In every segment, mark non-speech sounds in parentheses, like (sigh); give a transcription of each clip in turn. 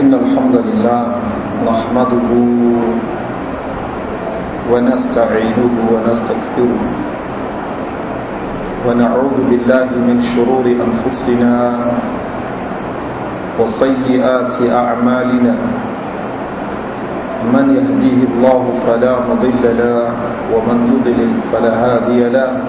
إن الحمد لله نحمده ونستعينه ونستكثره ونعوذ بالله من شرور أنفسنا وسيئات أعمالنا من يهديه الله فلا مضل له ومن يضلل فلا هادي له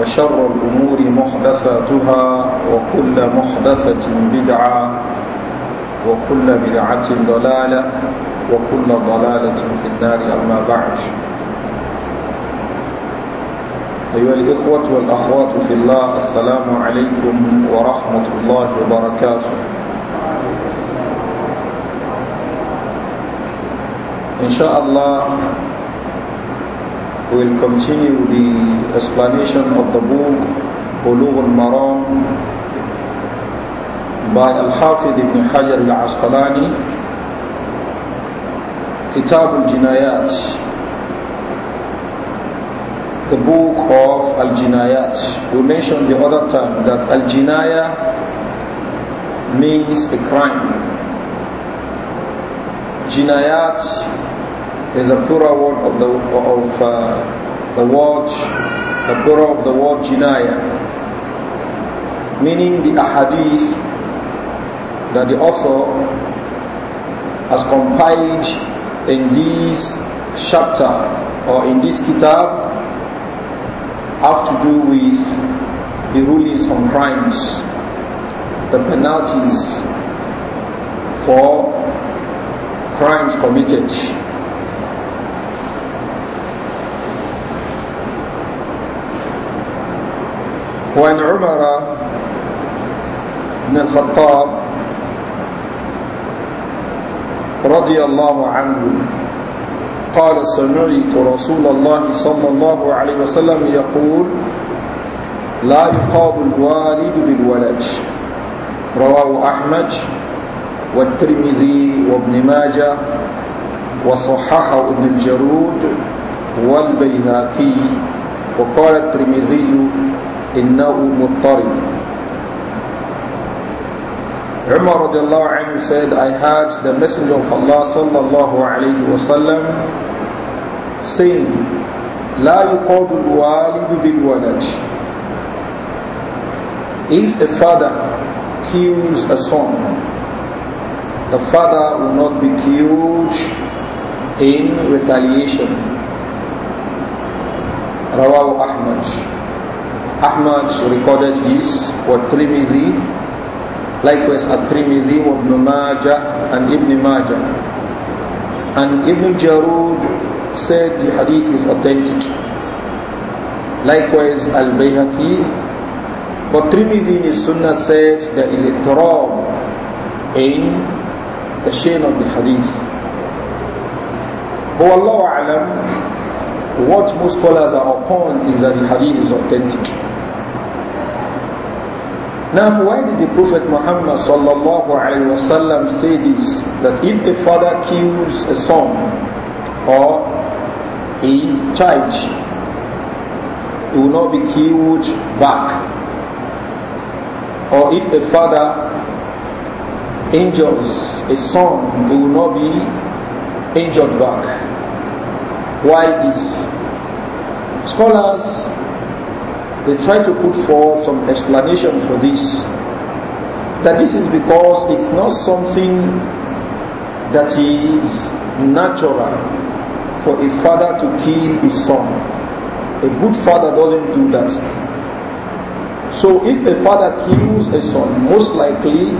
وشر الأمور محدثاتها وكل محدثة بدعة وكل بدعة ضلالة وكل ضلالة في النار أما بعد أيها الإخوة والأخوات في الله السلام عليكم ورحمة الله وبركاته إن شاء الله We will continue the explanation of the book Bulugh al-Maram by Al-Hafidh ibn Hajar al-Asqalani Kitab al-Jinayat the book of Al-Jinayat we mentioned the other time that Al-Jinaya means a crime Jinayat is a plural word of the of uh, the word the plural of the word jinaya meaning the ahadith that the author has compiled in this chapter or in this kitab have to do with the rulings on crimes the penalties for crimes committed وعن عمر بن الخطاب رضي الله عنه قال سمعت رسول الله صلى الله عليه وسلم يقول لا يقاب الوالد بالولد رواه أحمد والترمذي وابن ماجه وصححه ابن الجرود والبيهقي وقال الترمذي إنه مضطرب Umar الله عنه said, I heard the Messenger of Allah صلى الله عليه وسلم saying, لا يقاد الوالد بالولد If a father kills a son, the father will not be killed in retaliation. رواه أحمد Ahmad recorded this, wa Trimizi, likewise at Trimizi, Ibn Majah, and Ibn Majah. And Ibn Jarud said the hadith is authentic. Likewise, Al Bayhaqi, but Trimizi in his Sunnah said there is a tarab in the chain of the hadith. But Allah what most scholars are upon is that the hadith is authentic. Now, why did the Prophet Muhammad sallallahu alaihi wasallam say this? That if a father kills a son or his child, he will not be killed back. Or if a father injures a son, he will not be injured back. Why this? Scholars they try to put forth some explanation for this. That this is because it's not something that is natural for a father to kill his son. A good father doesn't do that. So if a father kills a son, most likely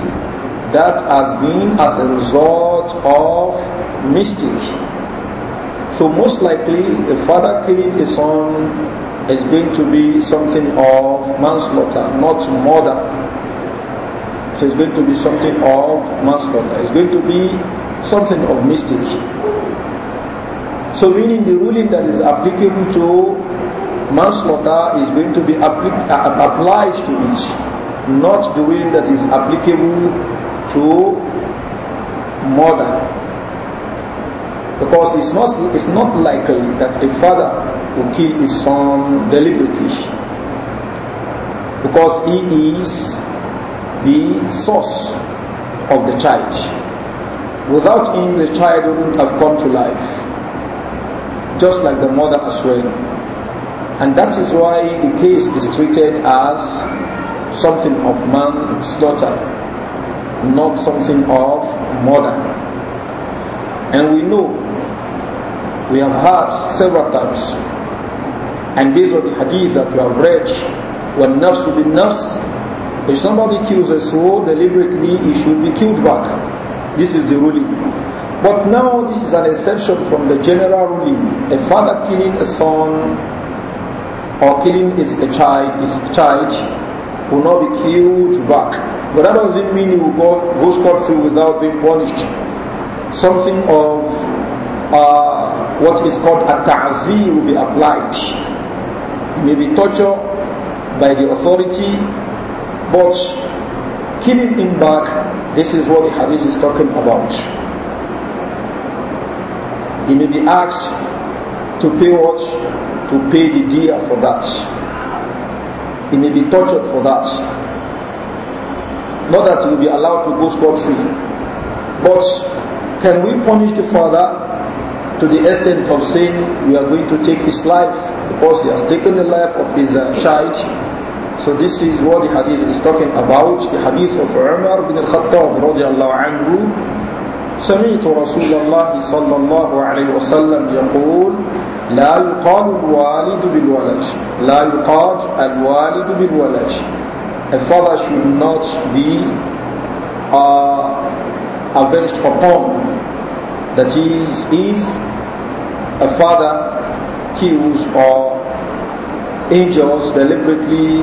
that has been as a result of mistake. So most likely a father killing a son is going to be something of manslaughter, not murder. So it's going to be something of manslaughter. It's going to be something of mistake. So meaning the ruling that is applicable to manslaughter is going to be applied uh, uh, to it, not the ruling that is applicable to murder. Because it's not, it's not likely that a father to kill his son deliberately because he is the source of the child. Without him, the child wouldn't have come to life, just like the mother as well. And that is why the case is treated as something of manslaughter, not something of murder. And we know, we have heard several times and based on the hadith that we have read, when nafs will be nafs, if somebody kills a soul deliberately, he should be killed back. This is the ruling. But now this is an exception from the general ruling. A father killing a son or killing his, a child, his child will not be killed back. But that doesn't mean he will go, go scot-free without being punished. Something of uh, what is called a ta'zir will be applied may be torture by the authority, but killing him back, this is what the hadith is talking about. He may be asked to pay what? To pay the dear for that. He may be tortured for that. Not that he will be allowed to go scot free. But can we punish the father to the extent of saying we are going to take his life because he has taken the life of his uh, child. So this is what the hadith is talking about. The hadith of Umar bin al-Khattab radiallahu anhu سمعت رسول الله صلى الله عليه وسلم يقول لا يقال الوالد بالولد لا يقال الوالد بالولد A father should not be uh, avenged upon that is, if a father kills or injures deliberately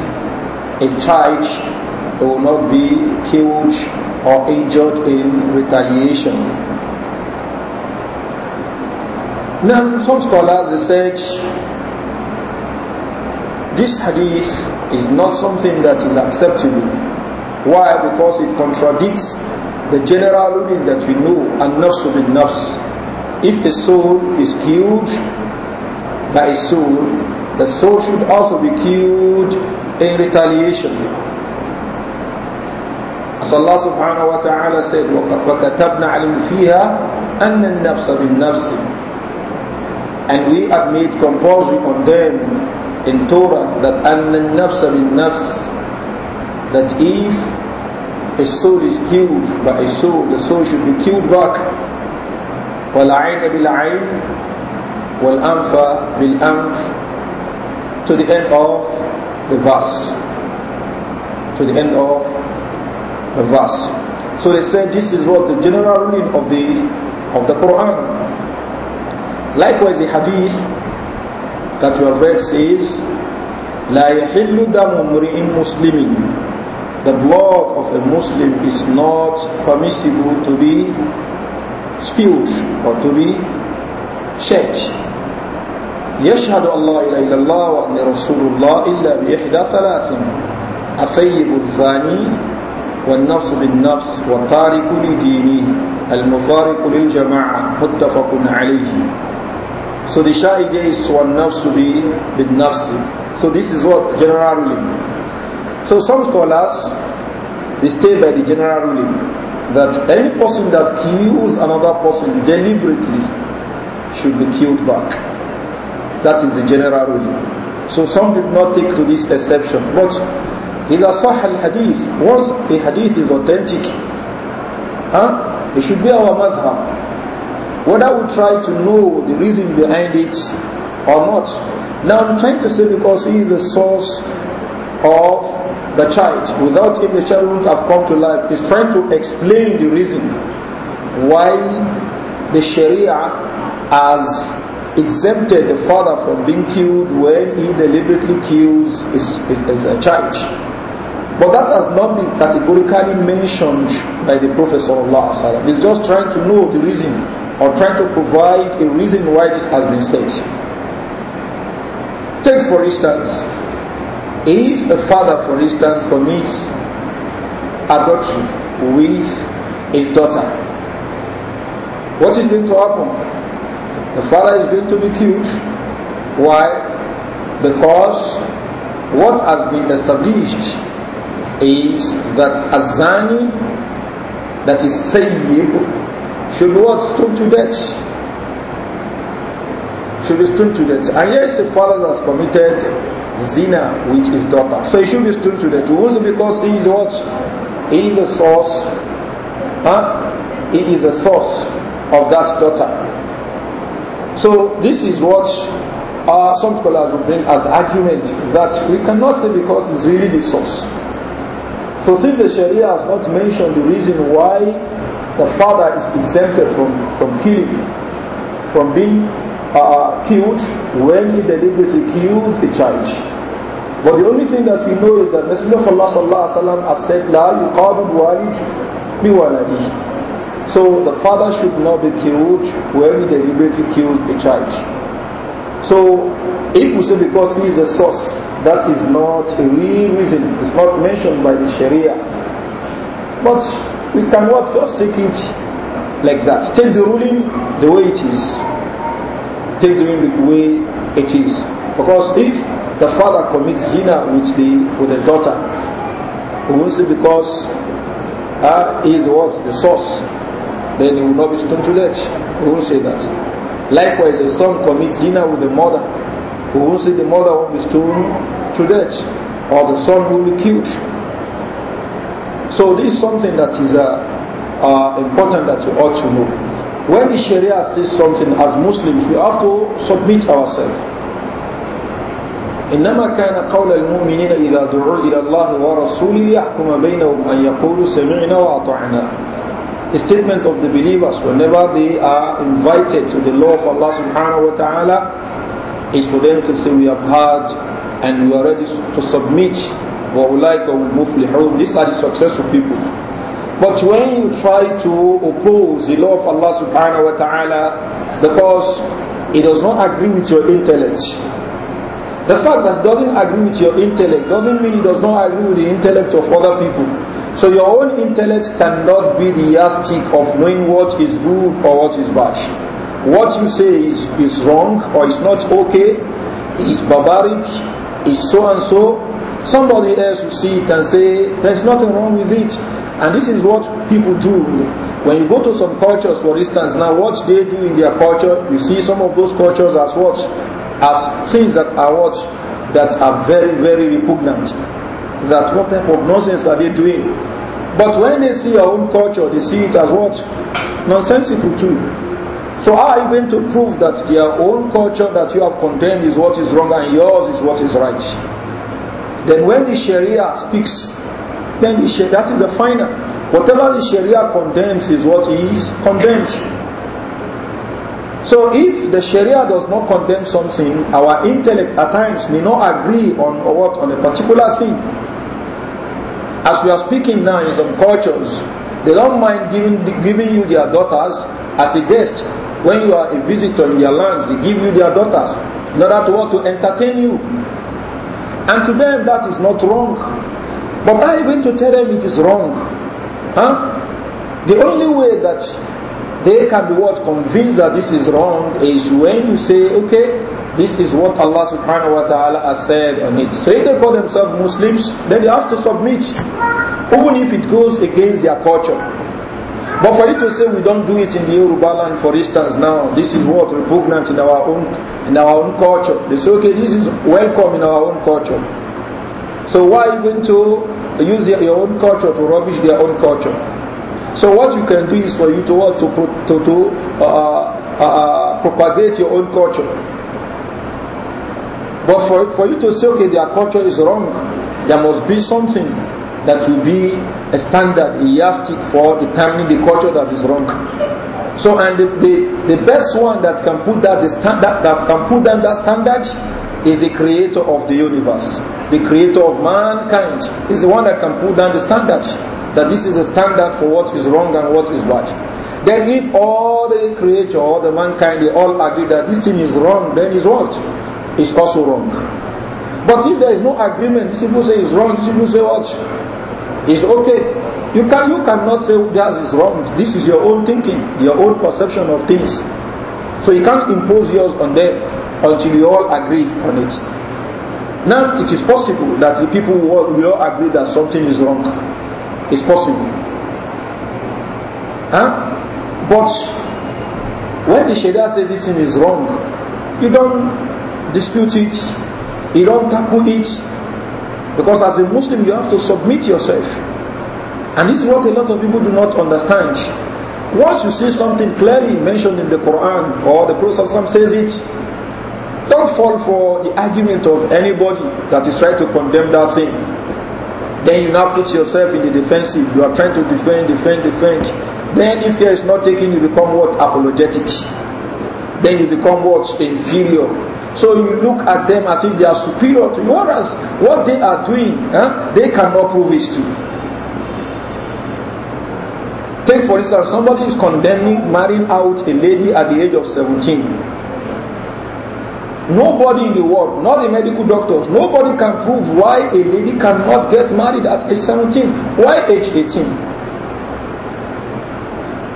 a child, it will not be killed or injured in retaliation. Now, some scholars they said this hadith is not something that is acceptable. Why? Because it contradicts the general ruling that we know, and to bin nafs. If a soul is killed by a soul, the soul should also be killed in retaliation. As Allah subhanahu wa ta'ala said, وَكَتَبْنَا عَلِمْ فِيهَا أَنَّ النَّفْسَ بِالنَّفْسِ And we have made compulsory on them in Torah that أَنَّ النَّفْسَ بِالنَّفْسِ That if a soul is killed by a soul. The soul should be killed back. وَالْعَيْنَ بِالْعَيْنِ وَالْأَنْفَ بِالْأَنْفِ To the end of the verse. To the end of the verse. So they said this is what the general ruling of the of the Quran. Likewise the hadith that you have read says لا يحل دم امرئ مسلم the blood of a Muslim is not permissible to be spewed or to be shed. يشهد الله إلا إلى الله وأن رسول الله إلا بإحدى ثلاث الثيب الزاني والنفس بالنفس والطارق لدينه المفارق للجماعة متفق عليه So the Shahid is one nafsu bi bin nafsi. So this is what generally. So some scholars, they stay by the general ruling that any person that kills another person deliberately should be killed back. That is the general ruling. So some did not take to this exception. But إذا صح hadith. once a hadith is authentic huh? it should be our mazhab whether we try to know the reason behind it or not now I'm trying to say because he is the source of the child. Without him, the child wouldn't have come to life. He's trying to explain the reason why the Sharia has exempted the father from being killed when he deliberately kills his, his, his uh, child. But that has not been categorically mentioned by the Prophet ﷺ. He's just trying to know the reason or trying to provide a reason why this has been said. Take for instance, If a father, for instance, commits adultery with his daughter, what is going to happen? The father is going to be killed. Why? Because what has been established is that Azani, that is Thayyib, should be what? Stoned to death should be stoned to death. And here is a father that has committed zina with his daughter. So he should be stood to death. Also because he is what? He is the source. Huh? He is the source of that daughter. So this is what uh, some scholars will bring as argument that we cannot say because it's really the source. So since the Sharia has not mentioned the reason why the father is exempted from, from killing, from being uh, killed when he deliberately kills a child. But the only thing that we know is that Messenger of Allah sallallahu alaihi wasallam has said, "La yuqabil walid bi waladihi." So the father should not be killed when he deliberately kills a child. So if we say because he is a source, that is not a real reason. It's not mentioned by the Sharia. But we can cannot just take it like that. Take the ruling the way it is take doing the way it is. Because if the father commits zina with the with the daughter, we will say because uh, he is what the source, then he will not be stoned to death. He will say that. Likewise, the son commits zina with the mother, We will say the mother will be stoned to death, or the son will be killed. So this is something that is uh, uh, important that you ought to know when the Sharia says something as Muslims, we have to submit ourselves. إنما كان قول المؤمنين إذا دعوا إلى الله ورسوله ليحكم بينهم أن يقولوا سمعنا وأطعنا. The statement of the believers whenever they are invited to the law of Allah subhanahu wa ta'ala is for them to say we have heard and we are ready to submit وَأُولَٰئِكَ هُمُ الْمُفْلِحُونَ These are the successful people. But when you try to oppose the law of Allah subhanahu wa ta'ala because it does not agree with your intellect, the fact that it doesn't agree with your intellect doesn't mean it does not agree with the intellect of other people. So your own intellect cannot be the yardstick of knowing what is good or what is bad. What you say is, is wrong or is not okay, is barbaric, is so and so. Somebody else will see it and say, there's nothing wrong with it. And this is what people do. When you go to some cultures, for instance, now what they do in their culture, you see some of those cultures as what? As things that are what? That are very, very repugnant. That what type of nonsense are they doing? But when they see your own culture, they see it as what? Nonsensical too. So how are you going to prove that their own culture that you have condemned is what is wrong and yours is what is right? Then when the Sharia speaks then the sharia, that is the final. Whatever the sharia condemns is what is condemned. So if the sharia does not condemn something, our intellect at times may not agree on what on a particular thing. As we are speaking now in some cultures, they don't mind giving giving you their daughters as a guest. When you are a visitor in their land, they give you their daughters in order to want to entertain you. And to them that is not wrong. But are you going to tell them it is wrong? Huh? The only way that they can be what convinced that this is wrong is when you say, okay, this is what Allah subhanahu wa ta'ala has said on it. So if they call themselves Muslims, then they have to submit, even if it goes against their culture. But for you to say we don't do it in the Yoruba land, for instance, now this is what repugnant in our own in our own culture. They say, okay, this is welcome in our own culture. So why are you going to They use their, your own culture to rubbish their own culture. So what you can do is for you to what to to, to uh, uh, uh, propagate your own culture. But for for you to say okay, their culture is wrong, there must be something that will be a standard, a yardstick for determining the culture that is wrong. So and the, the, the best one that can put that the standard that can put down that standard is the creator of the universe, the creator of mankind, is the one that can put down the standard, that this is a standard for what is wrong and what is right. Then if all the creator, all the mankind, they all agree that this thing is wrong, then it's what? It's also wrong. But if there is no agreement, these people say it's wrong, these people say what? It's okay. You can you cannot say that is wrong. This is your own thinking, your own perception of things. So you can't impose yours on them. until we all agree on it. Now, it is possible that the people will, will all agree that something is wrong. It's possible. Huh? But when the Sharia says this thing is wrong, you don't dispute it, you don't tackle it, because as a Muslim you have to submit yourself. And this is what a lot of people do not understand. Once you see something clearly mentioned in the Quran or the Prophet says it, Don't fall for the argument of anybody that is trying to condemn that thing. Then you now put yourself in the defensive. You are trying to defend, defend, defend. Then if care is not taken, you become what? Apologetic. Then you become what? Inferior. So you look at them as if they are superior to you. Whereas what they are doing, eh, they cannot prove it to. Take for instance, somebody is condemning marrying out a lady at the age of seventeen. Nobody in the world, not the medical doctors, nobody can prove why a lady cannot get married at age 17. Why age 18?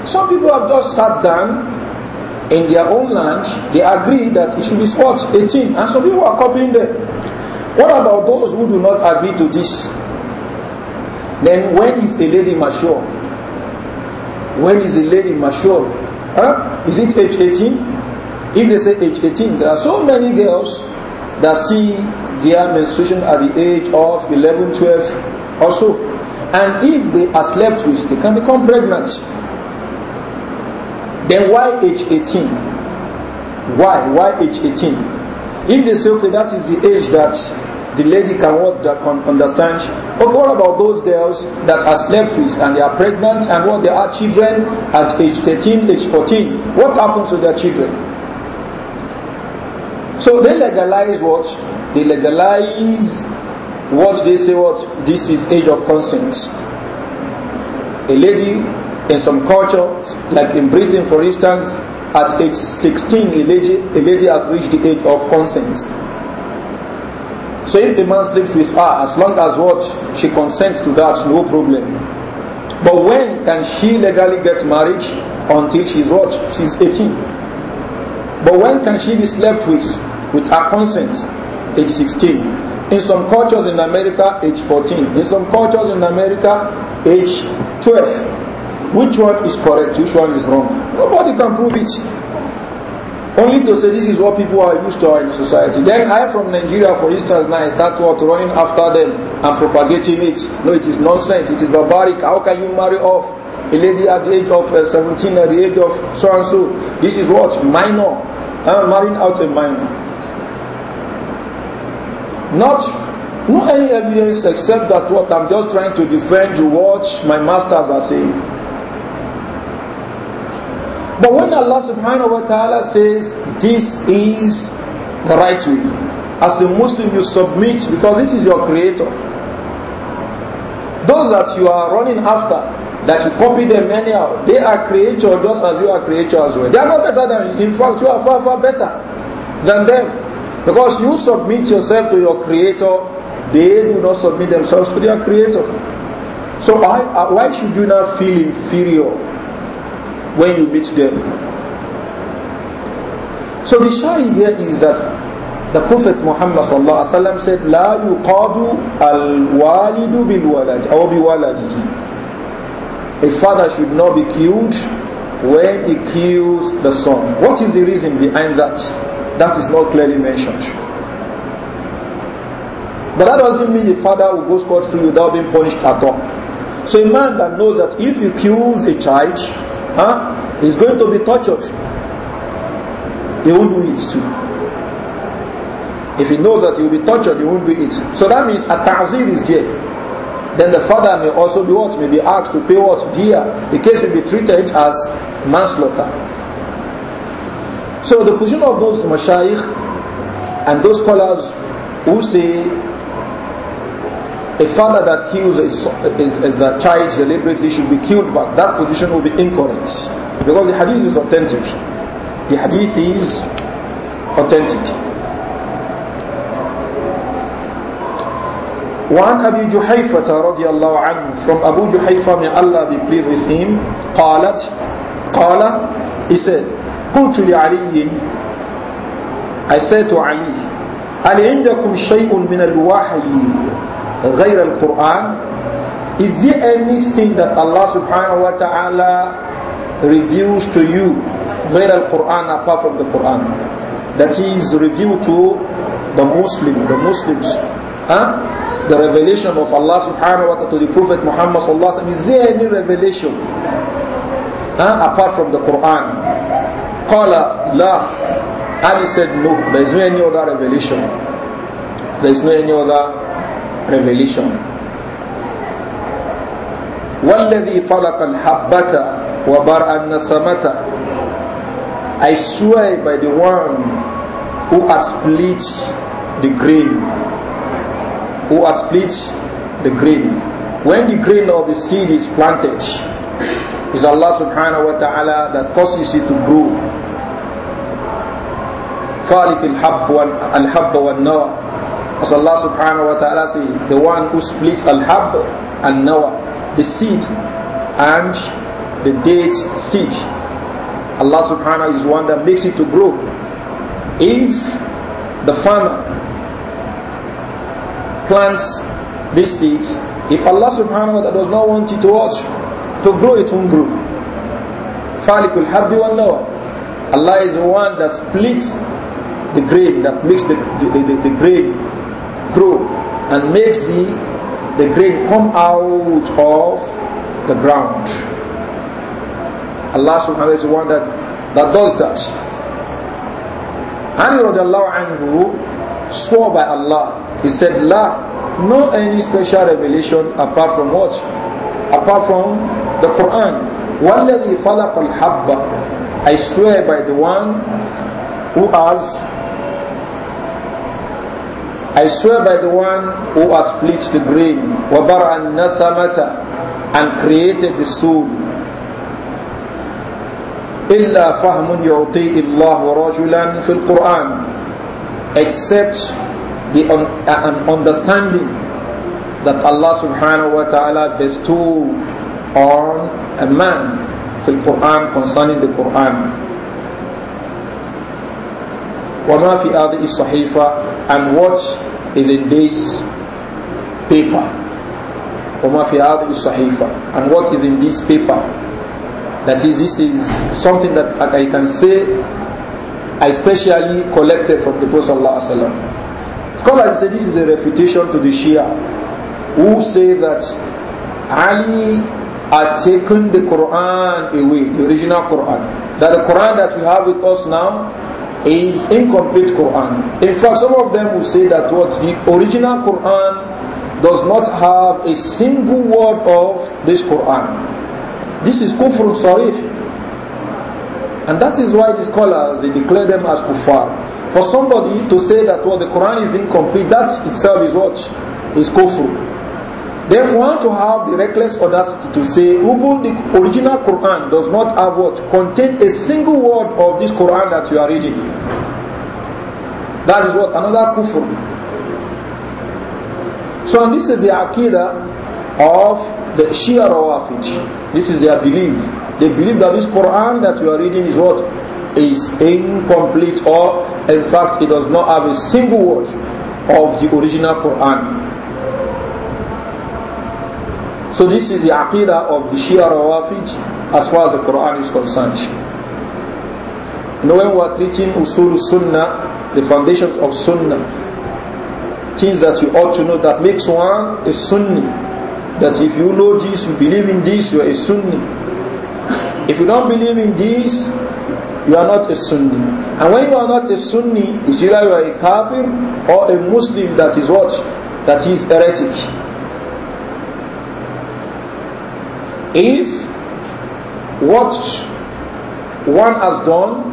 Some people have just sat down in their own land, they agree that it should be what 18, and some people are copying them. What about those who do not agree to this? Then when is a lady mature? When is a lady mature? Huh? Is it age 18? If they say age 18, there are so many girls that see their menstruation at the age of 11, 12 or so. And if they are slept with, they can become pregnant. Then why age 18? Why? Why age 18? If they say, okay, that is the age that the lady can what that can understand. Okay, what about those girls that are slept with and they are pregnant and what they are children at age 13, age 14? What happens to their children? So they legalize what? They legalize what they say what? This is age of consent. A lady in some cultures, like in Britain for instance, at age 16 a lady, a lady has reached the age of consent. So if a man sleeps with her, as long as what she consents to that, no problem. But when can she legally get married? Until she's what? She's 18. But when can she be slept with? with our consent, age 16. In some cultures in America, age 14. In some cultures in America, age 12. Which one is correct? Which one is wrong? Nobody can prove it. Only to say this is what people are used to in society. Then I from Nigeria, for instance, now I start what, running after them and propagating it. No, it is nonsense. It is barbaric. How can you marry off a lady at the age of uh, 17, at the age of so and so? This is what? Minor. I'm marrying out a minor. Not, no any evidence except that what I'm just trying to defend You watch my masters are saying. But when Allah subhanahu wa ta'ala says this is the right way, as a Muslim you submit because this is your creator. Those that you are running after, that you copy them anyhow, they are creator just as you are creator as well. They are not better than you. In fact, you are far, far better than them. Because you submit yourself to your creator, they do not submit themselves to their creator. So why, uh, why should you not feel inferior when you meet them? So the sure idea is that the Prophet Muhammad sallallahu alaihi wasallam said, "La yuqadu al-walidu bil walad aw bi waladihi." A father should not be killed when he kills the son. What is the reason behind that? That is not clearly mentioned. But that doesn't mean the father will go scot free without being punished at all. So a man that knows that if he kills a child, huh, he's going to be tortured. He won't do it too. If he knows that he will be tortured, he won't do it. So that means a ta'zir is there then the father may also be what may be asked to pay what dear the case will be treated as manslaughter so the position of those mashayikh and those scholars who say a father that kills his, his, his a uh, child deliberately should be killed back, that position will be incorrect. Because the hadith is authentic. The hadith is authentic. وعن أبي جحيفة رضي الله عنه from Abu Juhayfa may Allah be pleased with him قالت قال he said قلت لعلي I said to Ali هل عندكم شيء من الوحي غير القرآن Is there anything that Allah subhanahu wa ta'ala reveals to you غير القرآن apart from the Quran that is revealed to the Muslim, the Muslims huh? the revelation of Allah subhanahu wa ta'ala to the Prophet Muhammad sallallahu alaihi wasallam. Is there any revelation huh, apart from the Quran? Callah, لا Ali said no there is no any other revelation there is no any other revelation والذي فلق الحبة وبرأ النسمة I swear by the one who has split the grain who has split the grain when the grain of the seed is planted is Allah subhanahu wa ta'ala that causes it to grow خالق الحب والحب والنوى as Allah subhanahu wa ta'ala say the one who splits al-hab and nawa the seed and the date seed Allah subhanahu is one that makes it to grow if the farmer plants these seeds if Allah subhanahu wa ta'ala does not want it to watch to grow it won't grow فَالِكُ الْحَبِّ وَالنَّوَى Allah is the one that splits the grain that makes the, the, the, the grain grow and makes the, the grain come out of the ground. Allah subhanahu wa ta'ala is the one that, that does that. Ali anhu swore by Allah. He said, La, no any special revelation apart from what? Apart from the Quran. وَالَّذِي فَلَقَ الْحَبَّةِ I swear by the one who has I swear by the one who has split the grain, an nasamata, and created the soul. fahmun فَهْمٌ يُعْطِيهِ اللَّهُ رَجُلًا fil Qur'an, Except the un uh, understanding that Allah subhanahu wa ta'ala bestowed on a man fil Qur'an concerning the Quran. وما في هذه الصحيفة and what is in this paper وما في هذه الصحيفة and what is in this paper that is this is something that I can say I specially collected from the Prophet ﷺ scholars say this is a refutation to the Shia who say that Ali had taken the Quran away the original Quran that the Quran that we have with us now is incomplete Quran. In fact, some of them will say that what the original Quran does not have a single word of this Quran. This is kufr sarih. And that is why the scholars they declare them as kuffar. For somebody to say that what well, the Quran is incomplete, that itself is what is kufr. Therefore, to have the reckless audacity to say, even the original Quran does not have what? Contain a single word of this Quran that you are reading. That is what? Another kufr. So, and this is the akida of the Shia Rawafid. This is their belief. They believe that this Quran that you are reading is what? Is incomplete or, in fact, it does not have a single word of the original Quran. So this is the aqidah of the Shia Rawafij as far as the Quran is concerned. And when we are treating Usul Sunnah, the foundations of Sunnah, things that you ought to know that makes one a Sunni, that if you know this, you believe in this, you are a Sunni. If you don't believe in this, you are not a Sunni. And when you are not a Sunni, it's either you are a Kafir or a Muslim that is what? That is heretic. if what one has done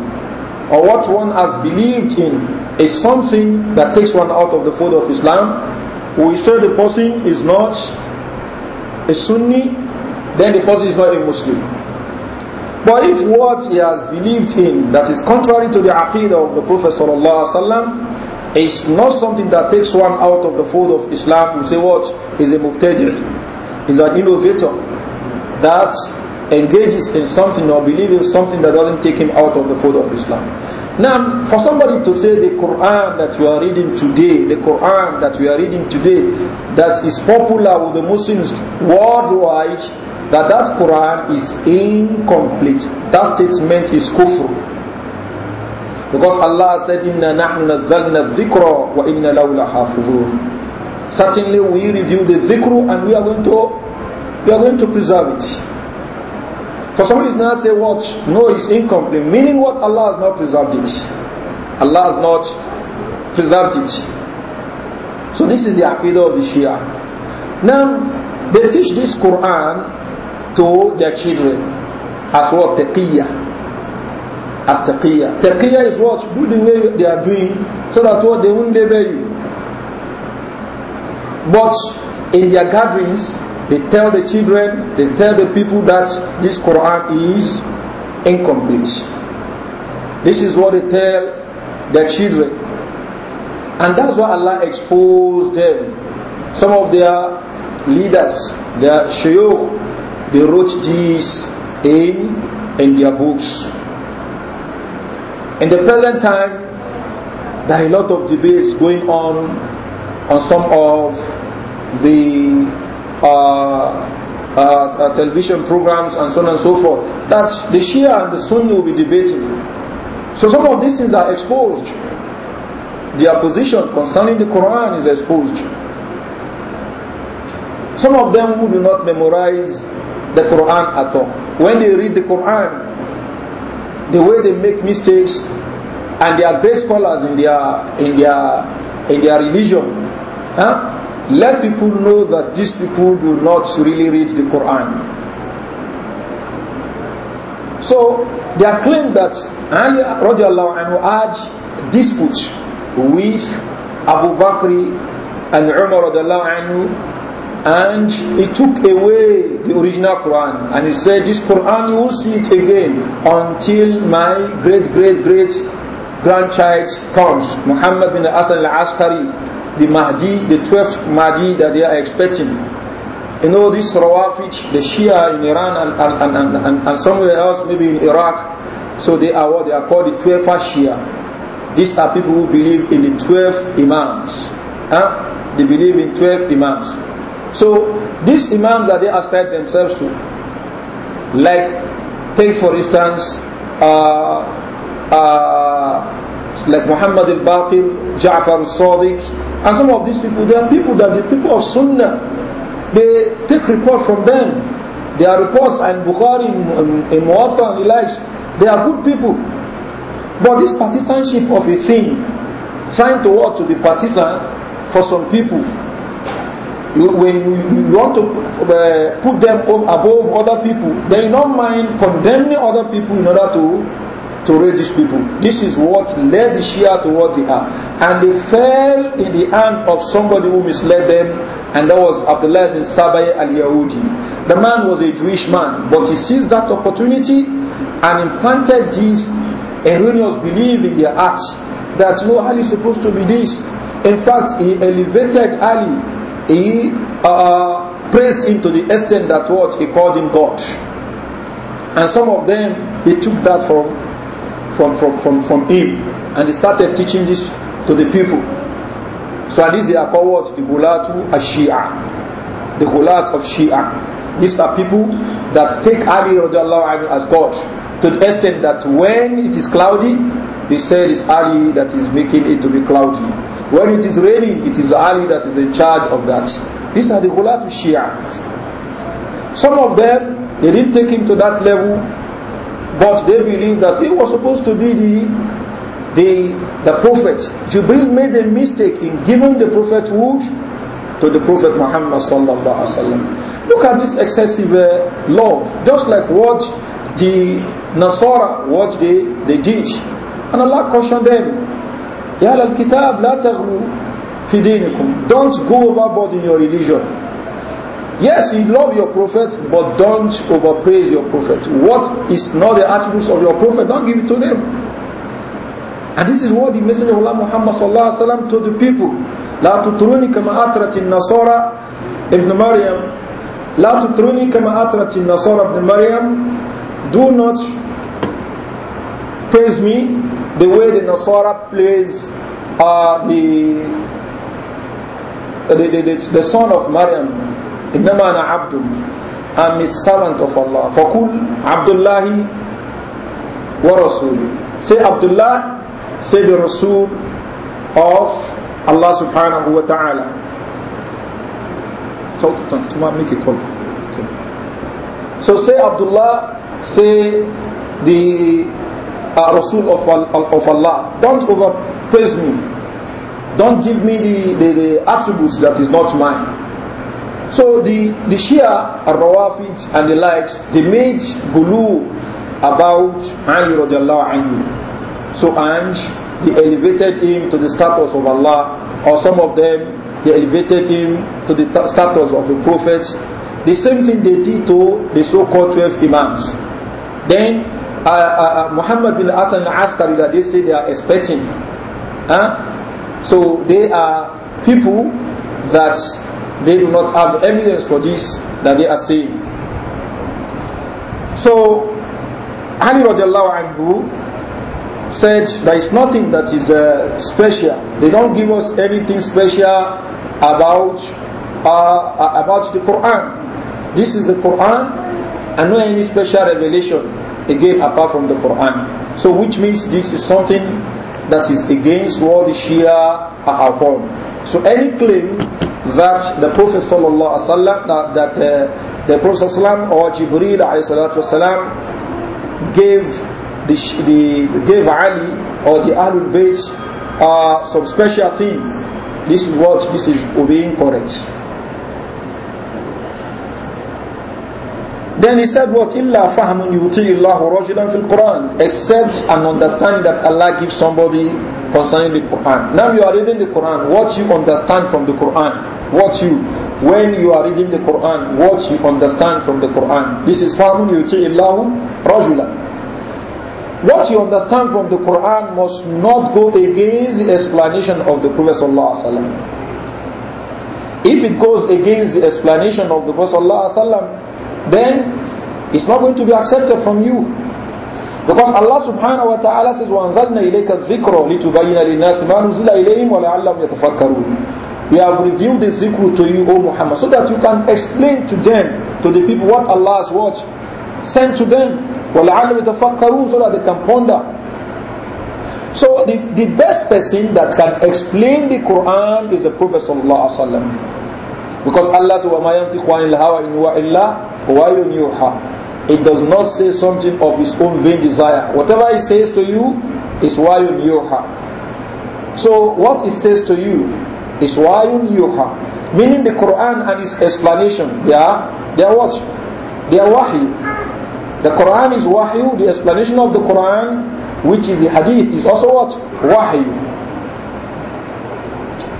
or what one has believed in is something that takes one out of the fold of Islam, we say the person is not a Sunni, then the person is not a Muslim. But if what he has believed in that is contrary to the aqidah of the Prophet ﷺ is not something that takes one out of the fold of Islam, we say what? Is a mubtadi', is an innovator, that engages in something or believes in something that doesn't take him out of the fold of Islam. Now, for somebody to say the Quran that we are reading today, the Quran that we are reading today, that is popular with the Muslims worldwide, that that Quran is incomplete. That statement is kufr. Because Allah said, Inna nahnu nazzalna dhikra wa inna lawla Certainly we review the dhikr and we are going to you are going to preserve it. For some reason, I say what? No, it's incomplete. Meaning what? Allah has not preserved it. Allah has not preserved it. So this is the Aqidah of the Shia. Now, they teach this Quran to their children as what? Taqiyya. As taqiyya. Taqiyya is what? Do the way they are doing so that what? They won't label you. But in their gatherings, They tell the children, they tell the people that this Quran is incomplete. This is what they tell their children. And that's why Allah exposed them. Some of their leaders, their shayukh, they wrote this in, in their books. In the present time, there are a lot of debates going on on some of the Uh, uh, uh, television programs and so on and so forth. That the Shia and the Sunni will be debating. So some of these things are exposed. Their position concerning the Quran is exposed. Some of them who do not memorize the Quran at all. When they read the Quran, the way they make mistakes, and they are great scholars in their in their in their religion, huh? Let people know that these people do not really read the Quran. So are claim that Ali radiallahu anhu had dispute with Abu Bakr and Umar radiallahu anhu and he took away the original Quran and he said this Quran you will see it again until my great great great grandchild comes Muhammad bin Hasan al-Askari the Mahdi, the 12th Mahdi that they are expecting. You know, this rawafid, the Shia in Iran and, and, and, and, and somewhere else, maybe in Iraq, so they are what they are called the twelfth Shia. These are people who believe in the 12 Imams. Huh? They believe in 12 Imams. So, these Imams that they ascribe themselves to, like, take for instance, uh, uh, like Muhammad al-Baqir, Ja'far al-Sadiq, and some of these people, they are people that the people of Sunnah, they take report from them. They are reports and Bukhari in and Muatta and the they are good people. But this partisanship of a thing, trying to what to be partisan for some people, when you, you want to uh, put them above other people, they don't mind condemning other people in order to to raise these people. This is what led the Shia to what they are. And they fell in the hand of somebody who misled them, and that was Abdullah bin Sabay al Yahudi. The man was a Jewish man, but he seized that opportunity and implanted this erroneous belief in their hearts that no, Ali is supposed to be this. In fact, he elevated Ali, he uh, praised him to the extent that what he called him God. And some of them, they took that from from, from, from, from him. And he started teaching this to the people. So at least they are called what? The Gulatu Ashia. The Gulat of Shia. These are people that take Ali radiallahu as God to the extent that when it is cloudy, they say it's Ali that is making it to be cloudy. When it is raining, it is Ali that is in charge of that. These are the Gulatu Shia. Some of them, they didn't take him to that level But they believe that he was supposed to be the, the, the prophet. Jibril made a mistake in giving the prophet prophethood to the Prophet Muhammad sallallahu alaihi wasallam. Look at this excessive uh, love, just like what the Nasara, what they, they did. And Allah cautioned them, "Ya al-kitab, la تَغْرُوا فِي دِينِكُمْ Don't go overboard in your religion. Yes, you love your prophet, but don't overpraise your prophet. What is not the attributes of your prophet, don't give it to them. And this is what the Messenger of Allah Muhammad sallallahu alaihi wasallam told the people: "La tutruni kama atratin nasara ibn Maryam. La tutruni kama atrat nasara ibn Maryam. Do not praise me the way the Nasara praise uh, the, the, the, the son of Maryam." إنما أنا عبد I'm a servant of Allah فقل عبد الله ورسول say عبد الله say the رسول of Allah سبحانه وتعالى ta'ala talk to make a call okay. so say عبد الله say the uh, Rasul of, of Allah don't over praise me don't give me the, the, the attributes that is not mine So the, the Shia, Rawafid and the likes, they made gulu about Ali radiallahu anhu. So and they elevated him to the status of Allah or some of them they elevated him to the status of a prophet. The same thing they did to the so-called 12 imams. Then uh, uh, uh Muhammad bin Hassan al-Askari that they say they are expecting. Huh? So they are people that They do not have evidence for this that they are saying. So, Ali radiallahu anhu said there is nothing that is uh, special. They don't give us anything special about uh, uh, about the Quran. This is the Quran and no any special revelation again apart from the Quran. So which means this is something that is against what the Shia are upon. So any claim that the Prophet sallallahu that, that uh, the Prophet or Jibril والسلام, gave the, the gave Ali or the Ahlul Bayt uh, some special thing. This is what this is obeying correct. Then he said what? Illa فَهْمٌ يُطِعِ اللَّهُ رَجُلًا fil Quran?" Except an understanding that Allah gives somebody concerning the Quran. Now you are reading the Quran, what you understand from the Quran what you when you are reading the Quran, what you understand from the Quran. This is فَمُنْ يُتِعِ اللَّهُ What you understand from the Quran must not go against the explanation of the Prophet If it goes against the explanation of the Prophet then it's not going to be accepted from you. Because Allah subhanahu wa ta'ala says, وَأَنزَلْنَا إِلَيْكَ الذِّكْرَ لِتُبَيِّنَ لِلنَّاسِ مَا نُزِلَ إِلَيْهِمْ وَلَعَلَّهُمْ يَتَفَكَّرُونَ we have revealed the zikr to you, O Muhammad, so that you can explain to them, to the people, what Allah has sent to them. وَلَعَلَّهُ يَتَفَكَّرُونَ So that they can ponder. So the, the best person that can explain the Quran is the Prophet Sallallahu Alaihi Wasallam. Because Allah says, وَمَا يَمْتِقُ عَنِ الْهَوَى إِنْ هُوَ إِلَّا وَيُنْ يُوحَى It does not say something of his own vain desire. Whatever he says to you is وَيُنْ يُوحَى So what he says to you is wayun yuha. Meaning the Quran and its explanation, they are, they are what? They are wahi. The Quran is wahi, the explanation of the Quran, which is the hadith, is also what? Wahi.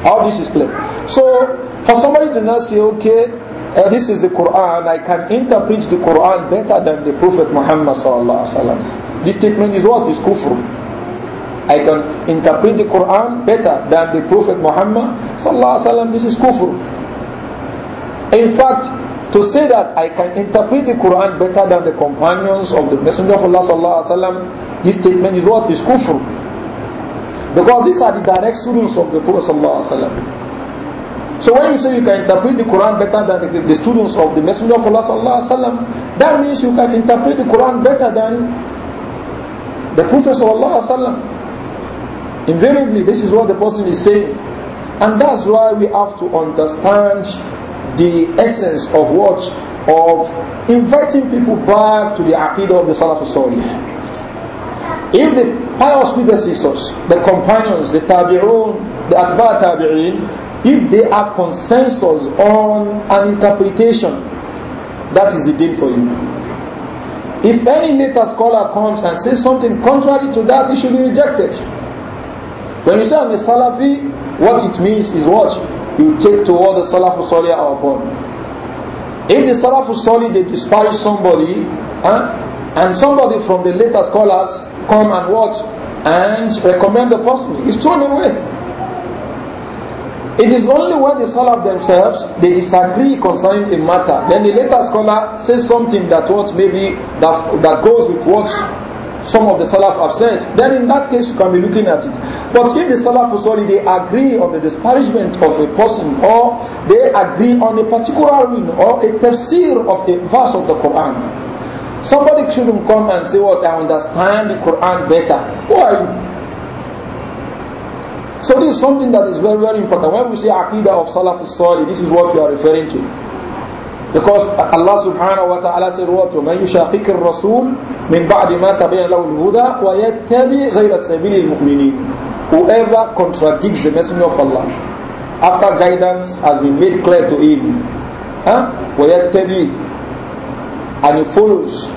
All this is clear. So, for somebody to not say, okay, uh, this is the Quran, I can interpret the Quran better than the Prophet Muhammad sallallahu alaihi wasallam. This statement is what? Is kufr. I can interpret the Quran better than the Prophet Muhammad sallallahu This is kufr. In fact, to say that I can interpret the Quran better than the companions of the Messenger of Allah sallallahu alaihi wasallam, this statement is what is kufr. Because these are the direct students of the Prophet sallallahu alaihi wasallam. So when you say you can interpret the Quran better than the, the students of the Messenger of Allah sallallahu alaihi wasallam, that means you can interpret the Quran better than the Prophet sallallahu alaihi wasallam. Invariably, this is what the person is saying. And that's why we have to understand the essence of what? Of inviting people back to the Aqidah of the Salaf Salih. If the pious predecessors, the companions, the Tabi'un, the Atba Tabi'in, if they have consensus on an interpretation, that is the deal for you. If any later scholar comes and says something contrary to that, it should be rejected. When you say I'm a Salafi, what it means is what? You take toward the Salafu Salih are upon. If the Salafu Salih, they despise somebody, huh? and somebody from the later scholars come and what? And recommend the person, it's thrown away. It is only when the Salaf themselves they disagree concerning a matter, then the later scholar says something that what maybe that that goes with what some of the Salaf have said, then in that case you can be looking at it. But if the Salaf Usuli, they agree on the disparagement of a person or they agree on a particular ruling or a tafsir of a verse of the Quran, somebody shouldn't come and say, what, I understand the Quran better. Who are you? So this is something that is very, very important. When we say Aqidah of Salaf Usuli, this is what we are referring to. Because Allah subhanahu wa ta'ala said what? وَمَنْ يُشَاقِكِ الرَّسُولِ مِنْ بَعْدِ مَا تَبِيَنْ لَهُ الْهُدَى وَيَتَّبِي غَيْرَ سَبِيلِ الْمُؤْمِنِينَ Whoever contradicts the messenger of Allah after guidance has been made clear to him huh? وَيَتَّبِي and he follows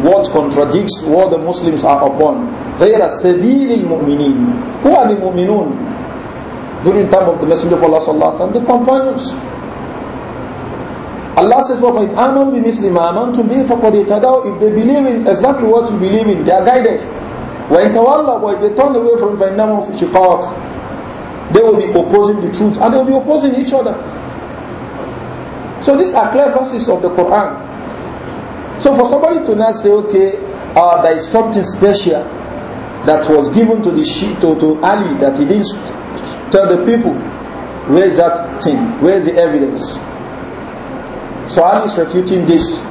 what contradicts what the Muslims are upon غَيْرَ سَبِيلِ الْمُؤْمِنِينَ Who are the mu'minun? During the time of the messenger of Allah sallallahu alaihi wasallam, the companions Allah says, well, if Aman bi mislima aman to be faqaditadaw, if they believe in exactly what you believe in, they are guided. When tawalla, but if they turn away from fainnamun fi shiqaq, they will be opposing the truth and they will be opposing each other. So these are clear verses of the Quran. So for somebody to now say, okay, uh, there is something special that was given to the Shia, to, to Ali that he didn't tell the people, where is that thing? Where is the evidence? So Allah is refuting this.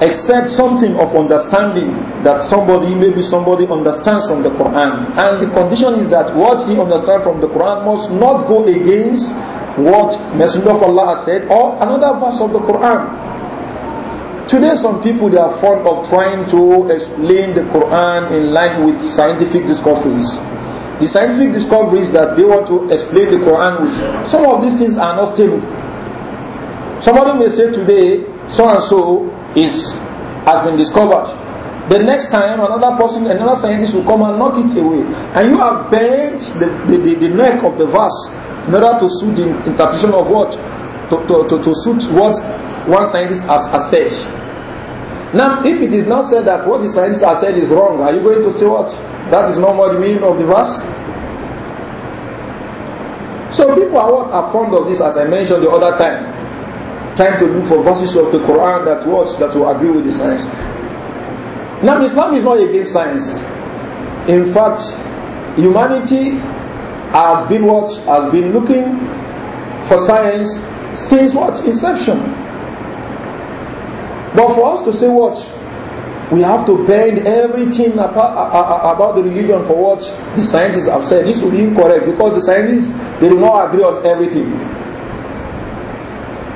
Except something of understanding that somebody, maybe somebody understands from the Quran. And the condition is that what he understands from the Quran must not go against what Messenger of Allah has said or another verse of the Quran. Today some people they are fond of trying to explain the Quran in line with scientific discoveries. The scientific discoveries that they want to explain the Quran with, some of these things are not stable. Somebody may say today, so and so is has been discovered. The next time, another person, another scientist will come and knock it away. And you have bent the, the, the, the neck of the verse in order to suit the interpretation of what? To, to, to, to suit what one scientist has, has said. Now, if it is now said that what the scientist has said is wrong, are you going to say what? That is no more the meaning of the verse? So people are what are fond of this, as I mentioned the other time. trying to look for verses of the Quran that what that will agree with the science. Now Islam is not against science. In fact, humanity has been what has been looking for science since what inception. But for us to say what we have to bend everything about the religion for what the scientists have said. This will be incorrect because the scientists they do not agree on everything.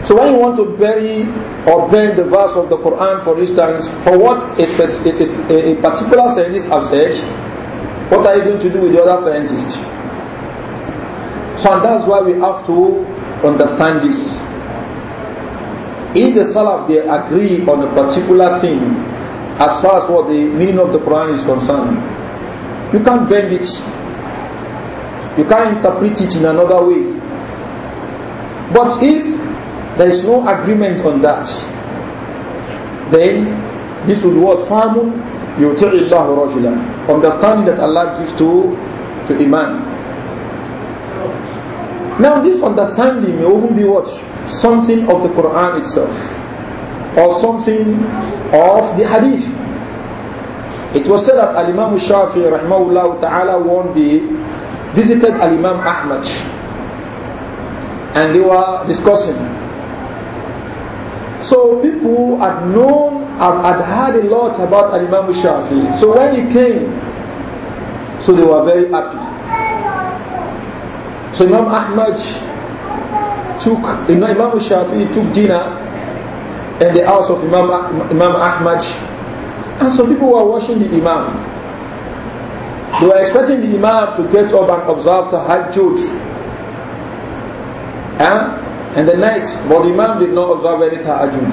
So when you want to bury or bend the verse of the Quran, for instance, for what a, a, a particular scientist has said, what are you going to do with the other scientist? So and that's why we have to understand this. If the Salaf they agree on a particular thing, as far as what the meaning of the Quran is concerned, you can't bend it. You can't interpret it in another way. But if There is no agreement on that. Then this would what farmun yuti'illahu rajulan. Understanding that Allah gives to to iman. Now this understanding may even be what something of the Quran itself, or something of the Hadith. It was said that Al Imam Shafi rahimahullah taala one day visited Al Imam Ahmad, and they were discussing So people had known, had, had heard a lot about Imam Shafi. So when he came, so they were very happy. So Imam Ahmad took, Imam Shafi took dinner in the house of Imam, Imam Ahmad. And so people were watching the Imam. They were expecting the Imam to get up and observe the Hajjud. Huh? in the night, but the Imam did not observe any tahajjud.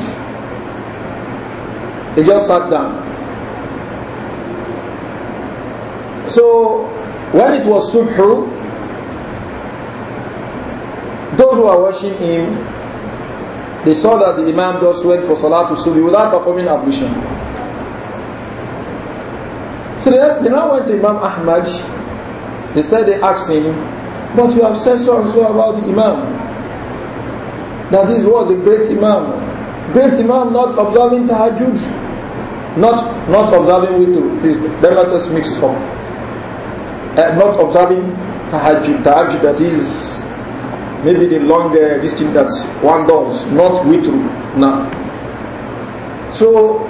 He just sat down. So, when it was subh, those who were watching him, they saw that the Imam just went for to Subhi without performing ablution. So they, they now went to Imam Ahmad. They said they asked him, but you have said so and so about the Imam. That is was a great Imam. Great Imam not observing tahajjud, not not observing witr. Please, then not us mix up. Uh, not observing tahajjud, tahajjud that is maybe the long uh, distance that one does, not witr. Now, so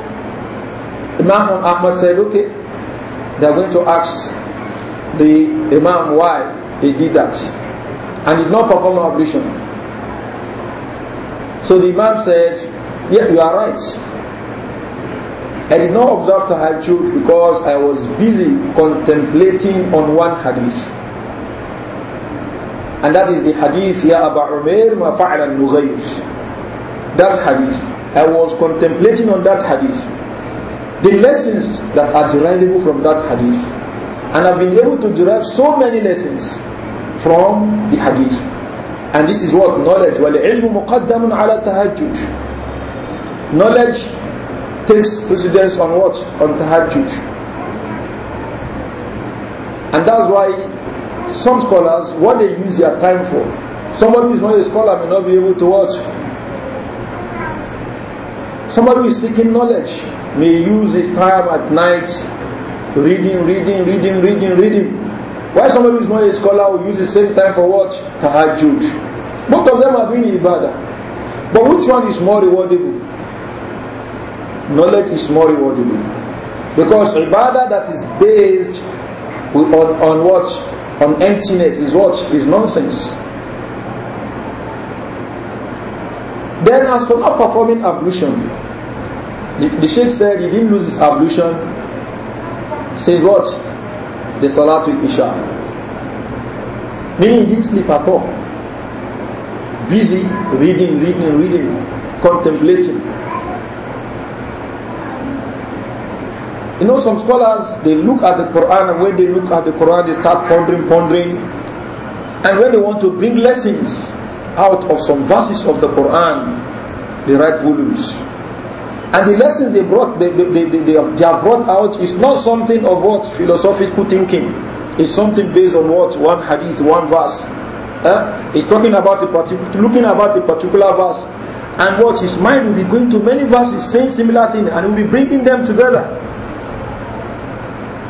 Imam Ahmad said, okay, they are going to ask the Imam why he did that and did not perform an ablution. So the Imam said, Yeah, you are right. I did not observe Tahajjud because I was busy contemplating on one hadith. And that is the hadith, Ya about Umair, ma fa'ala nughayr. That hadith. I was contemplating on that hadith. The lessons that are derivable from that hadith. And I've been able to derive so many lessons from the hadith. And this is what? Knowledge. وَالْعِلْمُ مُقَدَّمٌ عَلَى التَّهَجُّدِ Knowledge takes precedence on what? On tahajjud. And that's why some scholars, what they use their time for, somebody who is not a scholar may not be able to watch. Somebody who is seeking knowledge may use his time at night reading, reading, reading, reading, reading. Why somebody who is not a scholar will use the same time for what? Tahajjud. Both of them are doing ibadah. But which one is more rewardable? Knowledge is more rewardable. Because ibadah that is based on, on what? On emptiness is what? Is nonsense. Then as for not performing ablution, the, the Sheikh said he didn't lose his ablution. Says what? the Salatul Isha. Meaning he didn't sleep at all. Busy reading, reading, reading, contemplating. You know, some scholars, they look at the Quran, and when they look at the Quran, they start pondering, pondering. And when they want to bring lessons out of some verses of the Quran, they write volumes. And the lessons they brought, they, they, they, they, have brought out is not something of what philosophical thinking. It's something based on what one hadith, one verse. Uh, he's talking about a particular, looking about a particular verse, and what his mind will be going to many verses saying similar thing, and will be bringing them together.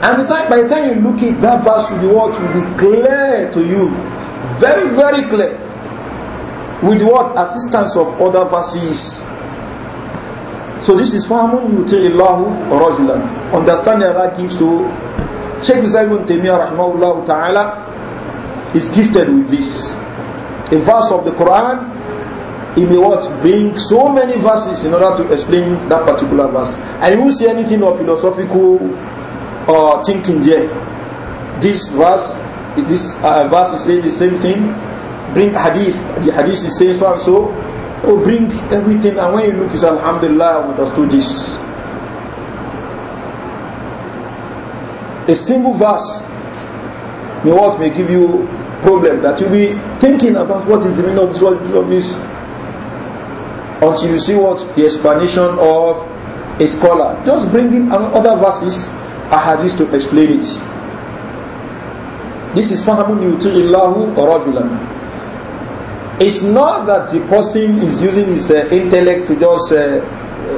And the time, by the time you look at that verse, will be what will be clear to you, very very clear, with what assistance of other verses. So this is فَهْمٌ يُتِعِ اللَّهُ Understanding Allah gives to Sheikh Zaybun Taymiyyah rahmahullah ta'ala is gifted with this. A verse of the Quran, he may what? Bring so many verses in order to explain that particular verse. And you won't see anything of philosophical uh, thinking there. This verse, this uh, verse is saying the same thing. Bring hadith. The hadith is saying so and so or oh, bring everything and when you look you say alhamdulillah we just do this a single verse may what may give you problem that you be thinking about what is the meaning of this what is of this until you see what the explanation of a scholar just bring in other verses ahadith to explain it this is fahamun yuti'illahu rajulan It's not that the person is using his uh, intellect to just uh,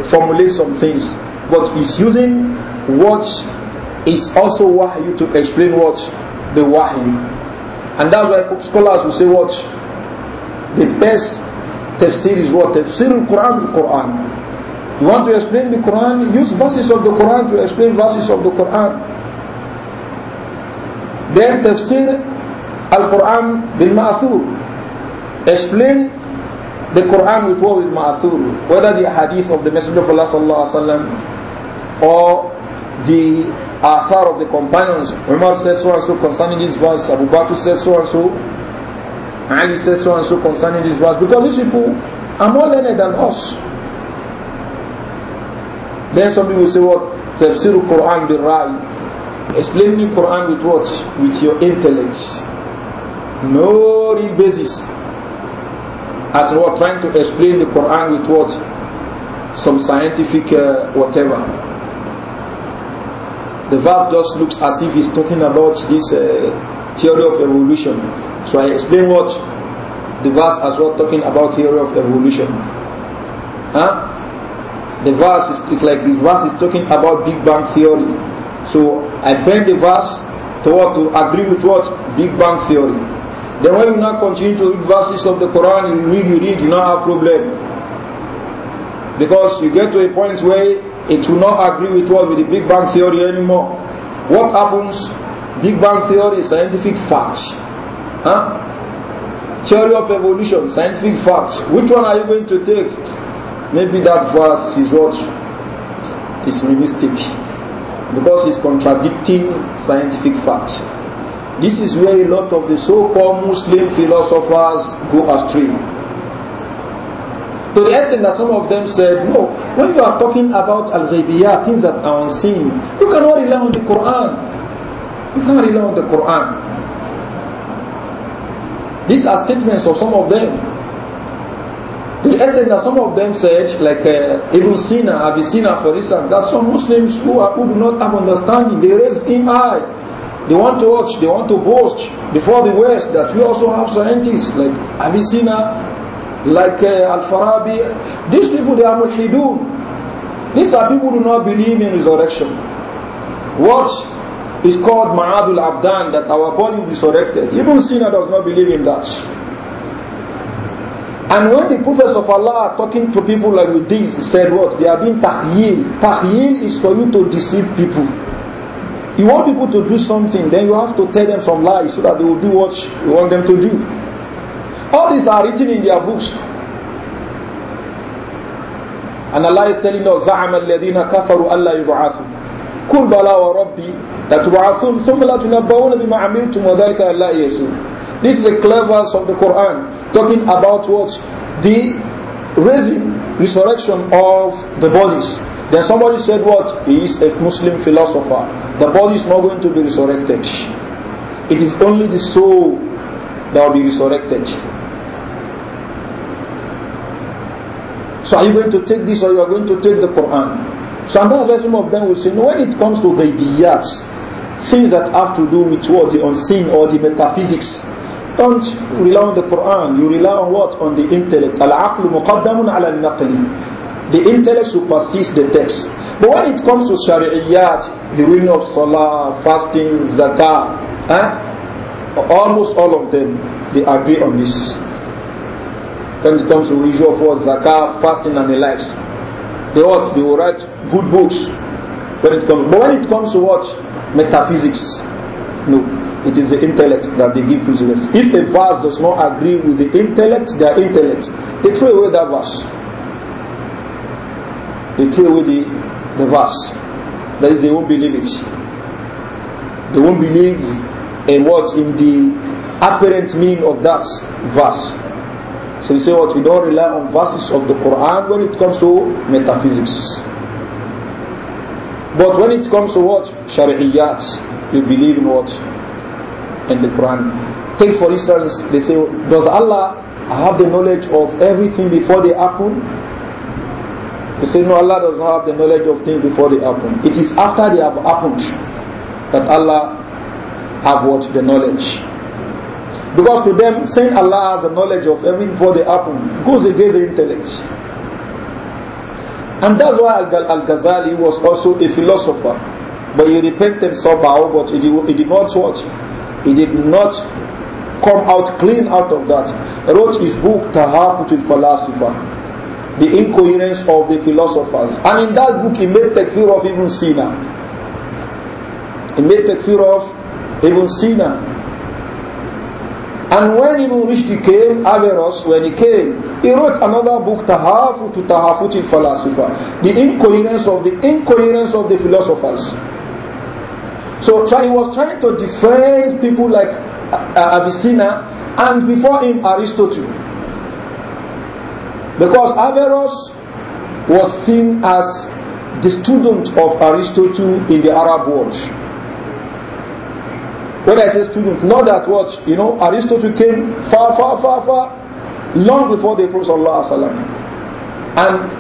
formulate some things, but he's using what is also wahyu to explain what the wahyu. And that's why scholars will say what the best tafsir is what? Tafsir al-Quran, al-Quran. You want to explain the Quran? Use verses of the Quran to explain verses of the Quran. Then tafsir al-Quran bil-Ma'thur. explain the Quran with what with Maathul, whether the hadith of the Messenger of Allah sallallahu alaihi wasallam or the Athar of the companions. Umar said so and so concerning this verse, Abu Bakr said so and so, Ali said so and so concerning this verse, because these people are more learned than us. Then some people say what? Tafsir Quran bi Rai. Explaining Quran with what? With your intellect. No real basis. As we are trying to explain the Quran with what? Some scientific uh, whatever. The verse just looks as if he's talking about this uh, theory of evolution. So I explain what the verse as well talking about theory of evolution. Huh? The verse is it's like the verse is talking about Big Bang theory. So I bend the verse toward to agree with what Big Bang theory. Then when you now continue to read verses of the Quran, you read, you read, you now have problem. Because you get to a point where it will not agree with what with the Big Bang Theory anymore. What happens? Big Bang Theory is scientific fact. Huh? Theory of evolution, scientific fact. Which one are you going to take? Maybe that verse is what is realistic because it's contradicting scientific facts. This is where a lot of the so-called Muslim philosophers go astray. To the extent that some of them said, no, when you are talking about al-ghaibiyah, things that are unseen, you cannot rely on the Quran. You cannot rely on the Quran. These are statements of some of them. To the extent that some of them said, like uh, Ibn Sina, Avicenna for instance, that some Muslims who, are, who do not have understanding, they raise him high. They want to watch, they want to boast before the West that we also have scientists like Avicenna, uh, like uh, Al-Farabi. These people, they are mulhidun. These are people who do not believe in resurrection. What is called Ma'adul Abdan, that our body will be resurrected. Even Sina does not believe in that. And when the prophets of Allah are talking to people like this, he said what? They are being tahyil. Tahyil is for you to deceive people. You want people to do something, then you have to tell them some lies so that they will do what you want them to do. All these are written in their books. And Allah is telling us, زَعَمَ الَّذِينَ كَفَرُوا أَلَّا يُبْعَثُوا قُلْ بَلَا وَرَبِّي لَتُبْعَثُونَ ثُمَّ لَتُنَبَّوْنَ بِمَا عَمِلْتُمْ وَذَلِكَ لَا يَسُونَ This is a clever of the Quran talking about what? The raising, resurrection of the bodies. Then somebody said what? He is a Muslim philosopher. The body is not going to be resurrected. It is only the soul that will be resurrected. So are you going to take this or you are going to take the Quran? So that's why some of them will say, no, when it comes to ghaibiyat, things that have to do with what? The unseen or the metaphysics. Don't rely on the Quran. You rely on what? On the intellect. Al-aqlu muqaddamun ala al-naqli the intellect supersedes the text. But when it comes to Shari'iyat, the ruling of Salah, fasting, Zakah, eh, almost all of them, they agree on this. When it comes to issue of what Zakah, fasting and the likes, they ought, they will write good books. When it comes, but when it comes to what? Metaphysics. No, it is the intellect that they give prisoners. If a verse does not agree with the intellect, their intellect, they throw away that verse. they throw away the, the verse. That is, they won't believe it. They won't believe in what? In the apparent meaning of that verse. So you say what? We don't rely on verses of the Quran when it comes to metaphysics. But when it comes to what? Shari'iyat, you believe in what? In the Quran. Take for instance, they say, does Allah have the knowledge of everything before they happen? You say, no, Allah does not have the knowledge of things before they happen. It is after they have happened that Allah have what? The knowledge. Because to them, saying Allah has the knowledge of everything before they happen goes against the intellect. And that's why Al-Ghazali was also a philosopher. But he repented somehow, but he did, he did not what? He did not come out clean out of that. He wrote his book, Tahafutul Falasifa. the incoherence of the philosophers. And in that book, he made takfir of Ibn Sina. He made takfir of Ibn Sina. And when Ibn Rushd came, Averroes, when he came, he wrote another book, Tahafut to Tahafut in Falasifa, the incoherence of the incoherence of the philosophers. So he was trying to defend people like uh, Avicenna and before him Aristotle. Because Averroes was seen as the student of Aristotle in the Arab world. When I say student, not that what, you know, Aristotle came far, far, far, far, long before the Prophet Sallallahu And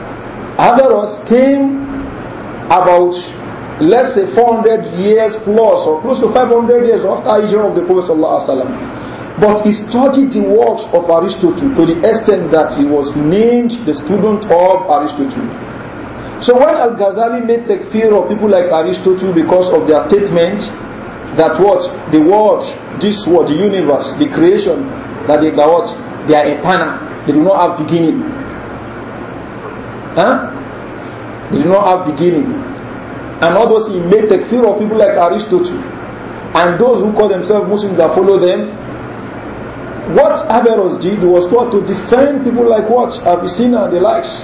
Averroes came about let's say 400 years plus or close to 500 years after the Hijrah of the Prophet Sallallahu But he studied the works of Aristotle to the extent that he was named the student of Aristotle. So when Al-Ghazali made fear of people like Aristotle because of their statements that what the world, this world, the universe, the creation, that they, that what, they are eternal, they do not have beginning. Huh? They do not have beginning. And all those he made fear of people like Aristotle and those who call themselves Muslims that follow them What Averroes did was to, to defend people like what? Avicenna and the likes.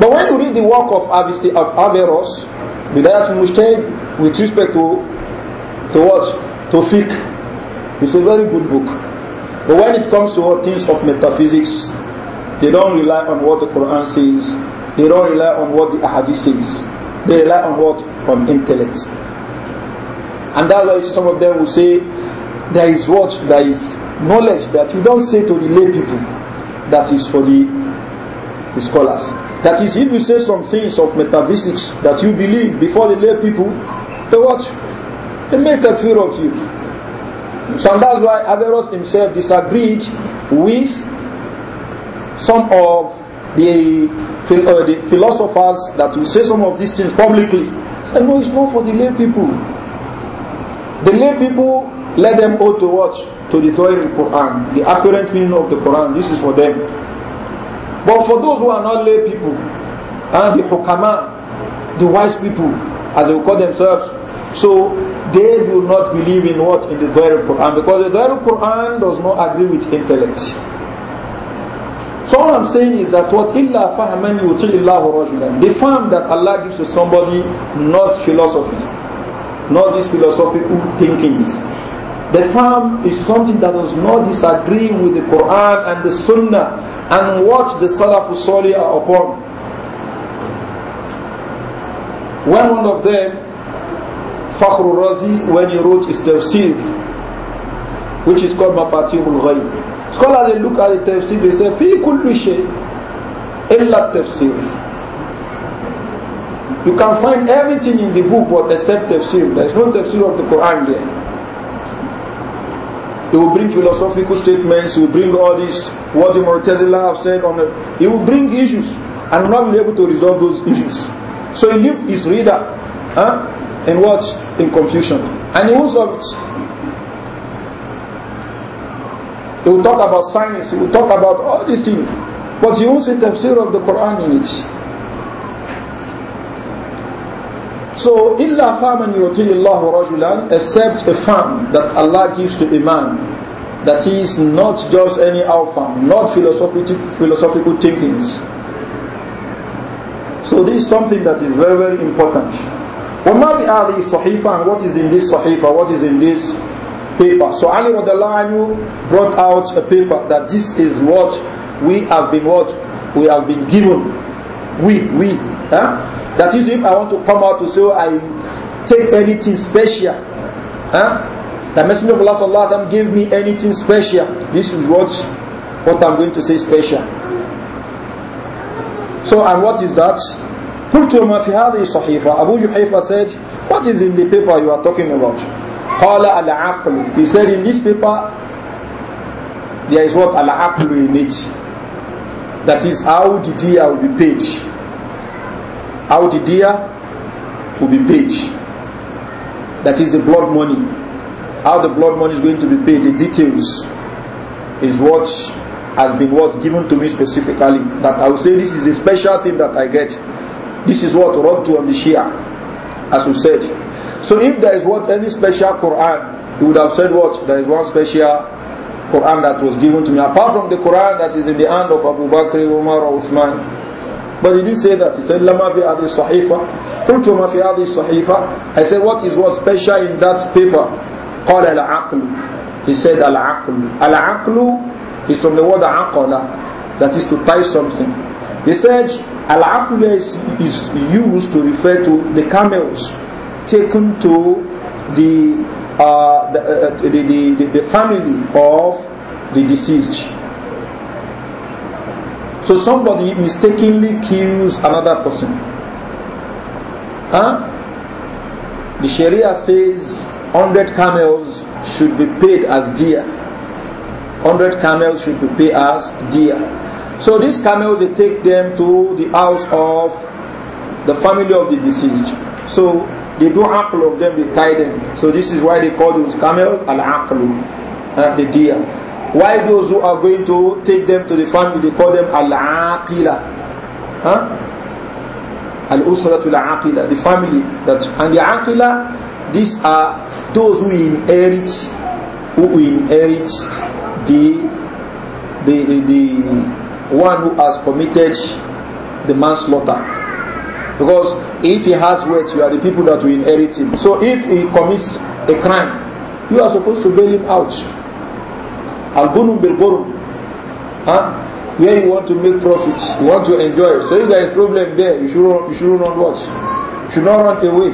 But when you read the work of, Avis, of Averroes, Bidayat Mujtahid, with respect to, to what? To fiqh. It's a very good book. But when it comes to things of metaphysics, they don't rely on what the Quran says. They don't rely on what the Ahadith says. They rely on what? On intellect. And that's why some of them will say, there is what? There is knowledge that you don't say to the lay people that is for the, the scholars. That is, if you say some things of metaphysics that you believe before the lay people, they watch. They make that fear of you. So that's why Averroes himself disagreed with some of the, uh, the philosophers that will say some of these things publicly. He said, no, it's not for the lay people. The lay people Let them all to watch to the Torah and Quran, the apparent meaning of the Quran. This is for them. But for those who are not lay people, and the hukama, the wise people, as they call themselves, so they do not believe in what in the Dhairu Quran because the Dhairu Quran does not agree with intellect. So all I'm saying is that what illa fahman yutillahu rajulan. The farm that Allah gives to somebody, not philosophy, not this philosophical thinkings. The farm is something that does not disagree with the Quran and the Sunnah and what the Salafus Salih are upon. When one of them, Fakhrul Razi, when he wrote his tafsir, which is called Mafatihul Ghaib, scholars they look at the tafsir, they say, Fi kulli shay, illa tafsir. You can find everything in the book but except tafsir. There is no tafsir of the Quran there. He will bring philosophical statements. He will bring all this, what the Mu'tazila have said. on. it. he will bring issues and will not be able to resolve those issues. So he leave his reader huh, in what? In confusion. And he will solve it. He will talk about science. He will talk about all these things. But he won't see tafsir of the Quran in it. So, إِلَّا فَامًا يُعْطِيهِ اللَّهُ رَجُلًا Except a farm that Allah gives to a man that he is not just any farm, not philosophical, philosophical thinkings. So this is something that is very, very important. وَمَا بِهَذِهِ الصَّحِيفَةِ And what is in this sahifa, what is in this paper? So Ali radiallahu anhu brought out a paper that this is what we have been what? We have been given. We, we. Huh? That is, if I want to come out to say, oh, I take anything special, huh? the Messenger of Allah sallallahu alaihi wasallam give me anything special. This is what, what I'm going to say special. So, and what is that? قلت ما في هذه Sahifa. Abu Juhayfa said what is in the paper you are talking about قال العقل he said in this paper there is what العقل in it that is how the deer will be paid how the dia will be paid. That is the blood money. How the blood money is going to be paid, the details is what has been what given to me specifically. That I will say this is a special thing that I get. This is what rub to on the Shia, as we said. So if there is what any special Quran, you would have said what there is one special Quran that was given to me. Apart from the Quran that is in the hand of Abu Bakr, Umar, or Uthman, But he didn't say that. He said, Lama fi adi sahifa. Kultu fi adi sahifa. I said, what is what special in that paper? Qala al-aql. He said, al-aql. Al-aql is from the word aqala. That is to tie something. He said, al-aql is, is used to refer to the camels taken to the, uh, the, uh, the, the, the family of the deceased. So somebody mistakenly kills another person. Huh? The Sharia says 100 camels should be paid as deer. 100 camels should be paid as deer. So these camels, they take them to the house of the family of the deceased. So they do aql of them, they tie them. So this is why they call those camels al-aql, uh, the deer. Why those who are going to take them to the family, they call them Al-Aqila. Huh? Al-Usratul Aqila, the family. that And the Aqila, these are those who inherit, who inherit the, the, the, the one who has committed the manslaughter. Because if he has wealth, you are the people that will inherit him. So if he commits a crime, you are supposed to bail him out. Al-Bunum bil Where you want to make profits, you want to enjoy. So if there is problem there, you should, you should not watch. You should not run away.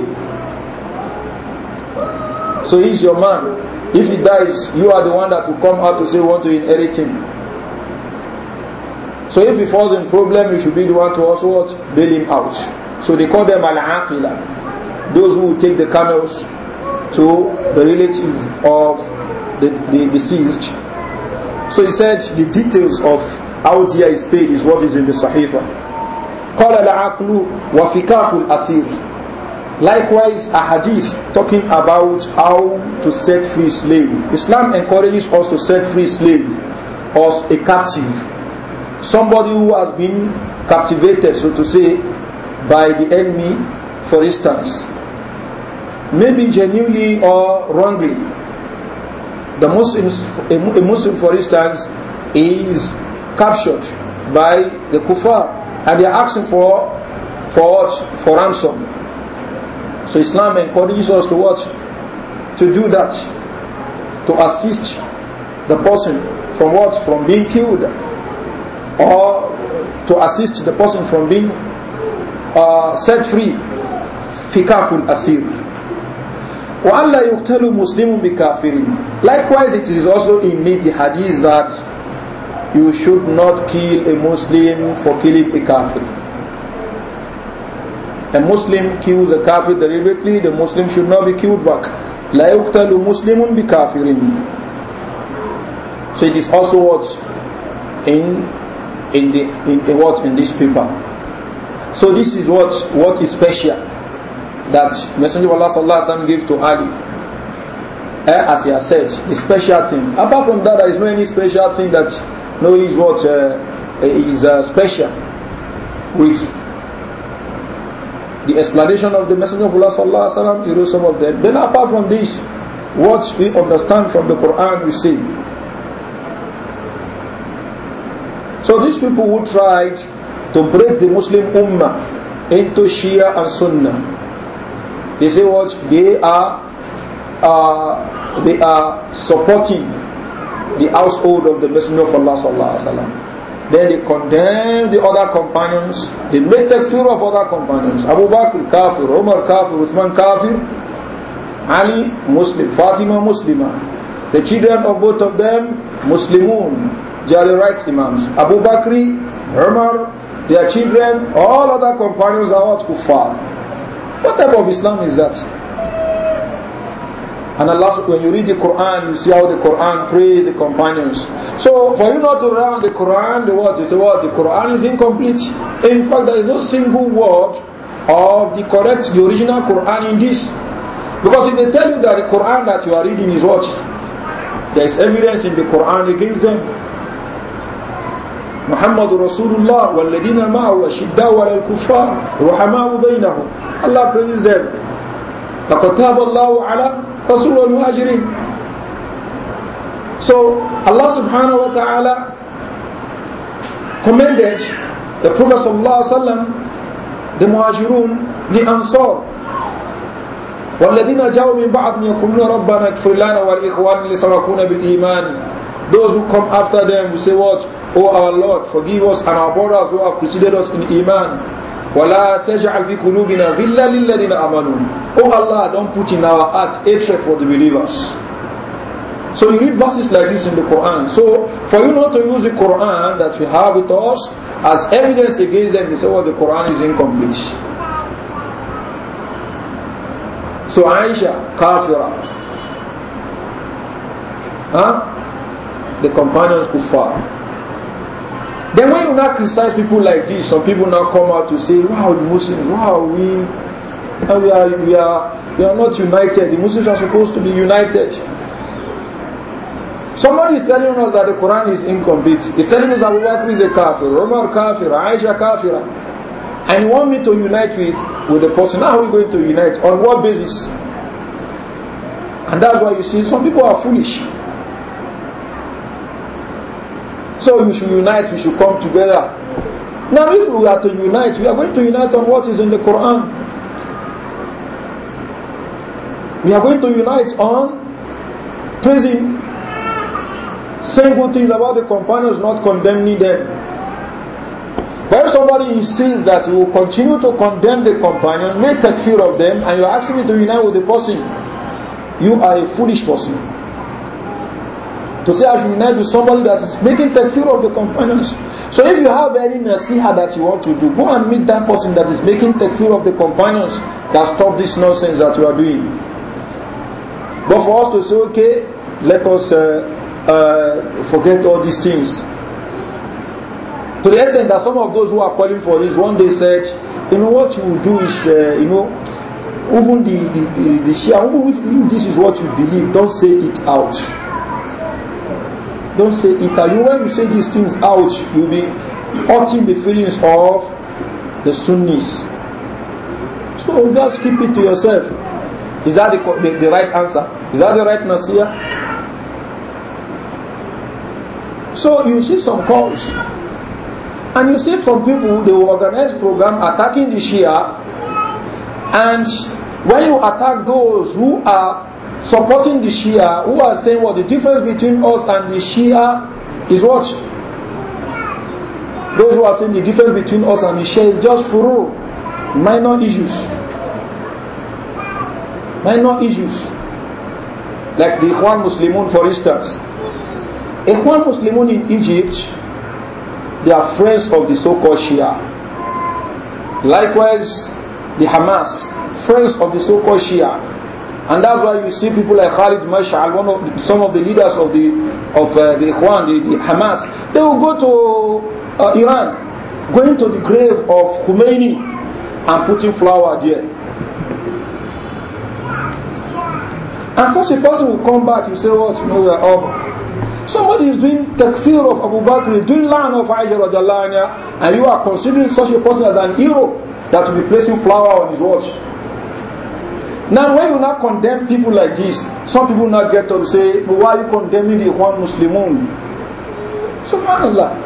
So he's your man. If he dies, you are the one that will come out to say, want to inherit him. So if he falls in problem, you should be the one to also what? Bail him out. So they call them al-aqila. Those who take the camels to the relatives of the, the deceased So he said the details of how dia is paid is what is in the Sahifa. قال العقل وفكاك الأسير Likewise, a hadith talking about how to set free slave. Islam encourages us to set free slave or a captive. Somebody who has been captivated, so to say, by the enemy, for instance. Maybe genuinely or wrongly, the Muslims, a Muslim for instance, is captured by the kuffar and they are asking for for what? For ransom. So Islam encourages us to what? To do that, to assist the person from what? From being killed, or to assist the person from being uh, set free. Fikakul asir. وَأَلَّا يُقْتَلُ مُسْلِمٌ بِكَافِرٍ Likewise, it is also in me the hadith that you should not kill a Muslim for killing a kafir. A Muslim kills a kafir deliberately, the Muslim should not be killed back. لَا يُقْتَلُ مُسْلِمٌ بِكَافِرٍ So it is also what in in the in, in what in this paper. So this is what what is special that Messenger of Allah sallallahu alaihi wasallam gave to Ali. Eh, as he has said, the special thing. Apart from that, there is no any special thing that no is what uh, is uh, special with the explanation of the Messenger of Allah sallallahu alaihi wasallam. You know some of them. Then apart from this, what we understand from the Quran, we see. So these people who tried to break the Muslim Ummah into Shia and Sunnah They say what? They are, uh, they are supporting the household of the Messenger of Allah sallallahu alaihi wasallam. Then they condemn the other companions. They make takfir of other companions. Abu Bakr kafir, Umar kafir, Uthman kafir, Ali Muslim, Fatima Muslima. The children of both of them Muslimun. They are the right imams. Abu Bakr, Umar, their children, all other companions are what kuffar. What type of Islam is that? And Allah, when you read the Quran, you see how the Quran prays the companions. So for you not to round the Quran, the what? You say what? The Quran is incomplete. In fact, there is no single word of the correct, the original Quran in this. Because if they tell you that the Quran that you are reading is what? There is evidence in the Quran against them. محمد رسول الله والذين معه أشداء على الكفار رحماء بينهم الله praises them لقد تاب الله على رسول المهاجرين So Allah subhanahu wa ta'ala commended the Prophet sallallahu alayhi wa sallam the muhajirun, the ansar, والذين جاءوا من بعد يقولون ربنا اغفر لنا والإخوان اللي سبقونا بالإيمان those who come after them we say what O our Lord, forgive us and our brothers who have preceded us in Iman. وَلَا تَجْعَلْ فِي قُلُوبِنَا غِلًّا لِلَّذِينَ آمَنُوا O Allah, don't put in our heart hatred for the believers. So you read verses like this in the Quran. So for you not to use the Quran that we have with us as evidence against them, you say, well, the Quran is incomplete. So Aisha, kafira. Huh? The companions kuffar. Then when you now criticize people like this, some people now come out to say, wow, the Muslims, wow, we, uh, we, are, we, are, we are not united. The Muslims are supposed to be united. Somebody is telling us that the Quran is incomplete. He's telling us that Abu Bakr is a kafir, Umar kafir, Aisha kafira. And he want me to unite with, with the person. How are we going to unite? On what basis? And that's why you see some people are foolish. So we should unite, we should come together. Now if we are to unite, we are going to unite on what is in the Quran. We are going to unite on praising, saying good things about the companions, not condemning them. But if somebody insists that you will continue to condemn the companion, take takfir of them, and you are asking me to unite with the person, you are a foolish person. To say I you unite with somebody that is making takfir of the companions. So if you have any nasiha that you want to do, go and meet that person that is making takfir of the companions that stop this nonsense that you are doing. But for us to say, okay, let us uh, uh, forget all these things. To the extent that some of those who are calling for this, one day said, you know what you will do is, uh, you know, even the, the, the, the Shia, even if this is what you believe, don't say it out Don't say interview. When you say these things out, you'll be hurting the feelings of the Sunnis. So just keep it to yourself. Is that the, the, the right answer? Is that the right nasiyah? So you see some calls. And you see some people, they will organize program attacking the Shia. And when you attack those who are supporting the Shia who are saying what the difference between us and the Shia is what? Those who are saying the difference between us and the Shia is just furor, minor issues. Minor issues. Like the Ikhwan Muslimun for instance. Ikhwan Muslimun in Egypt, they are friends of the so-called Shia. Likewise, the Hamas, friends of the so-called Shia. And that's why you see people like Khalid Mash'al, one of the, some of the leaders of the of uh, the Ikhwan, the, the, Hamas, they will go to uh, Iran, going to the grave of Khomeini and putting flower there. And such a person will come back, you say, what, oh, No know, we are all. Somebody is doing takfir of Abu Bakr, doing lan of Aisha radiallahu anha, and you are considering such a person as an hero that will be placing flower on his watch. Now, when you now condemn people like this, some people now get up and say, why are you condemning the Ikhwan Muslimun? Subhanallah.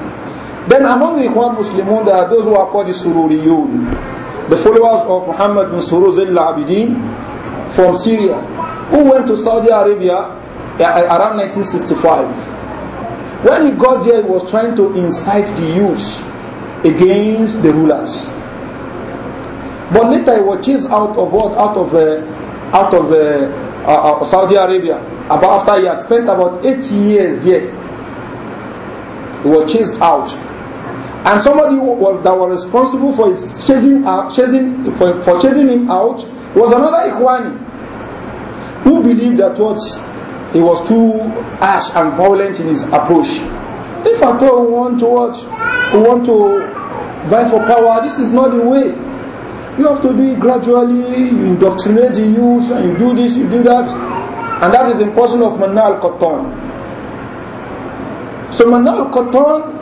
Then among the Ikhwan Muslimun, there are those who are called the Sururiyun, the followers of Muhammad bin Suruz al-Abidin from Syria, who went to Saudi Arabia eh, eh, around 1965. When he got there, he was trying to incite the youth against the rulers. But later he was chased out of what? Out of uh, out of uh, uh, uh, Saudi Arabia. About after he had spent about eight years there, he was chased out. And somebody was, that was responsible for his chasing, uh, chasing for, for chasing him out was another Ikhwani who believed that what he was too harsh and violent in his approach. If at all we want to what we want to vie for power, this is not the way. You have to do it gradually. You indoctrinate the youth, and you do this, you do that. And that is the person of Manal Qattan. So Manal Qattan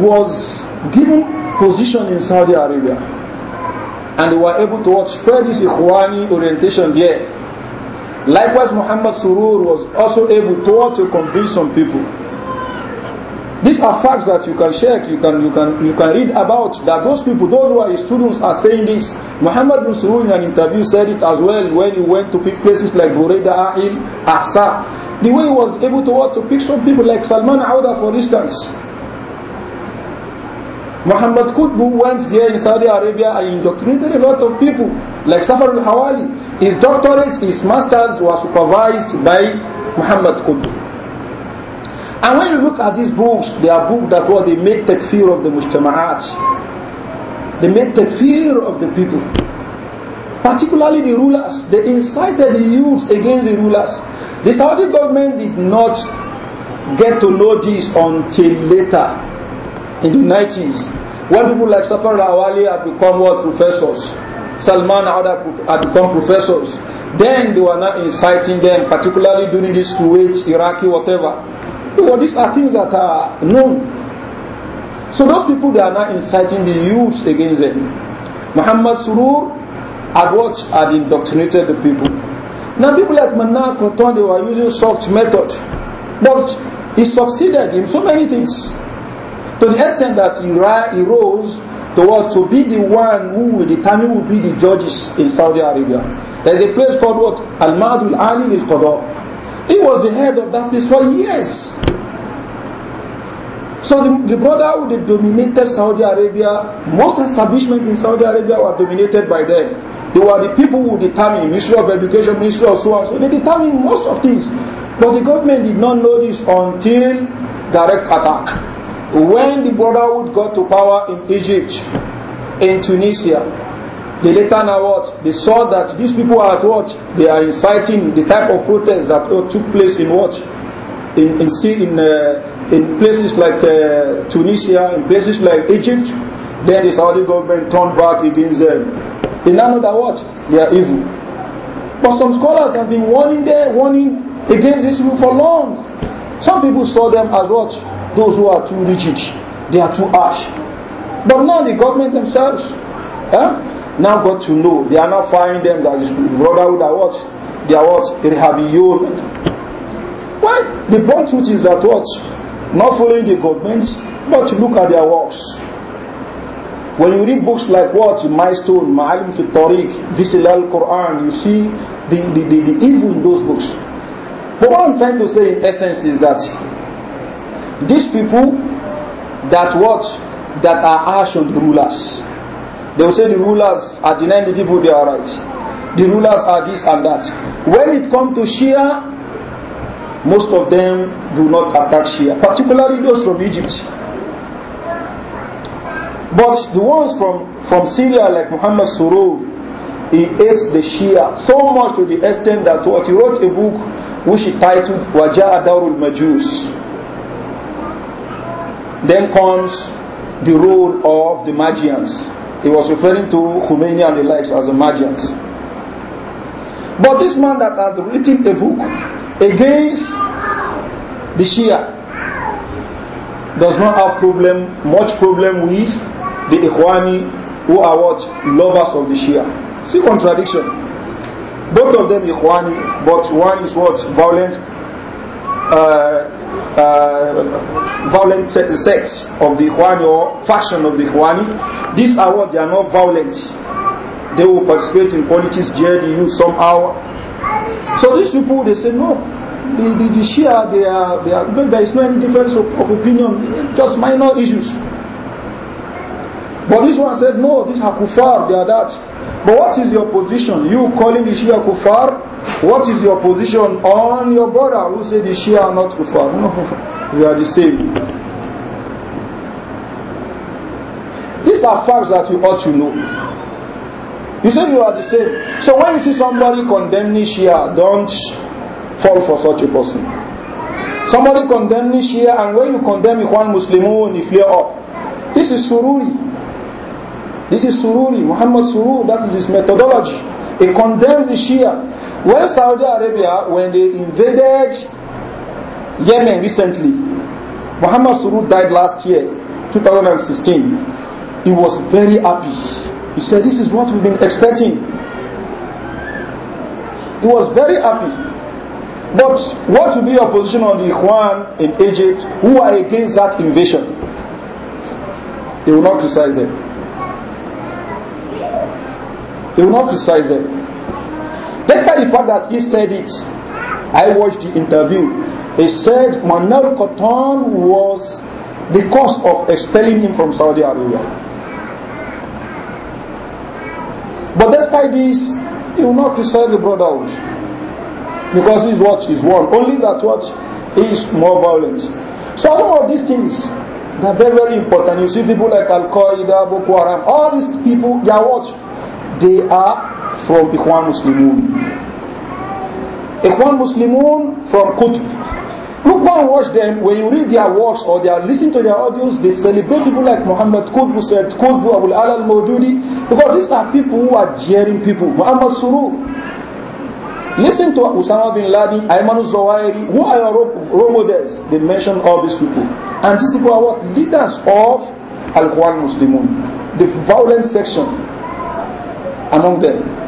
was given position in Saudi Arabia. And they were able to spread this Ikhwani orientation there. Likewise, Muhammad Surur was also able to, to convince some people. These are facts that you can check, you can, you can, you can read about. That those people, those who are students, are saying this. Muhammad bin Surun in an interview said it as well when he went to places like Bureda, Ahil, Ahsa. The way he was able to what, to pick some people like Salman Auda, for instance. Muhammad Qutb went there in Saudi Arabia and indoctrinated a lot of people, like Safar al-Hawali. His doctorate, his masters were supervised by Muhammad Qutb. And when you look at these books, they are books that what they make fear of the mujtama'at. They make fear of the people. Particularly the rulers. They incited the youths against the rulers. The Saudi government did not get to know this until later, in the 90s. When people like Safar Awali had become what professors, Salman had become professors, then they were not inciting them, particularly during this Kuwait, Iraqi, whatever. Oh, well, these are things that are known. So those people, they are now inciting the youths against them. Muhammad Surur had what had indoctrinated the people. Now people like Manar Khoton, they were using soft method. But he succeeded in so many things. To the extent that he, he rose to To be the one who will determine who will be the judges in Saudi Arabia. There's a place called what? Al-Madul Ali al-Qadar. He was the head of that place for years. So the, the brotherhood they dominated Saudi Arabia. Most establishments in Saudi Arabia were dominated by them. They were the people who determined Ministry of Education, Ministry of so on. So they determined most of things. But the government did not know this until direct attack. When the brotherhood got to power in Egypt, in Tunisia, They later now what? They saw that these people are at what? They are inciting the type of protest that oh, took place in what? In in, in, uh, in places like uh, Tunisia, in places like Egypt. Then the Saudi government turned back against them. They now know that what? They are evil. But some scholars have been warning them, warning against this evil for long. Some people saw them as what? Those who are too rigid. They are too harsh. But now the government themselves, eh? now got to know they are not firing them that is brotherhood are what they are what they have been why the blunt truth is that what not following the governments but to look at their works when you read books like what milestone ma'alim fi tariq quran you see the, the, the, the evil in those books but what i'm trying to say in essence is that these people that what that are harsh on the rulers They will say the rulers are denying the people their rights. The rulers are this and that. When it comes to Shia, most of them do not attack Shia, particularly those from Egypt. But the ones from, from Syria, like Muhammad Surur, he hates the Shia so much to the extent that what he wrote a book which he titled Waja'a Darul Majus. Then comes the role of the Magians. He was referring to Khomeini and the likes as the Magians. But this man that has written a book against the Shia does not have problem, much problem with the Ikhwani who are what? Lovers of the Shia. See contradiction. Both of them Ikhwani, but one is what? Violent uh, Uh, violent sex of the Ikhwani or faction of the Ikhwani. These are what they are not violent. They will participate in politics, JDU somehow. So these people, they say no. The, the, the Shia, they are, they are, there is no any difference of, of opinion, just minor issues. But this one said, no, these are kuffar, they are that. But what is your position? You calling the Shia kuffar? What is your position on your brother who say the Shia are not kufar? No, (laughs) we are the same. These are facts that you ought to know. You say you are the same. So when you see somebody condemning Shia, don't fall for such a person. Somebody condemning Shia, and when you condemn Ikhwan Muslimun, you flare up. This is sururi. This is sururi. Muhammad Surur, that is his methodology. He condemned the Shia. When Saudi Arabia, when they invaded Yemen recently, Muhammad Suru died last year, 2016. He was very happy. He said, This is what we've been expecting. He was very happy. But what will be your position on the Ikhwan in Egypt who are against that invasion? They will not criticize them. They will not criticize them. Despite the fact that he said it, I watched the interview. He said Manar Cotton was the cause of expelling him from Saudi Arabia. But despite this, he will not criticize the brother out. Because his watch is one. Only that watch is more violent. So some of these things, they are very, very important. You see people like Al-Qaeda, Boko Haram, all these people, their watch, they are from Ikhwan Muslimun. Ikhwan Muslimun from Qutb. Look back and watch them. When you read their works or they are listening to their audios, they celebrate people like Muhammad Qutb said, Qutb Abul Alal Mawdudi, because these are people who are jeering people. Muhammad Surur. Listen to Usama bin Laden, Ayman Zawahiri, who are your role models? They mention all these people. And these people are what? Leaders of Al Quran Muslimun, the violent section among them.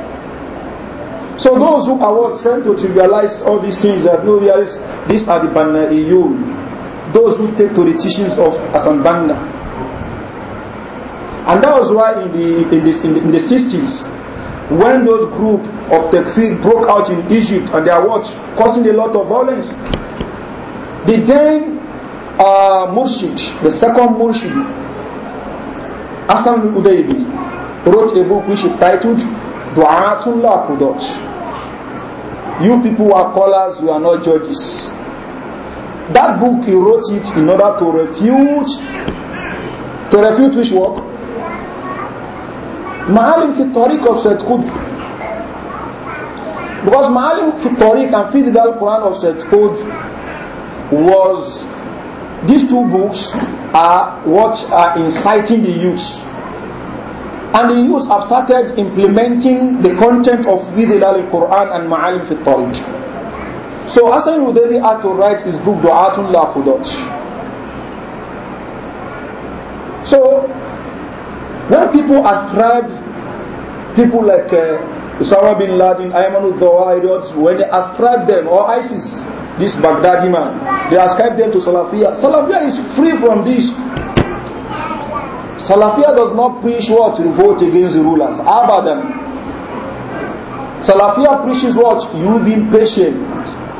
So those who are trying to trivialize all these things have no realize these are the Banna Iyun, those who take to the teachings of Asan Banna. And that was why in the in this in the, in the 60 when those group of Takfir broke out in Egypt and they are what causing a lot of violence, the then uh, Murshid, the second Murshid, Hassan Udaybi, wrote a book which is titled Du'atullah Kudot. You people are callers, you are not judges. That book, he wrote it in order to refute, to refute which work? Ma'alim fi tariq of said Qutb. Because Ma'alim fi tariq and fi didal Quran of said Qutb was, these two books are what are inciting the youth And the youth have started implementing the content of Vidil al-Quran and Ma'alim fi Tariq. So Hassan Hudebi had to write his book Du'atun La Khudot. So when people ascribe people like uh, Osama bin Laden, Ayman al-Zawahiriot, when they ascribe them, or ISIS, this Baghdadi man, they ascribe them to Salafiyah. Salafiyah is free from this. Salafia does not preach what? Revolt against the rulers. Abadan. Salafia preaches what? You being patient.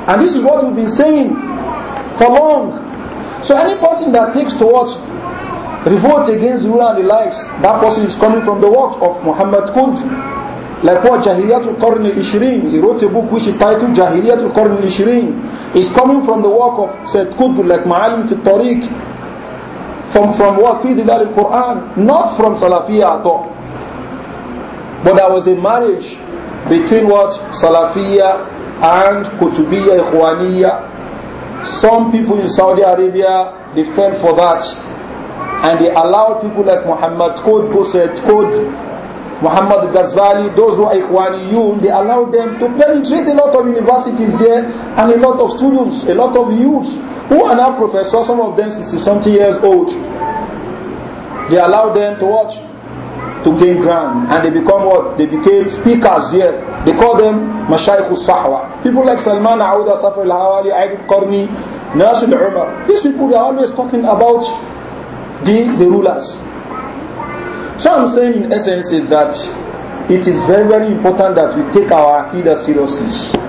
And this is what we've been saying for long. So any person that takes to what? Revolt against the ruler and the likes, that person is coming from the works of Muhammad Qund. Like what Jahiliyatul Qarn al-Ishrin, he wrote a book which he titled Jahiliyatul Qarn al-Ishrin. Is coming from the work of Sayyid Qutb, like Ma'alim fi Tariq, from, from what? Fi Dilal al-Quran. Not from Salafiyah at all. But there was a marriage between what? Salafiyah and Kutubiyah, Ikhwaniyah. Some people in Saudi Arabia, they fell for that. And they allowed people like Muhammad Qod, Qusayt Qod, Muhammad Ghazali, those who are Ikhwaniyun, they allowed them to penetrate a lot of universities here and a lot of students, a lot of youths who are now professors, some of them 60 something years old, they allow them to watch, to gain ground, and they become what? They became speakers here. They call them Mashaykh Sahwa. People like Salman Auda, Safar al Hawali, Aydin Qarni, Nasir Umar. These people they are always talking about the, the rulers. So I'm saying in essence is that it is very, very important that we take our Aqidah seriously.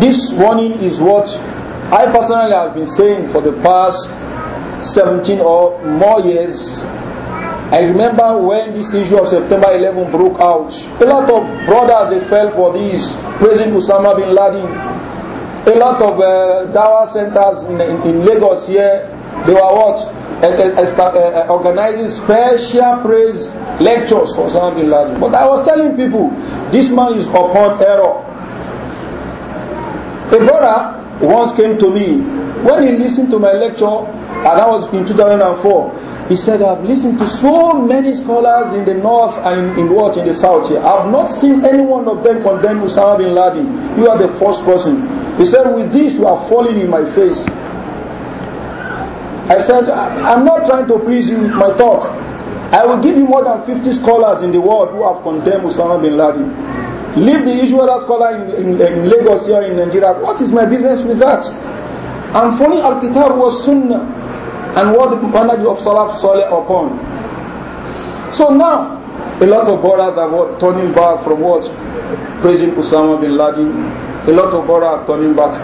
This warning is what I personally have been saying for the past 17 or more years, I remember when this issue of September 11 broke out, a lot of brothers they fell for this, President Osama bin Laden. A lot of uh, dawah centers in, in, in, Lagos here, they were what? Uh, uh, organizing special praise lectures for Osama bin Laden. But I was telling people, this man is upon error. A brother once came to me when he listened to my lecture, and that was in 2004. He said, I've listened to so many scholars in the north and in, what in the south here. I've not seen any one of them condemn Osama bin Laden. You are the first person. He said, with this you are falling in my face. I said, I'm not trying to please you with my talk. I will give you more than 50 scholars in the world who have condemned Osama bin Laden. Leave the usual scholar in, in, in, Lagos here in Nigeria. What is my business with that? I'm following Al-Kitab was Sunnah and what the manhaj of Salaf Saleh upon. So now, a lot of brothers are what, turning back from what? Praising Osama bin Laden. A lot of brothers are turning back.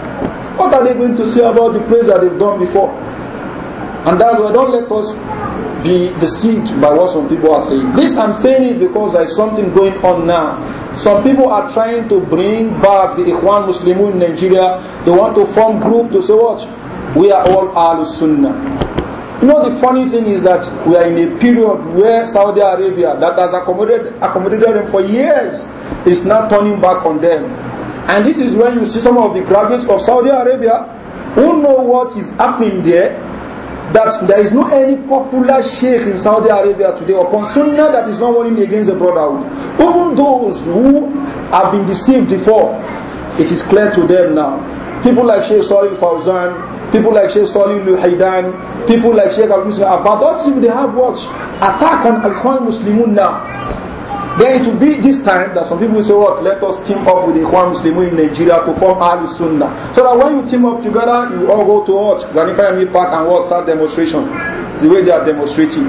What are they going to say about the praise that they've done before? And that's why don't let us be deceived by what some people are saying. This I'm saying it because there is something going on now. Some people are trying to bring back the Ikhwan Muslimun in Nigeria. They want to form group to say what? We are all al Sunnah. You know the funny thing is that we are in a period where Saudi Arabia that has accommodated, accommodated them for years is now turning back on them. And this is when you see some of the graduates of Saudi Arabia who know what is happening there that there is no any popular sheikh in Saudi Arabia today upon sunnah that is not warning against the brotherhood. Even those who have been deceived before, it is clear to them now. People like Sheikh Salim Fawzan, people like Sheikh Salim Luhaidan, people like Sheikh Al-Muslim Abba, those people, they have watched Attack on Al-Quran Muslimun now. Then it will be this time that some people will say, what, let us team up with the Ikhwan Muslimun in Nigeria to form Ahlul Sunnah. So that when you team up together, you all go to what? Ghanifayami Park and what? Start demonstration. The way they are demonstrating.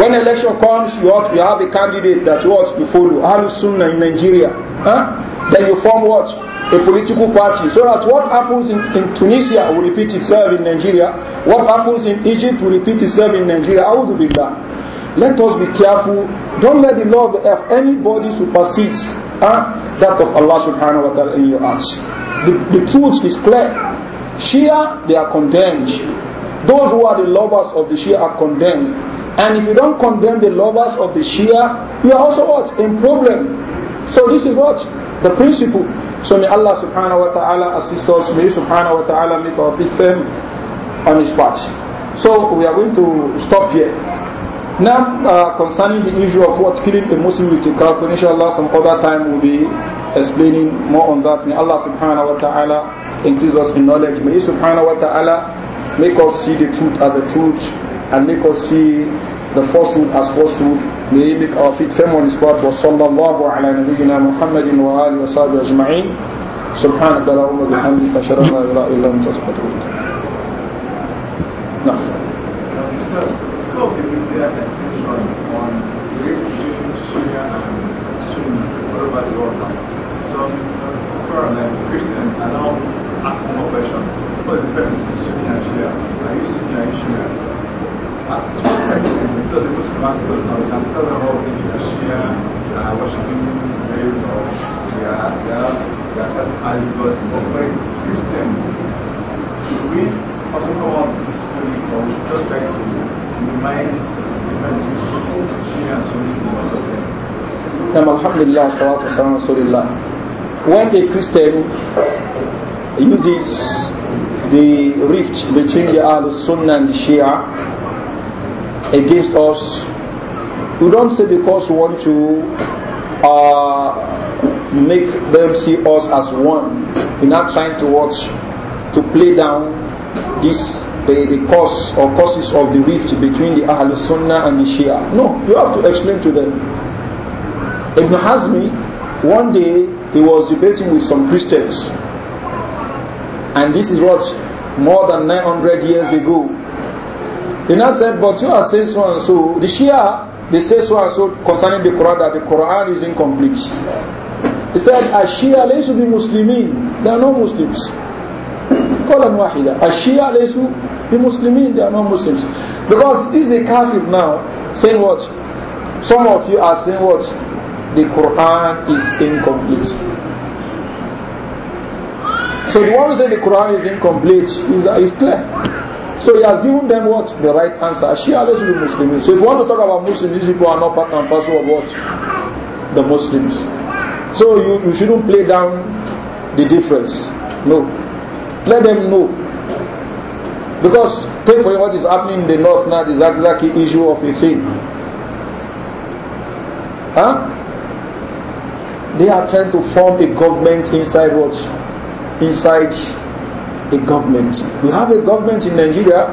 When election comes, you, ought, you have a candidate that what? You follow. Ahlul Sunnah in Nigeria. Huh? Then you form what? A political party. So that what happens in, in Tunisia will repeat itself in Nigeria. What happens in Egypt will repeat itself in Nigeria. I would be that? let us be careful. Don't let the love of anybody supersede uh, that of Allah subhanahu wa ta'ala in your hearts. The, the truth is clear. Shia, they are condemned. Those who are the lovers of the Shia are condemned. And if you don't condemn the lovers of the Shia, you are also what? In problem. So this is what? The principle. So may Allah subhanahu wa ta'ala assist us. May subhanahu wa ta'ala make our feet firm on his path. So we are going to stop here. Now, uh, concerning the issue of what killing a Muslim with a kafir, inshallah, some other time we will be explaining more on that. May Allah subhanahu wa ta'ala increase us in knowledge. May He subhanahu wa ta'ala make us see the truth as the truth and make us see the falsehood as falsehood. May He make our feet firm on His path. Wa sallallahu ala nabiyyina Muhammadin wa alihi wa sahbihi ajma'in. سبحانك اللهم وبحمدك اشهد ان لا اله الا انت استغفرك نعم also giving their attention on great issues Shia and Sunni, whatever they all are. Some foreign and Christian are ask more questions. What is the difference between Sunni and Shia? Are you Sunni or Shia? At some extent, because the Muslim masters now can tell them all things Shia, they worshipping graves or they are, they are, they are, and Christian, should we also come out peacefully or just like to Now, Alhamdulillah, salatu wasalam, Rasulullah. When a Christian uses the rift between the Ahlus Sunnah and the Shia against us, we don't say because we want to uh, make them see us as one. We're not trying to watch, to play down this the, the cause or causes of the rift between the Ahl Sunnah and the Shia. No, you have to explain to them. Ibn Hazmi, one day he was debating with some Christians, and this is what more than 900 years ago. He now said, But you are saying so and so. The Shia, they say so and so concerning the Quran that the Quran is incomplete. He said, Shia, they should be Muslimin. They are not Muslims. قولا واحدا الشيعة ليسوا بمسلمين they are not Muslims because this is a kafir now saying what some of you are saying what the Quran is incomplete so the one who say the Quran is incomplete is, is clear. So he has given them what? The right answer. Shia, they should be Muslims. So if you want to talk about Muslims, these people are not part and parcel of what? The Muslims. So you, you shouldn't play down the difference. No. Let them know. Because take for you what is happening in the north now, is exactly issue of a thing. Huh? They are trying to form a government inside what? Inside a government. We have a government in Nigeria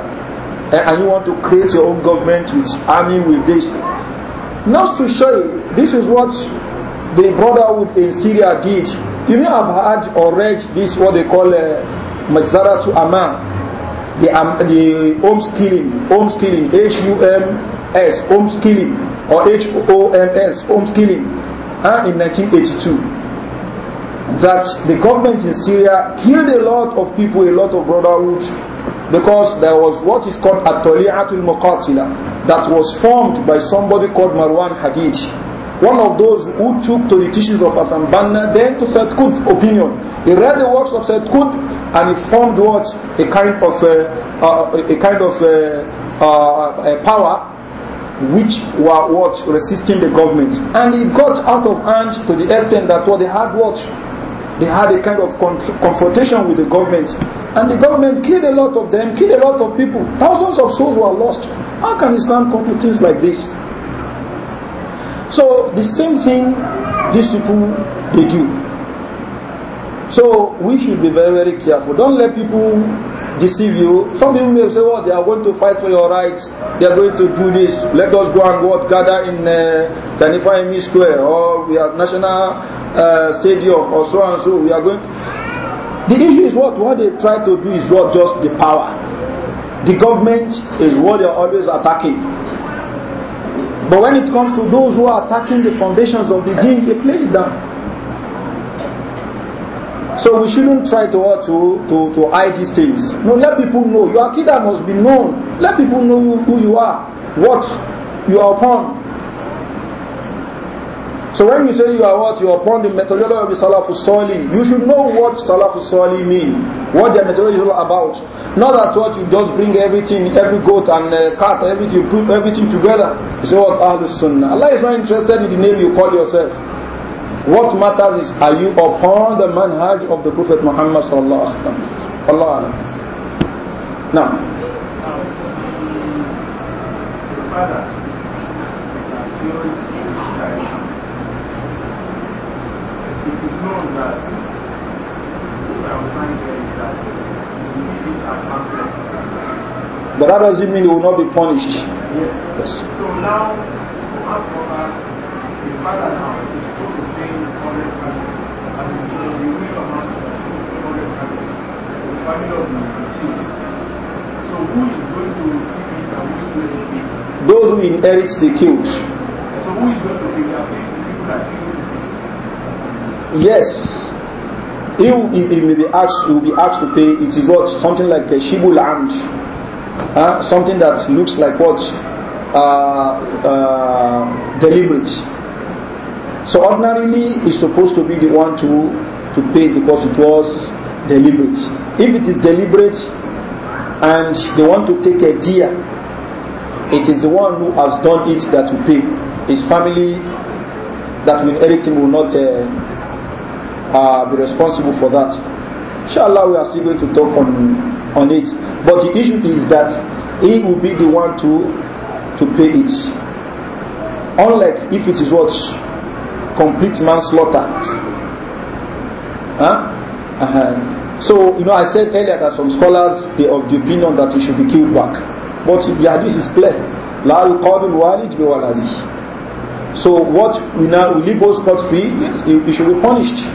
eh, and you want to create your own government with army with this. Not to show you, this is what the brotherhood in Syria did. You may have heard or read this what they call uh, Majzara to Aman, the, um, the home homeschooling, H-U-M-S, home homeschooling, or H-O-M-S, home homeschooling, uh, in 1982 that the government in Syria killed a lot of people, a lot of brotherhood, because there was what is called At-Tali'atul Muqatila that was formed by somebody called Marwan Hadid, one of those who took to the teachings of Hassan Banna then to Said Qutb opinion. He read the works of Said Qutb and he formed what a kind of a, uh, uh, a kind of a, uh, uh, a power which were what resisting the government, and he got out of hand to the extent that what they had what they had a kind of confrontation with the government, and the government killed a lot of them, killed a lot of people, thousands of souls were lost. How can Islam come to things like this? So the same thing these people they do. So we should be very, very careful. Don't let people deceive you. Some people may say, well, they are going to fight for your rights. They are going to do this. Let us go and what, gather in uh, Kanifa e Square or we are National uh, Stadium or so and so. We are going to... The issue is what? What they try to do is not just the power. The government is what they are always attacking. But when it comes to those who are attacking the foundations of the deen, they play it down. So we shouldn't try to, uh, to, to, to hide these things. No, let people know. Your akida must be known. Let people know who, you are, what you are upon. So when you say you are what, you are upon the methodology of the Salafus Sali, you should know what Salafus Sali mean, what their methodology is all about. Not that what you just bring everything, every goat and uh, cat, everything, you put everything together. You say what Ahlus Sunnah. Allah is not interested in the name you call yourself. What matters is, are you upon the manhaj of the Prophet Muhammad sallallahu alaihi wasallam? Allah Alam. Now. but that doesn't mean they will not be punished. Yes. yes. So now, ask for a father now, Those who inherit the killed. Yes. He, he, he, may be asked, he will be asked to pay. It is what something like a shibu amd, uh, something that looks like what uh, uh, deliberate. So ordinarily, it's supposed to be the one to, to pay because it was deliberate. If it is deliberate and they want to take a deer, it is the one who has done it that will pay. His family that will inherit him will not uh, uh, be responsible for that. Inshallah, we are still going to talk on, on it. But the issue is that he will be the one to, to pay it. Unlike if it is what complete manslaughter. Huh? Uh-huh. So, you know, I said earlier that some scholars, they of the opinion that he should be killed back. But the hadith is clear. La yuqadul walid bi waladi. So what we now, we leave us scot free, he, he should be punished.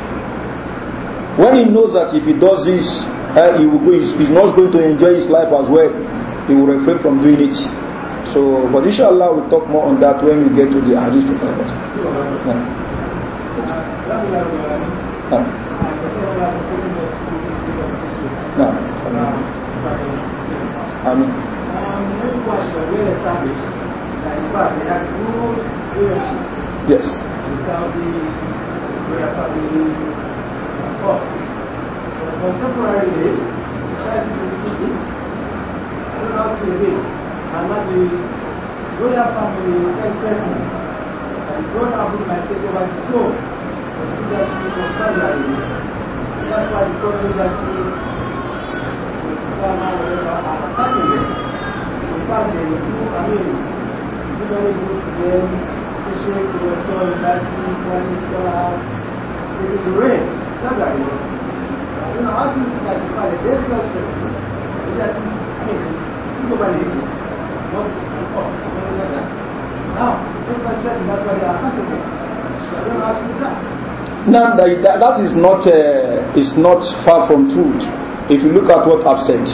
When he knows that if he does this, uh, he will go, he's, he's not going to enjoy his life as well. He will refrain from doing it. So, but inshallah, we'll talk more on that when we get to the hadith. Yeah. نعم نعم آمين Yes. the crisis is repeating. I don't know how to read. And that the royal family And God having might take over the throne of leadership of sunlight. And that's why the current leadership with Sama whatever are attacking them. In fact, they will do, I mean, do very good to them, teaching professor, university, foreign scholars, taking the rain, sunlight. You know, how do you see that the father, they don't say, leadership, I mean, think about the Egypt, what's the fault, something like that. Now that, that, that is not uh, is not far from truth. If you look at what I've said,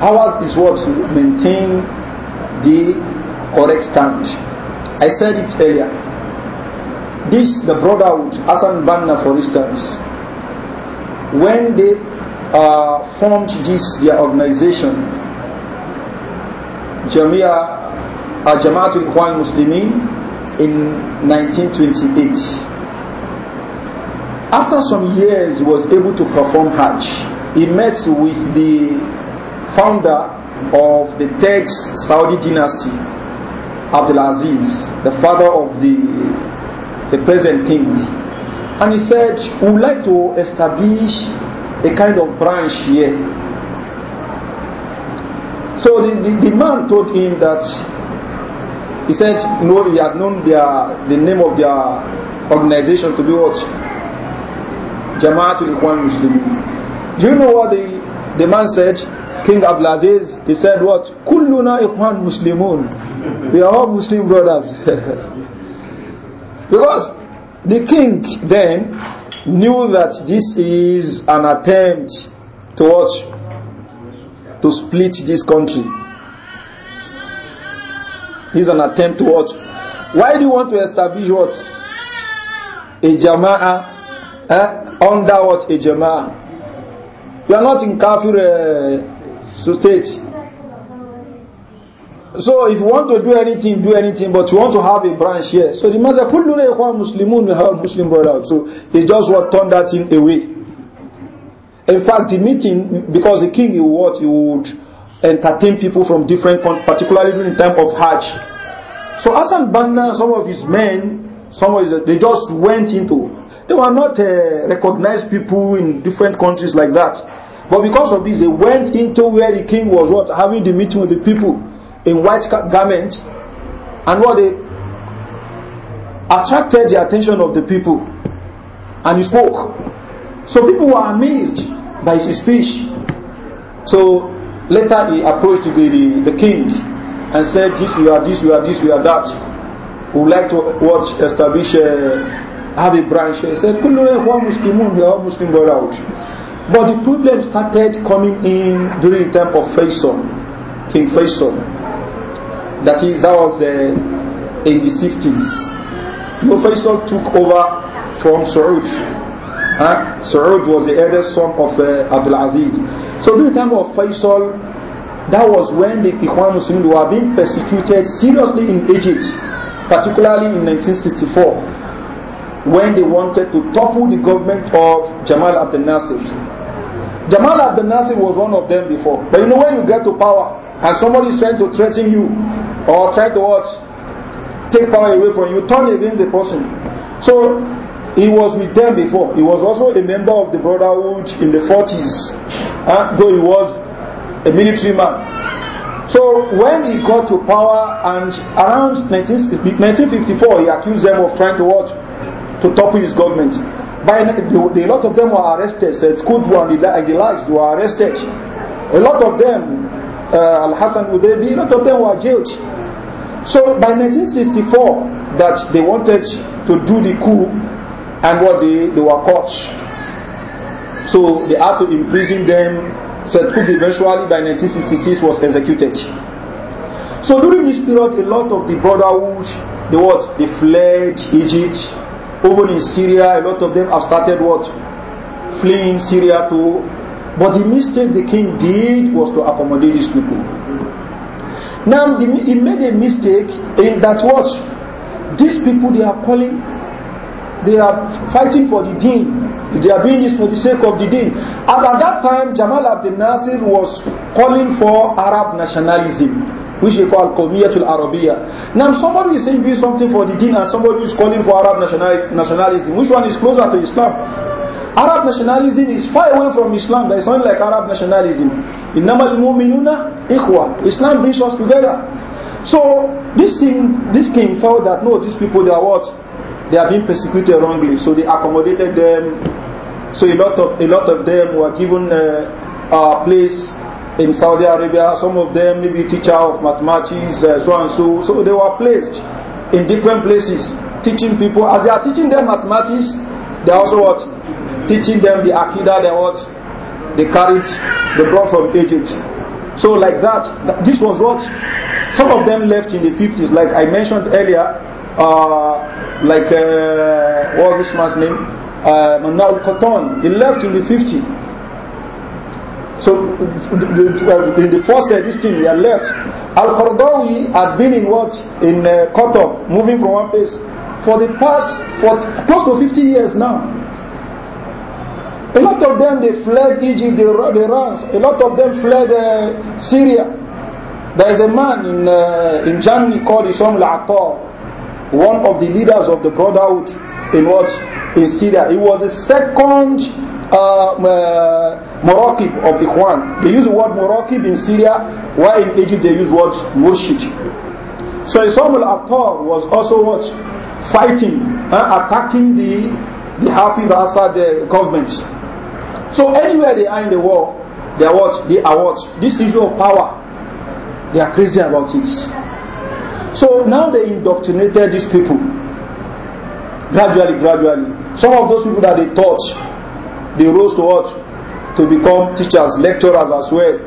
ours is what to maintain the correct stand. I said it earlier. This the brotherhood, Hassan Banna, for instance, when they uh, formed this their organization, Jamia al Jamaatul Ikhwan Muslimin in 1928. After some years, he was able to perform Hajj. He met with the founder of the third Saudi dynasty, Abdulaziz, the father of the, the present king. And he said, We would like to establish a kind of branch here. So the, the, the man told him that He said no, he had known their, the name of their organization to be what? Jamaatul Ikhwan Muslimin. Do you know what the, the man said? King Abdulaziz, he said what? Kulluna Ikhwan Muslimun. We are all Muslim brothers. (laughs) because the king then knew that this is an attempt to what? To split this country. This is an attempt to what? Why do you want to establish what? A jama'ah eh? under what? A jama'ah. You are not in kafir uh, state. So if you want to do anything, do anything, but you want to have a branch here. So the master kulluna ikhwan muslimun we have Muslim brother. So he just what turned that thing away. In fact, the meeting because the king he what he would entertain people from different countries, particularly during the time of Hajj. So Hassan Banna, some of his men, some of his, they just went into. They were not uh, recognized people in different countries like that. But because of this, they went into where the king was what having the meeting with the people in white garments, and what they attracted the attention of the people, and he spoke. So people were amazed by his speech. So Later he approached the, the, the king and said, this we are, this we are, this we are that. We would like to watch, establish, uh, have a branch. He said, Kullu one eh, Muslimun, we are all Muslim brotherhood. But the problem started coming in during the time of Faisal, King Faisal. That is, that was uh, in the 60s. No, Faisal took over from Saud. Huh? Saud was the eldest son of uh, Abdul Aziz. So during the time of Faisal, that was when the Ikhwan Muslims were being persecuted seriously in Egypt, particularly in 1964 when they wanted to topple the government of Jamal Abdel Nasser. Jamal Abdel Nasser was one of them before. But you know when you get to power and somebody is trying to threaten you or try to what, take power away from you, turn against the person. So He was with them before. He was also a member of the Brotherhood in the 40s, uh, ah, though he was a military man. So when he got to power and around 19, 1954, he accused them of trying to what? To topple his government. By, a lot of them were arrested. Said Kudwa and the likes were arrested. A lot of them, uh, Al Hassan would they be? a lot of them were jailed. So by 1964, that they wanted to do the coup, and what they, they were caught. So they had to imprison them. So Said Qutb eventually by 1966 was executed. So during this period, a lot of the brotherhood, the what? They fled Egypt. Even in Syria, a lot of them have started what? Fleeing Syria to. But the mistake the king did was to accommodate these people. Now, the, he made a mistake in that what? These people, they are calling they are fighting for the deen. They are doing this for the sake of the deen. And at that time, Jamal Abdel Nasir was calling for Arab nationalism, which they call Qawmiyatul Arabiya. Now, somebody is saying doing something for the deen, and somebody is calling for Arab national, nationalism. Which one is closer to Islam? Arab nationalism is far away from Islam. There is nothing like Arab nationalism. إِنَّمَا الْمُؤْمِنُونَ إِخْوَةً Islam brings us together. So, this thing, this king felt that, no, these people, they are what? they are being persecuted wrongly, so they accommodated them. So a lot of a lot of them were given uh, a place in Saudi Arabia. Some of them maybe teacher of mathematics, uh, so and so. So they were placed in different places teaching people. As they are teaching them mathematics, they also what teaching them the akida, they what they carried they brought from Egypt. So like that, this was what some of them left in the 50s. Like I mentioned earlier. Uh, like uh, what was this man's name? Uh, Manar Koton. He left in the 50. So in the first edition he had left. Al Qardawi had been in what in uh, moving from one place for the past for close to 50 years now. A lot of them they fled Egypt, they, they ran. A lot of them fled uh, Syria. There is a man in uh, in Germany called Isam al one of the leaders of the Brotherhood in what? In Syria. He was the second uh, uh, Muraqib of Ikhwan. They use the word Moroccan in Syria, while in Egypt they use word Murshid. So Isam al was also what? Fighting, uh, attacking the, the Hafiz Assad uh, government. So anywhere they are in the war, they are what? They are what? This issue of power, they are crazy about it. So now they indoctrinated these people. Gradually, gradually. Some of those people that they taught, they rose to what? To become teachers, lecturers as well,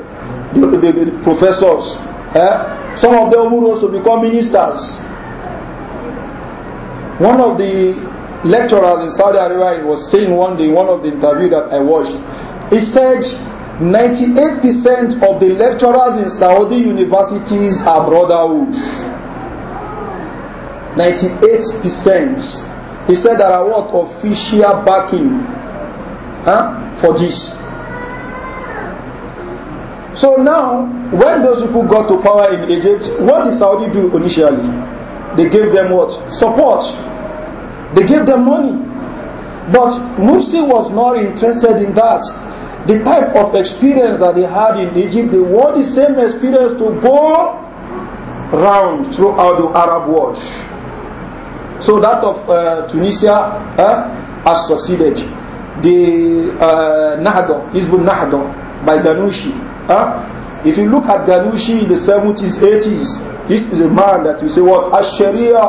the, the, the professors. Eh? Some of them who rose to become ministers. One of the lecturers in Saudi Arabia was saying one day one of the interview that I watched, he said 98% of the lecturers in Saudi universities are brotherhood. Ninety-eight percent. He said there are what official backing huh, for this. So now, when those people got to power in Egypt, what did Saudi do initially? They gave them what? Support. They gave them money. But Morsi was not interested in that. The type of experience that they had in Egypt, they want the same experience to go round throughout the Arab world. So that of uh, Tunisia uh, has succeeded. The uh, Nahdo, Hizbun Nahdo by Ganushi. Uh, eh. if you look at Ganushi in the 70s, 80s, this is a man that you say, what? Ash-Sharia,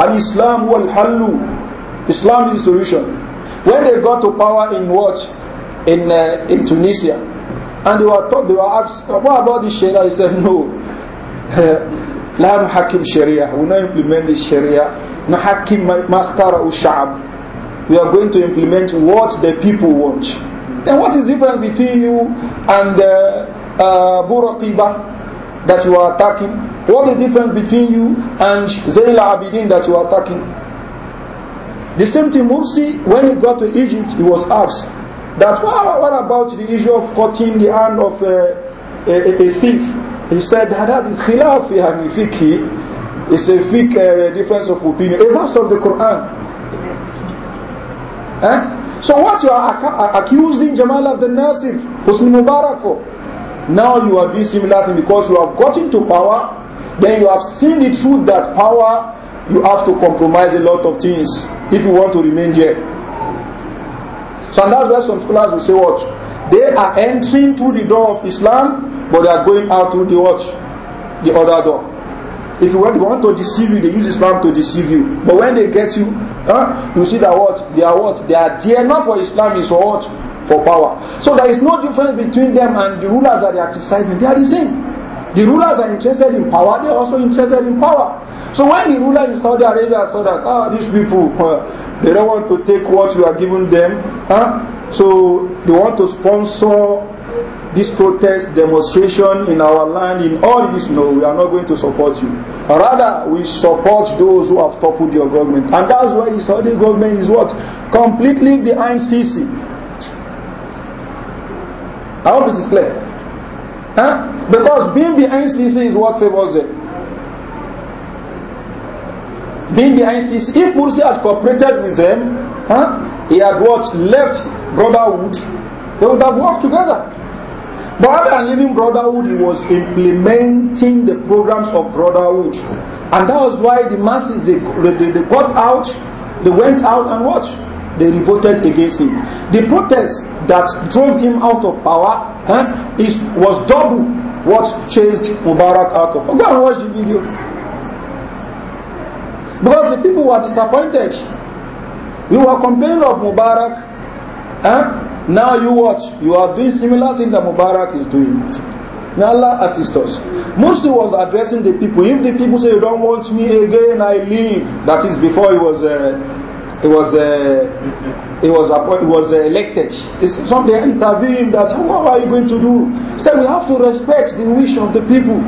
Al-Islam wal-Hallu. Islam is the solution. When they got to power in what? In, uh, in Tunisia. And they were taught, they were asked, what about the Sharia? He said, no. لا (laughs) hakim Sharia. we not implement the Sharia نحكم ما اختاره الشعب we are going to implement what the people want then what is different between you and uh, uh, that you are attacking what is different between you and Zayn al-Abidin that you are attacking the same thing Mursi when he got to Egypt he was asked that what, what about the issue of cutting the hand of uh, a, a, a thief he said that that is khilaf fi It's a fake uh, difference of opinion. A verse of the Quran. Eh? So what you are accusing Jamal Abdel Nasif, Husni Mubarak for? Now you are doing similar thing because you have gotten to power, then you have seen the truth that power, you have to compromise a lot of things if you want to remain there. So and that's where some scholars will say what? They are entering through the door of Islam, but they are going out through the what? The other door. If you want to deceive you, they use Islam to deceive you. But when they get you, huh, you see that what? They are what? They are there not for Islam, is for what? For power. So there is no difference between them and the rulers that they are criticizing. They are the same. The rulers are interested in power, they are also interested in power. So when the ruler in Saudi Arabia saw that, ah, these people, uh, they don't want to take what you are giving them, huh? so they want to sponsor this protest demonstration in our land in all this no we are not going to support you rather we support those who have toppled your government and that's why the saudi government is what completely behind CC. i hope it is clear huh? because being behind CC is what favors them being behind CC, if Mursi had cooperated with them huh? he had what left brotherhood they would have worked together But other than living brotherhood, he was implementing the programs of brotherhood. And that was why the masses, they, they, they got out, they went out and what? They revolted against him. The protest that drove him out of power eh, is, was double what chased Mubarak out of power. Go and watch the video. Because the people were disappointed. We were complaining of Mubarak. huh? Now you watch, you are doing similar thing that Mubarak is doing. May Allah assist us. Mursi was addressing the people. If the people say, you don't want me again, I leave. That is before he was, uh, he was, uh, he was, appointed, was uh, elected. It's, some they intervened that, what are you going to do? He said, we have to respect the wish of the people.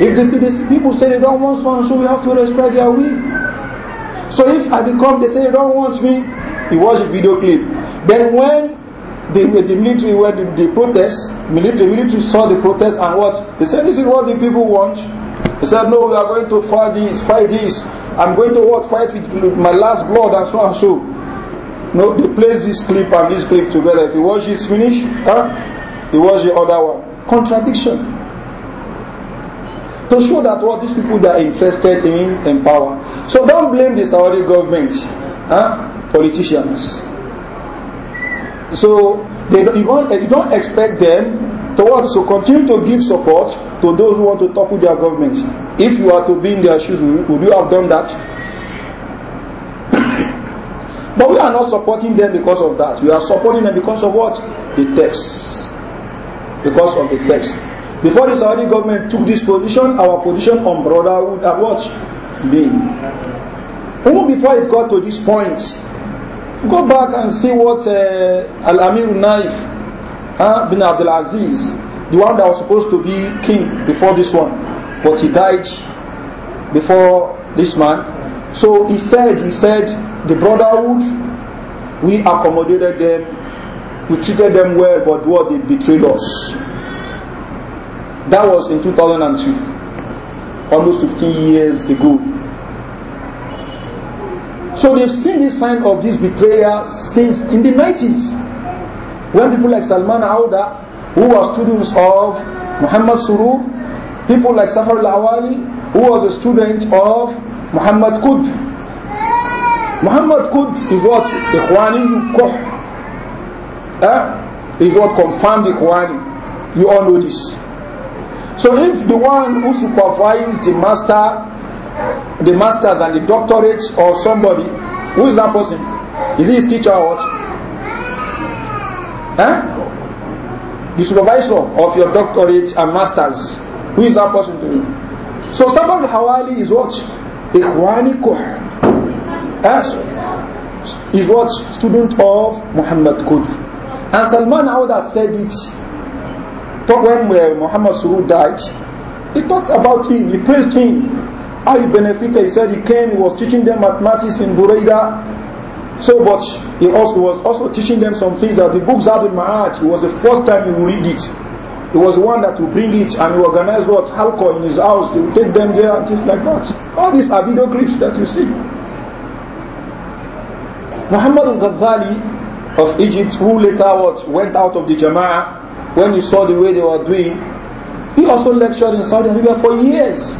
If the people say they don't want so so, we have to respect their will. So if I become, they say they don't want me, he watch a video clip. Then when They the military where the, the protest, military, military saw the protest and what? They said, this is what the people want. They said, no, we are going to fight this, fight this. I'm going to what? Fight with my last blood and so and so. No, they place this clip and this clip together. If you watch this finish, huh? They watch the other one. Contradiction to show that what these people that are interested in power. So don't blame the Saudi government, huh? politicians. So they don't, you, don't, you don't expect them to what? So continue to give support to those who want to topple their governments. If you are to be in their shoes, would you have done that? (coughs) But we are not supporting them because of that. We are supporting them because of what? The text. Because of the text. Before the Saudi government took this position, our position on brotherhood had what? Been. Even before it got to this point, Go back and see what uh, Al Amir Naif uh, bin Abdul Aziz, the one that was supposed to be king before this one, but he died before this man. So he said, he said, the brotherhood, we accommodated them, we treated them well, but what they betrayed us. That was in 2002, almost 15 years ago. So they've seen this sign of this betrayal since in the 90s. When people like Salman Auda, who was students of Muhammad Surur, people like Safar al-Awali, who was a student of Muhammad Qud. Muhammad Qud is what Ikhwani Yukoh. Eh? Is what confirmed the Ikhwani. You all know this. So if the one who supervised the master the masters and the doctorates of somebody who is that person is he his teacher or what Huh? the supervisor of your doctorate and masters who is that person to you so sabab hawali is what Kuh, eh? is what student of muhammad Qudr and Salman Awda said it talk when uh, Muhammad Suru died. He talked about him, he praised him. How he benefited? He said he came, he was teaching them mathematics in Buraida. So, but he also was also teaching them some things that the books had in my heart. it was the first time he would read it. He was the one that would bring it and he organized what? Halko in his house. They would take them there and things like that. All these are video clips that you see. Muhammad al-Ghazali of Egypt, who later what, went out of the Jama'ah when he saw the way they were doing, he also lectured in Saudi Arabia for years.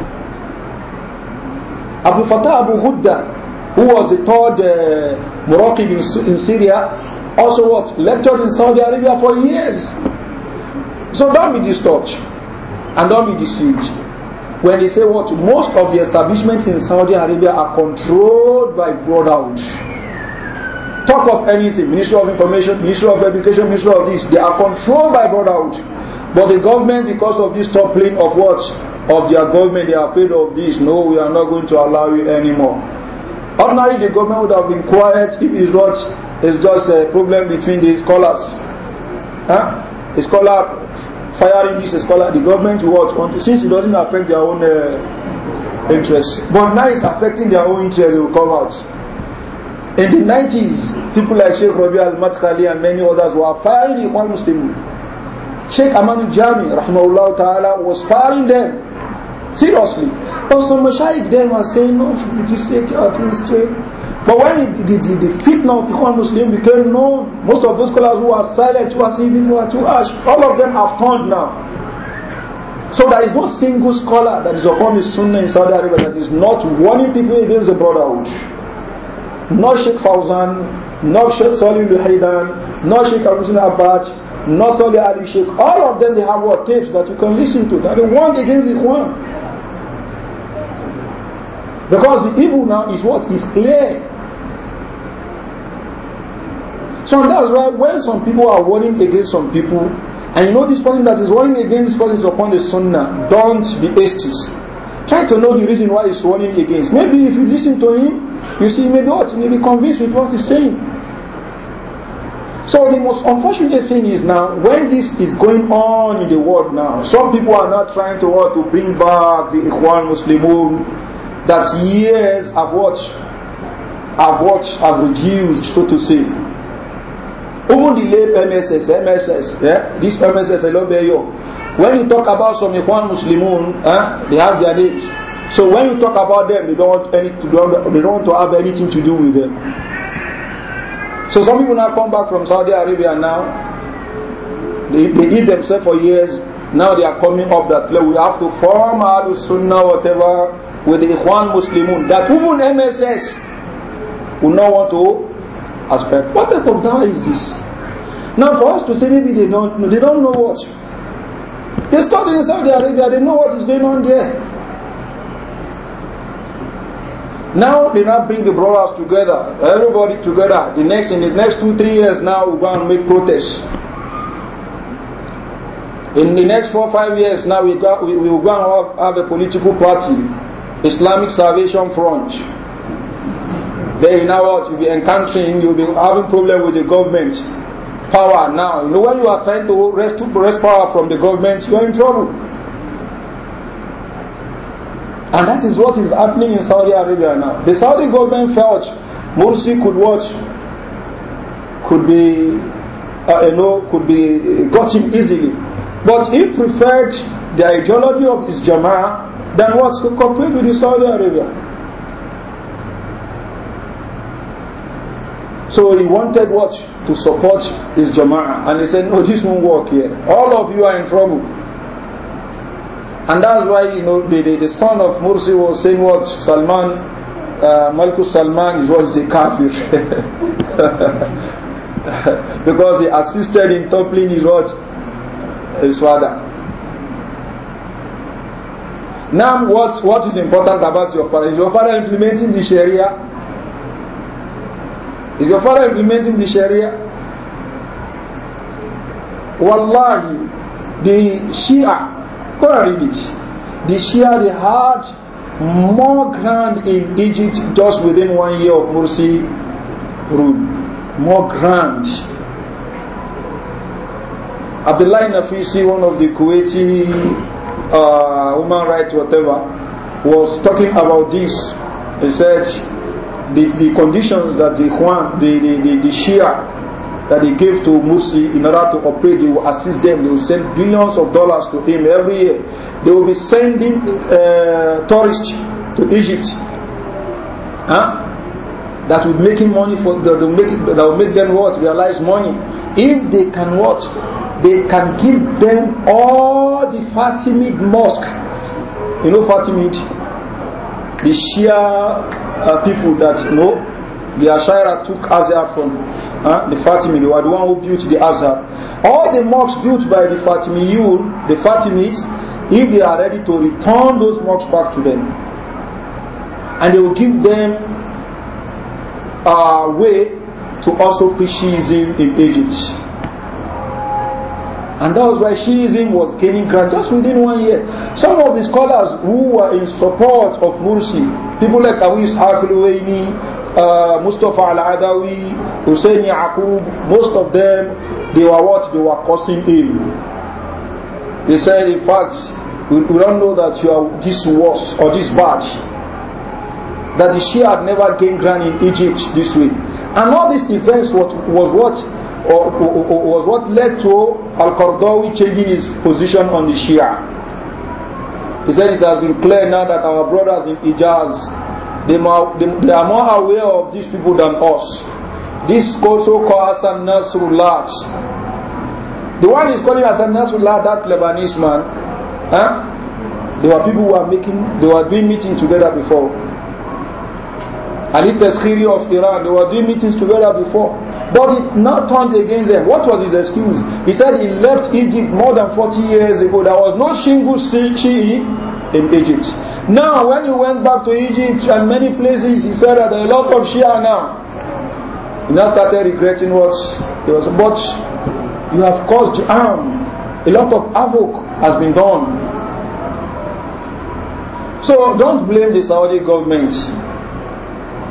Abu Fatah Abu Ghudda, who was the third uh, Muraqib in, in Syria, also what? Lectured in Saudi Arabia for years. So don't be disturbed and don't be deceived. When they say what? Most of the establishments in Saudi Arabia are controlled by Brotherhood. Talk of anything, Ministry of Information, Ministry of Education, Ministry of this, they are controlled by Brotherhood. But the government, because of this toppling of what? of their government, they are afraid of this. No, we are not going to allow you anymore. Ordinarily, the government would have been quiet if it's, not, it's just a problem between the scholars. Huh? A scholar firing this scholar, the government will what? Since it doesn't affect their own uh, interests. But now it's affecting their own interest. they will come out. In the 90s, people like Sheikh Rabi al-Matkali and many others were firing the Ikhwan Muslimun. Sheikh Amanu Jami, rahmahullah ta'ala, was firing them Seriously. But some Mashaykh them are saying, no, should be straight, or too straight. But when the, the, the, the fitna of Ikhwan Muslim became known, most of those scholars who are silent, who are sleeping, who are too ash, all of them have turned now. So there is no single scholar that is upon the Sunnah in Saudi Arabia that is not warning people against the brotherhood. Not Sheikh Fawzan, not Sheikh Salim Al Haydan, not Sheikh Al-Muslim Abbad, Not Nasrali Ali Sheikh, all of them they have what tapes that you can listen to They they warned against the Ikhwan. Because the evil now is what is clear. So that's why when some people are warning against some people, and you know this person that is warning against this person is upon the sunnah, don't be hasty. Try to know the reason why he's warning against. Maybe if you listen to him, you see maybe what maybe convinced with what he's saying. So the most unfortunate thing is now, when this is going on in the world now, some people are not trying to what, to bring back the Ikhwan Muslimun that years have watched, have watched, have reduced, so to say. Even the late MSS, MSS, yeah, this MSS, Elobeyo, when you talk about some Ikhwan Muslimun, eh, they have their names. So when you talk about them, they don't want, any, to don't, they don't want to have anything to do with them. So some people now come back from Saudi Arabia now. They, they eat themselves for years. Now they are coming up that level. We have to form Ahlul Sunnah, whatever, with the Ikhwan Muslimun. That even MSS will not want to aspect. What type of dawah is this? Now for us to say maybe they don't know, they don't know what. They study in Saudi Arabia, they know what is going on there. Now they now bring the brothers together, everybody together. The next in the next two three years now we go and make protests. In the next four five years now we go we, we go and have, have a political party, Islamic Salvation Front. Then you know what you'll be encountering, you'll be having problem with the government power now. You know when you are trying to wrest, wrest power from the government, you're in trouble. And that is what is happening in Saudi Arabia now. The Saudi government felt Morsi could watch, could be, uh, you know, could be uh, got him easily. But he preferred the ideology of his Jama'ah than what to compete with the Saudi Arabia. So he wanted what? To support his Jama'ah. And he said, no, this won't work here. All of you are in trouble. And that's why, you know, the, the, the son of Mursi was saying what Salman, uh, Malkus Salman is what is a kafir. (laughs) because he assisted in toppling his what? His father. Now what, what is important about your father? Is your father implementing the Sharia? Is your father implementing the Sharia? Wallahi, the Shia Go and read it. The Shia, they had more ground in Egypt just within one year of Morsi rule. More ground. Abdullah Nafisi, one of the Kuwaiti uh, human rights, whatever, was talking about this. He said the, the conditions that the, Juan, the, the, the, the Shia that he gave to Musi in order to operate, they will assist them. They will send billions of dollars to him every year. They will be sending uh, tourists to Egypt. Huh? That will make him money for that will make that will make them what realize money. If they can what, they can give them all the Fatimid mosque. You know Fatimid, the Shia uh, people that know The Ashira took Azhar from uh, the They were the one who built the Azhar. All the mosques built by the Fatimiyun, the Fatimids, if they are ready to return those mosques back to them, and they will give them a way to also preach Shiism in Egypt. And that was why Shiism was gaining ground just within one year. Some of the scholars who were in support of Mursi, people like Awis Hakulwaini, uh, Mustafa Al-Adawi, Hussein Yaqub, most of them, they were what? They were causing him. They said, in fact, we, we don't know that you are this worse or this bad. That the Shia had never gained ground in Egypt this way. And all these events what, was what or, or, or, was what led to Al-Qardawi changing his position on the Shia. He said it has been clear now that our brothers in Hijaz They, they, are more aware of these people than us. This also calls Hassan Nasrullah. The one is calling Hassan Nasrullah, that Lebanese man, huh? there were people who were making, they were doing meetings together before. Ali Teskiri of Iran, they were doing meetings together before. But it now turned against them. What was his excuse? He said he left Egypt more than 40 years ago. There was no single Shi'i in Egypt. Now, when he went back to Egypt and many places, he said that there are a lot of Shia now. He now started regretting what he was. But you have caused harm. A lot of havoc has been done. So don't blame the Saudi government.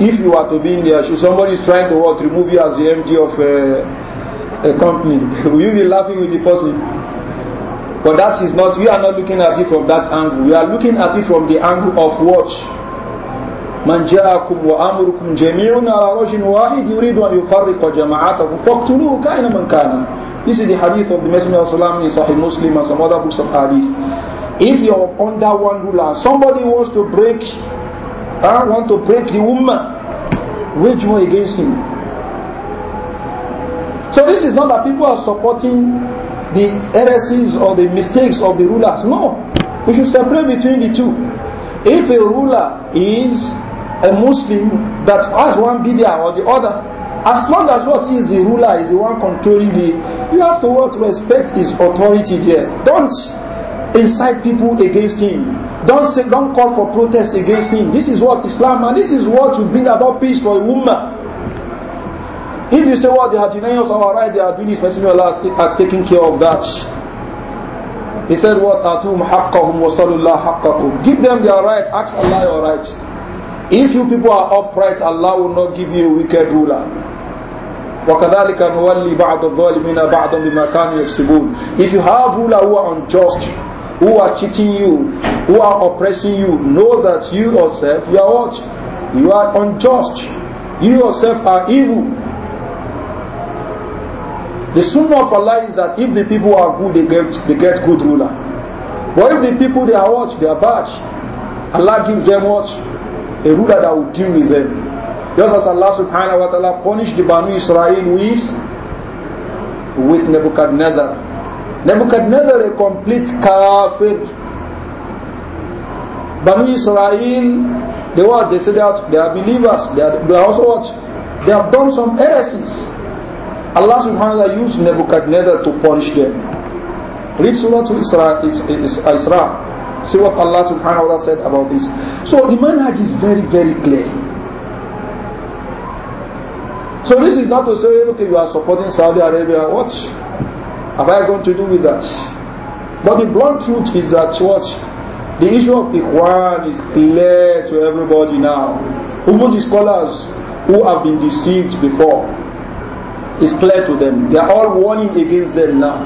If you are to be in there, shoes, somebody is trying to what, remove you as the MD of a, uh, a company. (laughs) Will you be laughing with the person? But that is not, we are not looking at it from that angle. We are looking at it from the angle of what? من جاءكم وأمركم جميعا على وجه واحد يريد أن يفرق جماعته فاقتلوه كائن من كان. This is the hadith of the Messenger of Allah in Sahih Muslim and some other books of hadith. If you are under one ruler, somebody wants to break, uh, want to break the ummah, wage war against him. So this is not that people are supporting the heresies or the mistakes of the rulers. No. We should separate between the two. If a ruler is a Muslim that has one bidya or the other, as long as what is the ruler is the one controlling the, you have to what respect his authority there. Don't incite people against him. Don't say, don't call for protest against him. This is what Islam and this is what will bring about peace for a woman. If you say, well, the Hadinayans of our right, they are doing this, Messenger Allah has taken care of that. He said, what? Atum haqqahum wa salullah haqqakum. Give them their right, ask Allah your rights. If you people are upright, Allah will not give you a wicked ruler. وَكَذَلِكَ نُوَلِّي بَعْضَ الظَّالِمِينَ بَعْضًا بِمَا كَانُوا يَكْسِبُونَ If you have ruler who are unjust, who are cheating you, who are oppressing you, know that you yourself, you are what? You are unjust. You yourself are evil. The sunnah of Allah is that if the people are good, they get, they get good ruler. But if the people they are what? They are bad. Allah gives them what? A ruler that will deal with them. Just as Allah subhanahu wa ta'ala punished the Banu Israel with, with Nebuchadnezzar. Nebuchadnezzar a complete kafir. Banu Israel, they were, they said that they are believers, they are, they are also what? They have done some heresies. Allah subhanahu wa ta'ala used Nebuchadnezzar to punish them. Read Surah to Isra, Isra. See what Allah subhanahu wa ta'ala said about this. So the manhaj is very, very clear. So this is not to say, okay, you are supporting Saudi Arabia. What have I got to do with that? But the blunt truth is that what the issue of Ikhwan is clear to everybody now. Even the scholars who have been deceived before is clear to them. They are all warning against them now.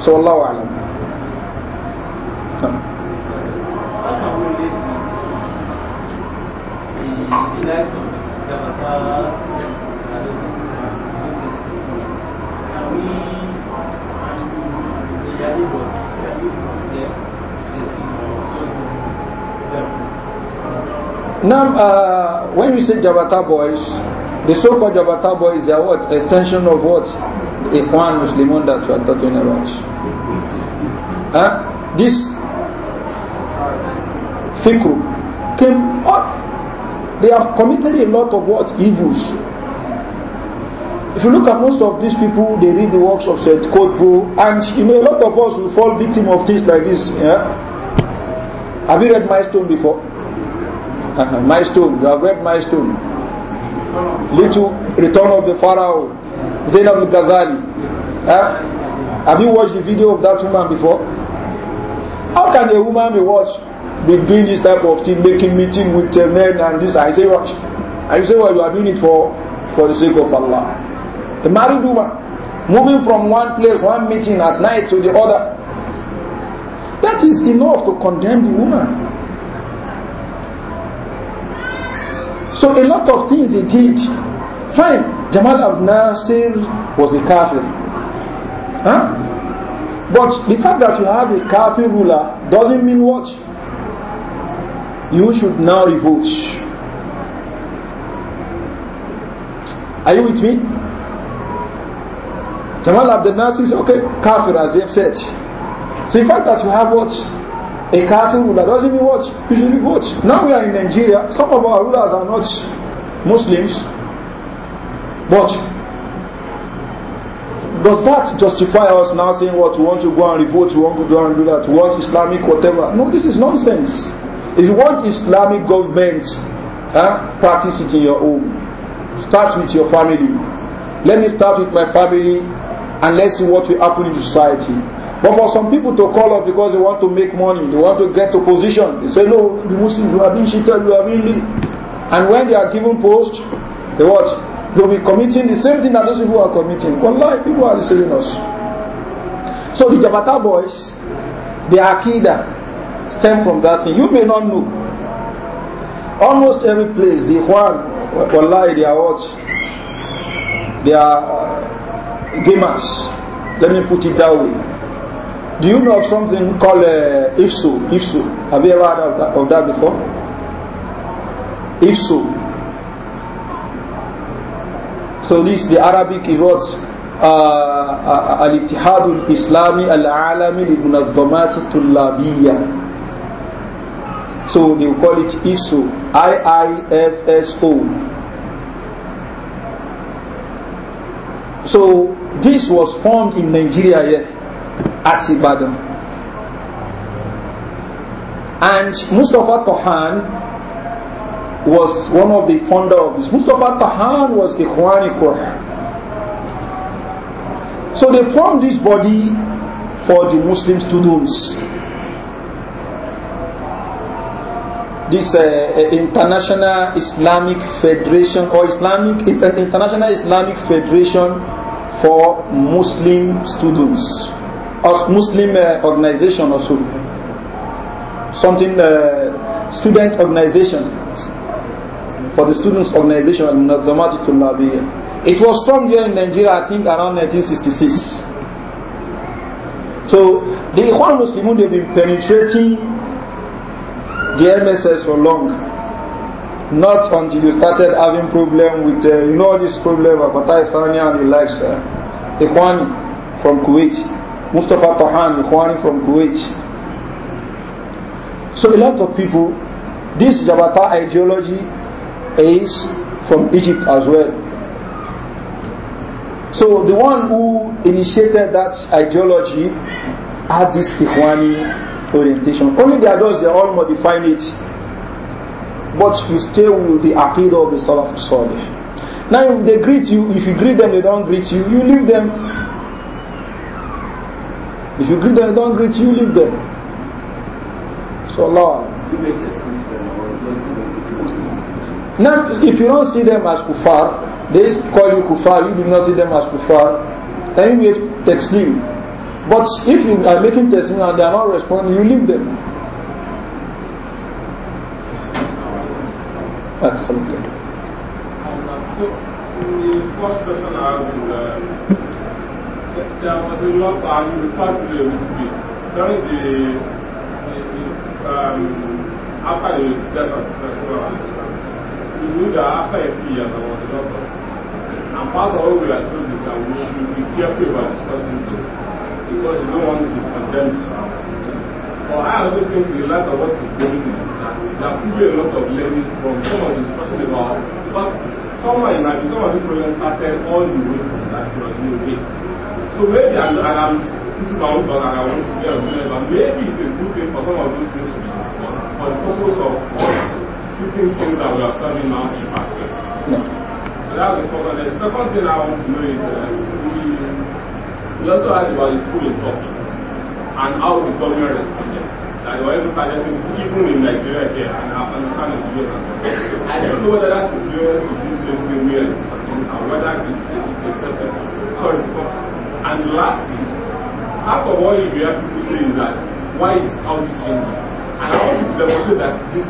So Allah alam. No. Now, uh, when we say Jabata boys, The so-called Jabata boy is a what? Extension of what? a Ikhwan Muslimun that you are talking about. Huh? This fikru came up. They have committed a lot of what? Evils. If you look at most of these people, they read the works of Seth Kodbo, and you know a lot of us will fall victim of things like this. Yeah? Have you read My Stone before? Uh (laughs) -huh. Milestone, you have read My Stone little return of the pharaoh Zainab ghazali eh? have you watched the video of that woman before how can a woman be watched be doing this type of thing making meeting with uh, men and this I say what I say well you are doing it for for the sake of Allah a married woman moving from one place one meeting at night to the other that is enough to condemn the woman So a lot of things he did. Fine, Jamal Abdul Nasser was a kafir. Huh? But the fact that you have a kafir ruler doesn't mean what? You should now revolt. Are you with me? Jamal Abdel Nasser is okay, kafir as they have said. So the fact that you have what? a kafir ruler doesn't mean what? Usually vote. Now we are in Nigeria, some of our rulers are not Muslims, but does that justify us now saying what we want to go and revolt, we want to go and do that, we want Islamic whatever? No, this is nonsense. If you want Islamic government, eh, practice it in your home. Start with your family. Let me start with my family and let's see what will happen in society. But for some people to call up because they want to make money, they want to get to position, they say, no, the Muslims, you have been cheated, you have been... And when they are given post, they what? will be committing the same thing that those people are committing. Wallahi, people are deceiving us. So the Jabata boys, the Akida, stem from that thing. You may not know. Almost every place, the Ikhwan, Wallahi, they are what? They are uh, gamers. Let me put it that way. Do you know of something called uh, IFSO? IFSO. Have you ever heard of that, of that before? IFSO. So this, the Arabic is what? Uh, uh, uh, Al-Ittihad al-Islami al-Alami al-Munazzamat tullabiyya So they will call it IFSO. I-I-F-S-O. So this was formed in Nigeria Yeah. at Ibadan. And Mustafa Khan was one of the founder of this. Mustafa Khan was the Khwanikur. So they formed this body for the Muslim students. This uh, International Islamic Federation or Islamic International Islamic Federation for Muslim students. as Muslim uh, organization also, something uh, student organization for the students organization in Nazamatul It was from here in Nigeria, I think, around 1966. So the Ikhwan Muslimun they've been penetrating the MSS for long. Not until you started having problem with uh, you know this problem about Ithania and the likes. Uh, Ikhwan from Kuwait Mustafa Tahan Ikhwani from Kuwait. So a lot of people, this Jabata ideology is from Egypt as well. So the one who initiated that ideology had this Ikhwani orientation. Only the adults, they all modifying it. But you stay with the Aqidah of the Salaf Salih. Now if they greet you, if you greet them, they don't greet you, you leave them If you greet them, don't greet you, leave them. So Allah. Now, if you don't see them as kuffar, they call you kuffar, you do not see them as kuffar, then you give taslim. But if you are making taslim and they are not responding, you leave them. That's okay there was a lot, and you referred to it a little bit. During the, the um, after the death of Professor Alexander, we knew that after a few years there was a lot of. And part of what we are told is that we should be careful about discussing this because you don't want to condemn each other. But I also think the light of what is going on is that there could be a lot of learnings from some of the discussion about because someone in my someone of these problems started all the way from that journey. So maybe, I and I'm, this is my own thought, and I want to be a but maybe it's a good thing for some of those things to be discussed for the purpose of us speaking things that we are observing now in perspective. No. So that's the first one. The second thing I want to know is uh, we, we also had about the pool in Turkey and how the government responded. That they were even targeting even in Nigeria here and I understand the US as well. I don't know whether that is related to this same thing we are discussing and whether it's, it's a separate. Sorry, And lastly, half of what you hear people say is that why is all this changing? And I want to demonstrate that this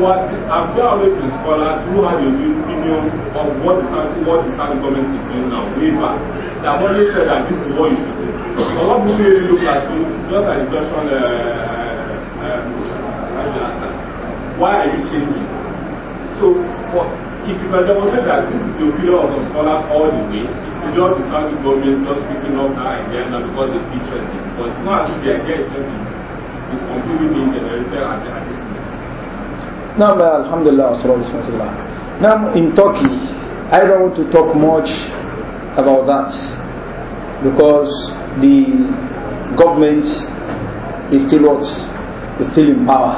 what I've always been scholars who had a opinion of what is what the sound government is doing now way back. They have always said that this is what you should do. But what people really look at is just an question uh, uh, um, why are you changing? So but if you can demonstrate that this is the opinion of the scholars all the way, we don't disagree with government just picking up that agenda because they teach us it. But it's not as if the idea itself is, is completely being generated at, at this moment. Now, eh, Alhamdulillah, Now, in Turkey, I don't want to talk much about that because the government is still what is still in power.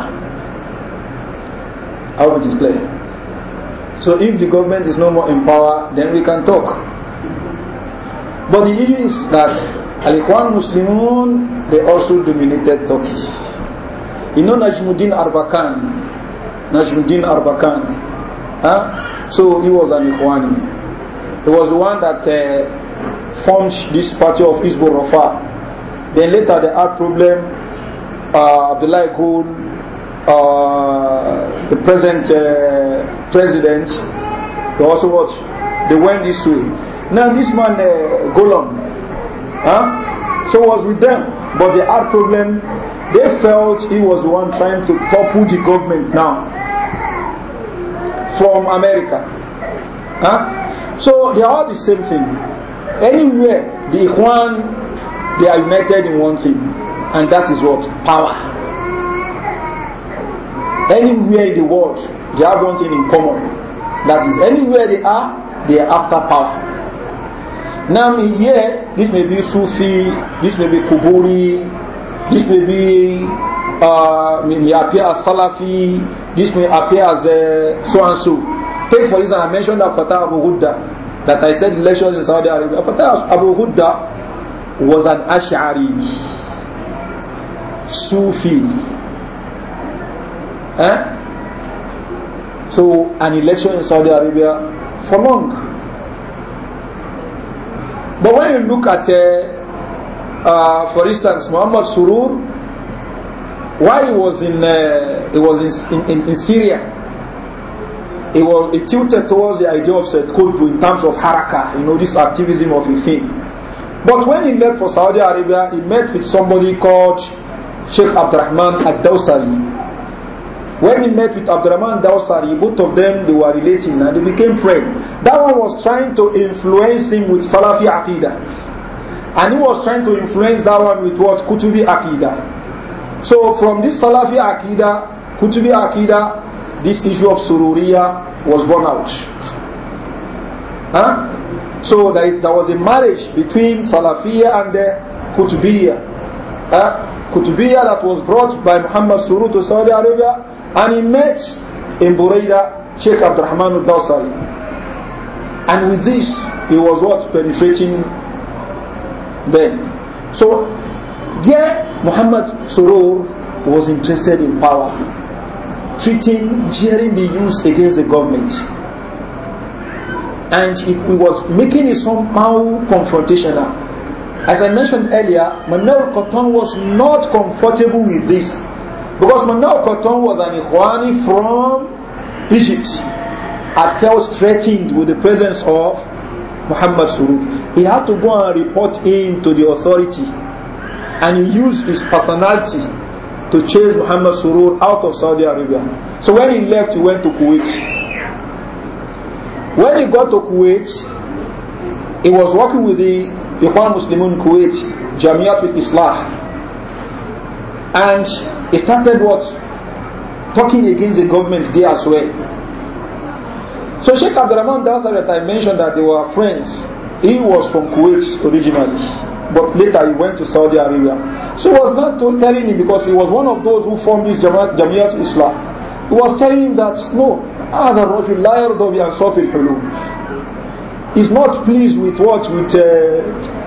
I hope it is clear. So if the government is no more in power, then we can talk. But the issue is that Al-Ikhwan Muslimun, they also dominated Turkey. You know Najmuddin Arbakan? Najmuddin Arbakan. Huh? So he was an Ikhwani. He was the one that uh, formed this party of Hizbul Rafa. Then later they had problem. Uh, Abdullah Ghul, uh, the present uh, president, they also what? They went this way. Now this man, uh, Golan, huh? so was with them, but they had problem. They felt he was the one trying to topple the government now from America. Huh? So they are all the same thing. Anywhere the Ikhwan, they are united in one thing, and that is what? Power. Anywhere in the world, they have one thing in common. That is, anywhere they are, they are after power. Now here, this may be Sufi, this may be Kuburi, this may be uh, may, may appear as Salafi, this may appear as uh, so and so. Take for instance, I mentioned that Fatah Abu Hudda, that I said lecture in Saudi Arabia. Fatah Abu Hudda was an Ash'ari, Sufi. Eh? So an election in Saudi Arabia for long But when you look at, uh, uh, for instance, Muhammad Surur, why he was in, uh, he was in, in, in Syria, he was he tilted towards the idea of Said Qutb in terms of haraka, you know, this activism of a thing. But when he left for Saudi Arabia, he met with somebody called Sheikh Abdurrahman Ad-Dawsari. When he met with Abdurrahman Dawsari, both of them, they were relating and they became friends. That one was trying to influence him with Salafi Aqidah. And he was trying to influence that one with what? Kutubi Aqidah. So from this Salafi Aqidah, Kutubi Aqidah, this issue of Sururiya was born out. Huh? So there, is, there was a marriage between Salafiya and the Kutubiya, Huh? Kutubiya that was brought by Muhammad Suru to Saudi Arabia And he met in Buraidah Sheikh Abdurrahman al-Dawsari. And with this, he was what? Penetrating them. So, there Muhammad Surur was interested in power, treating, jeering the youth against the government. And he was making it somehow confrontational. As I mentioned earlier, Manuel Cotton was not comfortable with this Because Manal Qaton was an Ikhwani from Egypt had felt threatened with the presence of Muhammad Surud. He had to go and report in to the authority. And he used his personality to chase Muhammad Surur out of Saudi Arabia. So when he left, he went to Kuwait. When he got to Kuwait, he was working with the Ikhwan Muslimun Kuwait, Jamiat islah And He started what? Talking against the government there as well. So Sheikh Abdurrahman Dawsar that I mentioned that they were friends. He was from Kuwait originally, but later he went to Saudi Arabia. So he was not telling him because he was one of those who formed this Jamiat Islam. He was telling him that no, هذا الرجل لا يرضى بأنصاف الحلول. He's not pleased with what with uh,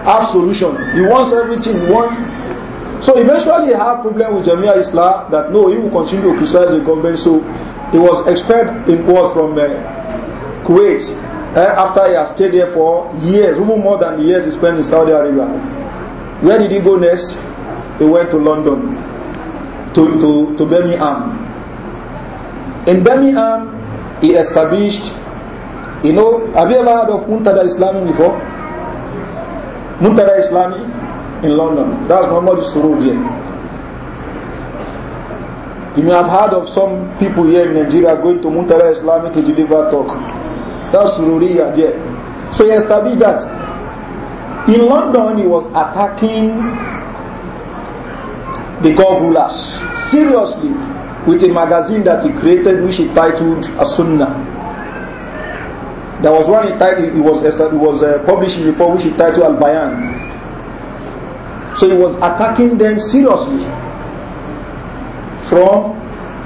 half He wants everything. He wants So eventually he had problem with Jamia Islam that no, he will continue to criticize the government. So he was expelled in was from uh, Kuwait uh, after he had stayed there for years, even more than the years he spent in Saudi Arabia. Where did he go next? He went to London, to, to, to Birmingham. In Birmingham, he established, you know, have you ever heard of Muntada Islami before? Muntada Islami? in London. That's my Muhammad Surudi. You may have heard of some people here in Nigeria going to Muntara Islami to deliver talk. That's Sururiya there. So he established that. In London, he was attacking the Gulf rulers seriously with a magazine that he created, which he titled As-Sunnah. There was one he, titled, he was, he was uh, publishing before, which he titled Al-Bayan So he was attacking them seriously from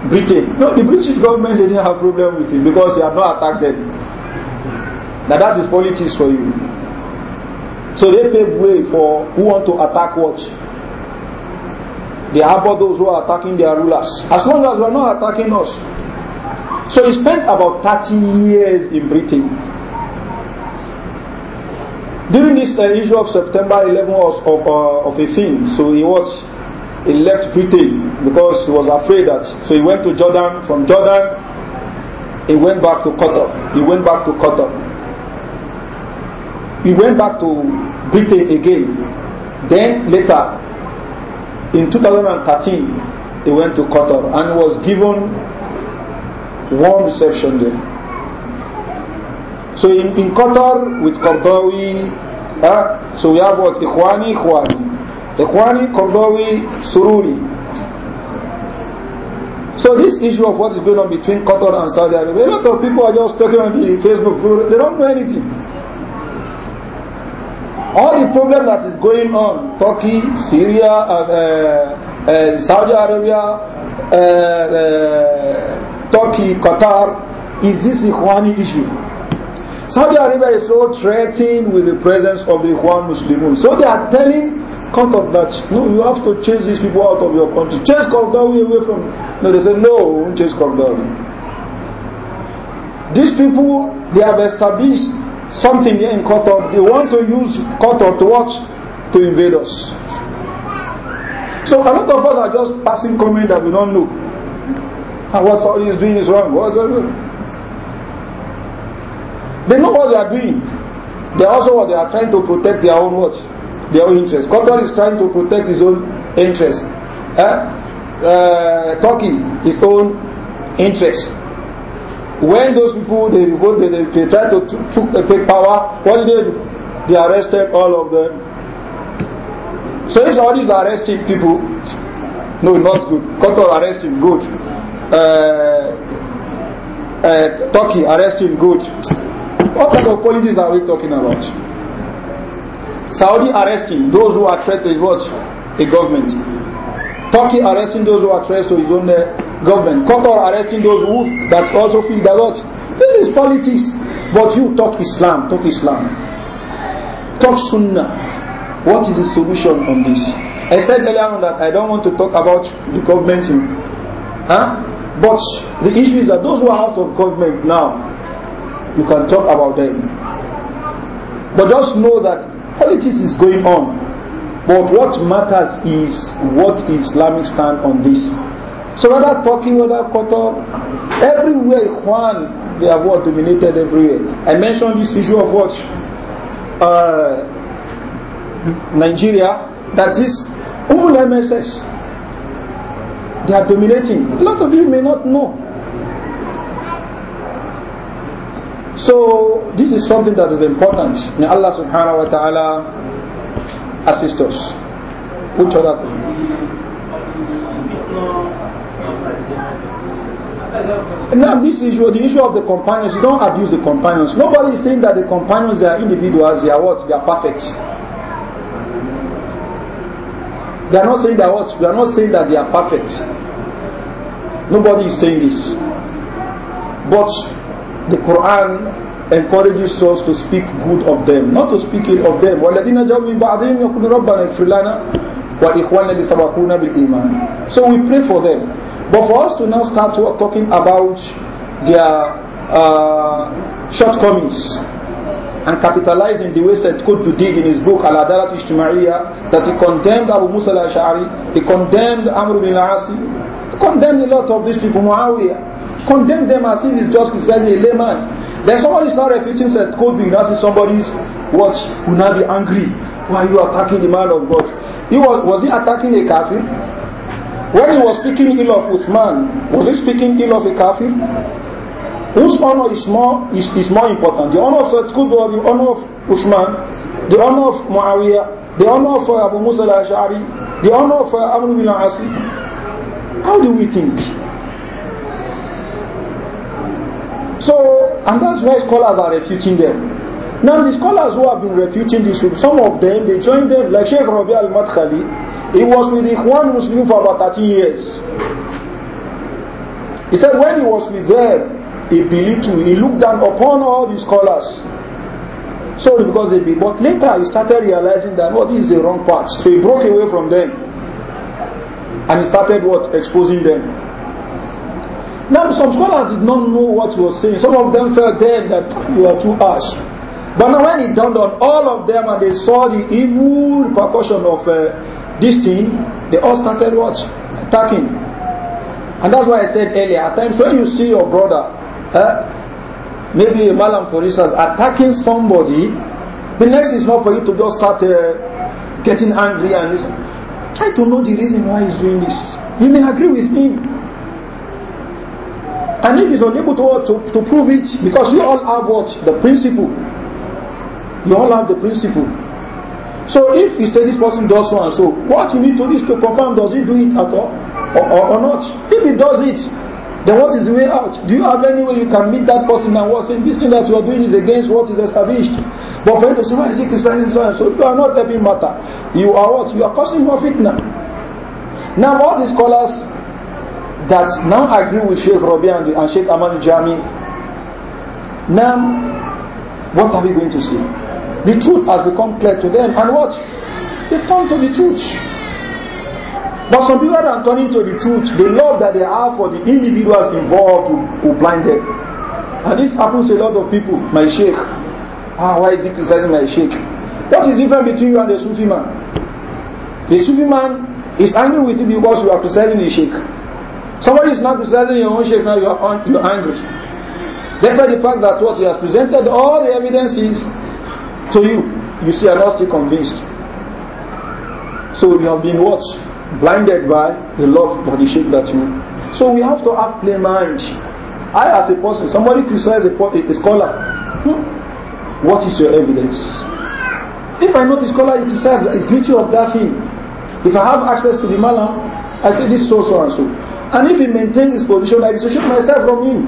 Britain. No, the British government didn't have problem with him because he had not attacked them. Now that is politics for you. So they pave way for who want to attack what. They harbor those who are attacking their rulers. As long as they are not attacking us. So he spent about 30 years in Britain. During this uh, issue of September 11 of, of, uh, of a thing, so he was he left Britain because he was afraid that. So he went to Jordan. From Jordan, he went back to Qatar. He went back to Qatar. He went back to Britain again. Then later, in 2013, he went to Qatar and was given warm reception there. So in, in Qatar with Qardawi, uh, so we have what? Ikhwani, Ikhwani. Ikhwani, Qardawi, Sururi. So this issue of what is going on between Qatar and Saudi Arabia, a lot of people are just talking on the Facebook, group. they don't know anything. All the problem that is going on, Turkey, Syria, uh, uh, Saudi Arabia, uh, uh, Turkey, Qatar, is this Ikhwani issue. Saudi Arabia is so threatened with the presence of the Ikhwan Muslimun. So they are telling Qatar that, no, you have to chase these people out of your country. Chase Qardawi away from... No, they say, no, we won't chase Qardawi. These people, they have established something here in Qatar. They want to use Qatar to what? To invade us. So a lot of us are just passing comment that we don't know. And what Saudi is doing is wrong. What is that? They know what they are doing. They also what they are trying to protect their own what? Their own interest. Qatar is trying to protect his own interest. Eh? Uh, Turkey, his own interest. When those people they revolt, they, they, they try to take power. What did they do? They arrested all of them. So if all these arrested people, no, not good. Qatar arrested, good. Uh, uh, Turkey arrested, good. What kind of politics are we talking about? Saudi arresting those who are threat to his what? the government. Turkey arresting those who are threats to his own uh, government. Qatar arresting those who that also feel the what? This is politics. But you talk Islam, talk Islam. Talk Sunnah. What is the solution on this? I said earlier on that I don't want to talk about the government. Huh? But the issue is that those who are out of government now, you can talk about them. But just know that politics is going on. But what matters is what Islamic stand on this. So whether talking whether Qatar, everywhere, Ikhwan, they have what dominated everywhere. I mentioned this issue of what uh, Nigeria, that is all MSS, they are dominating. A lot of you may not know. So this is something that is important. May Allah subhanahu wa ta'ala assist us. Which other Now this issue, the issue of the companions, you don't abuse the companions. Nobody is saying that the companions they are individuals, they are what? They are perfect. They are not saying that what? We are not saying that they are perfect. Nobody is saying this. But the Quran encourages us to speak good of them, not to speak ill of them. وَالَّذِينَ جَاءُوا مِنْ بَعْدِهِمْ يَقُولُ رَبَّنَا اغْفِرْ لَنَا وَإِخْوَانَنَا الَّذِينَ بِالْإِيمَانِ So we pray for them. But for us to now start talking about their uh, shortcomings and capitalizing the way Said Qutb did in his book Al-Adalat Ijtima'iyya that he condemned Abu Musa al-Ash'ari, he condemned Amr bin al-Asi, he condemned a lot of these people, Muawiyah condemn them as if it's just criticizing a layman. Then somebody is not refuting said code. be you now see somebody's watch will now be angry. Why are you attacking the man of God? He was was he attacking a kafir? When he was speaking ill of Uthman, was he speaking ill of a kafir? Whose honor is more is, is more important? The honor of Said Qutb or the honor of Uthman, the honor of Muawiyah, the honor of uh, Abu Musa al-Ash'ari, the honor of uh, Amr bin al-Asi? How do we think? So, and that's why scholars are refuting them. Now, the scholars who have been refuting this group, some of them, they joined them, like Sheikh Rabi al Madkhali, he was with Ikhwan Muslim for about 30 years. He said when he was with them, he believed to, he looked down upon all the scholars. So, because they be, but later he started realizing that, oh, this is the wrong path. So he broke away from them. And he started what? Exposing them. Now, some scholars did not know what he was saying. Some of them felt then that you are too harsh. But now, when it dawned on all of them and they saw the evil repercussion of uh, this thing, they all started what? Attacking. And that's why I said earlier, at times when you see your brother, uh, maybe a malam for instance, attacking somebody, the next is not for you to just start uh, getting angry and listen. Try to know the reason why he's doing this. You may agree with him. And if he's unable to, to, to prove it, because you all have what? The principle. You all have the principle. So if you say this person does so and so, what you need to do is to confirm does he do it at all or, or, or, not. If he does it, then what is the way out? Do you have any way you can meet that person and what's saying this thing that you are doing is against what is established? But for you to say, why is he criticizing so and so? You are not helping matter. You are what? You are causing more fitna. Now all these scholars that now agree with Sheikh Rabi and, and Sheikh Amal Jami, now what are we going to see? The truth has become clear to them, and what? They turn to the truth. But some people that are turning to the truth, the love that they have for the individuals involved who blinded, And this happens to a lot of people. My sheikh, ah, why is he criticizing my sheikh? What is different between you and the Sufi man? The Sufi man is angry with you because you are criticizing the sheikh. Somebody is not criticizing your own sheikh, now you are you're angry. Despite the fact that what he has presented, all the evidences to you, you see, are not still convinced. So you have been what? Blinded by the love for the sheikh that you. So we have to have clear mind. I, as a person, somebody criticizes a, a scholar. Hmm? What is your evidence? If I know the scholar criticizes, is guilty of that thing. If I have access to the malam, I say this so so and so. And if he maintains his position, I dissociate myself from him.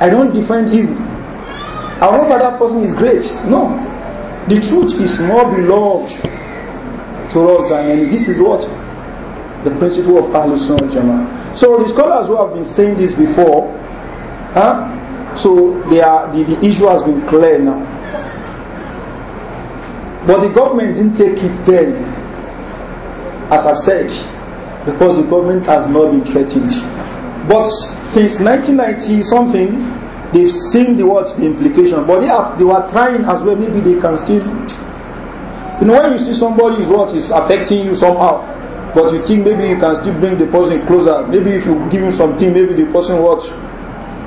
I don't defend evil. I hope that person is great. No. The truth is more beloved to us than any. This is what? The principle of Ahlul Jama. So the scholars who have been saying this before, huh? so they are, the, the issue has been clear now. But the government didn't take it then, as I've said because the government has not been threatened. But since 1990 something, they've seen the what the implication. But they, are, they were trying as well. Maybe they can still. You know, when you see somebody is what is affecting you somehow, but you think maybe you can still bring the person closer. Maybe if you give him something, maybe the person what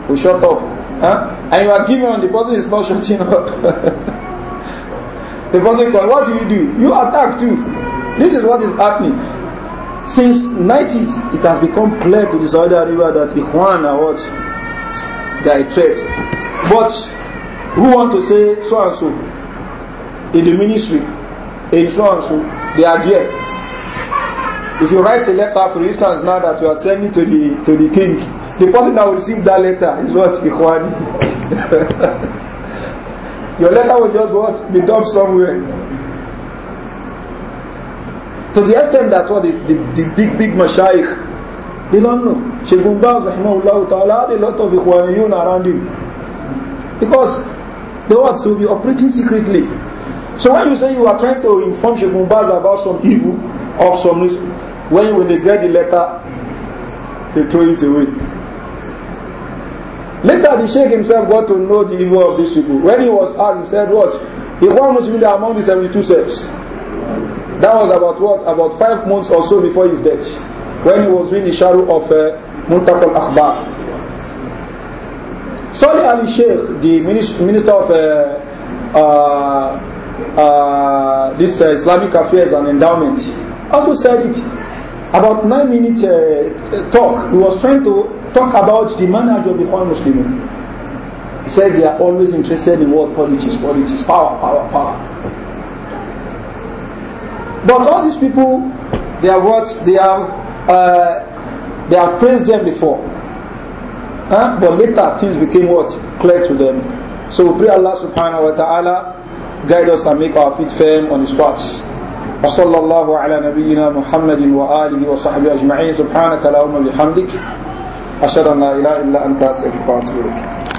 will shut up. Huh? And you are giving on the person is not (laughs) shutting up. (laughs) the person called, what do you do? You attack too. This is what is happening. Since 90s, it has become clear to the Saudi Arabia that Ikhwan are what? They are a threat. But who want to say so and so in the ministry, in so and so, they are there. If you write a letter, for instance, now that you are sending to the to the king, the person that will receive that letter is what Ikhwani. (laughs) Your letter will just what be dumped somewhere. To the extent that what is the, the big, big mashayikh, they don't know. Sheikh Bumbaz, rahimahullah ta'ala, had a lot of Ikhwaniyun around him. Because the words will be operating secretly. So when you say you are trying to inform Sheikh Mumbaz about some evil of some risk, when, when they get the letter, they throw it away. Later the Sheikh himself got to know the evil of these people. When he was asked, he said what? Ikhwan Muslims are among the 72 sects. That was about what? About five months or so before his death, when he was doing the shadow of uh, Akbar. Salih Ali Sheikh, the Minister of uh, uh, uh, this uh, Islamic Affairs and Endowment, also said it about nine minute uh, talk. He was trying to talk about the manager of the whole Muslim. He said they are always interested in world politics, politics, power, power, power. But all these people, they have what they have, uh, they have praised them before. Huh? But later things became what clear to them. So we pray Allah Subhanahu wa Taala guide us and make our feet firm on His path. وصلى الله على نبينا محمد وآله وصحبه أجمعين سبحانك اللهم وبحمدك أشهد أن لا إله إلا أنت أستغفرك وأتوب إليك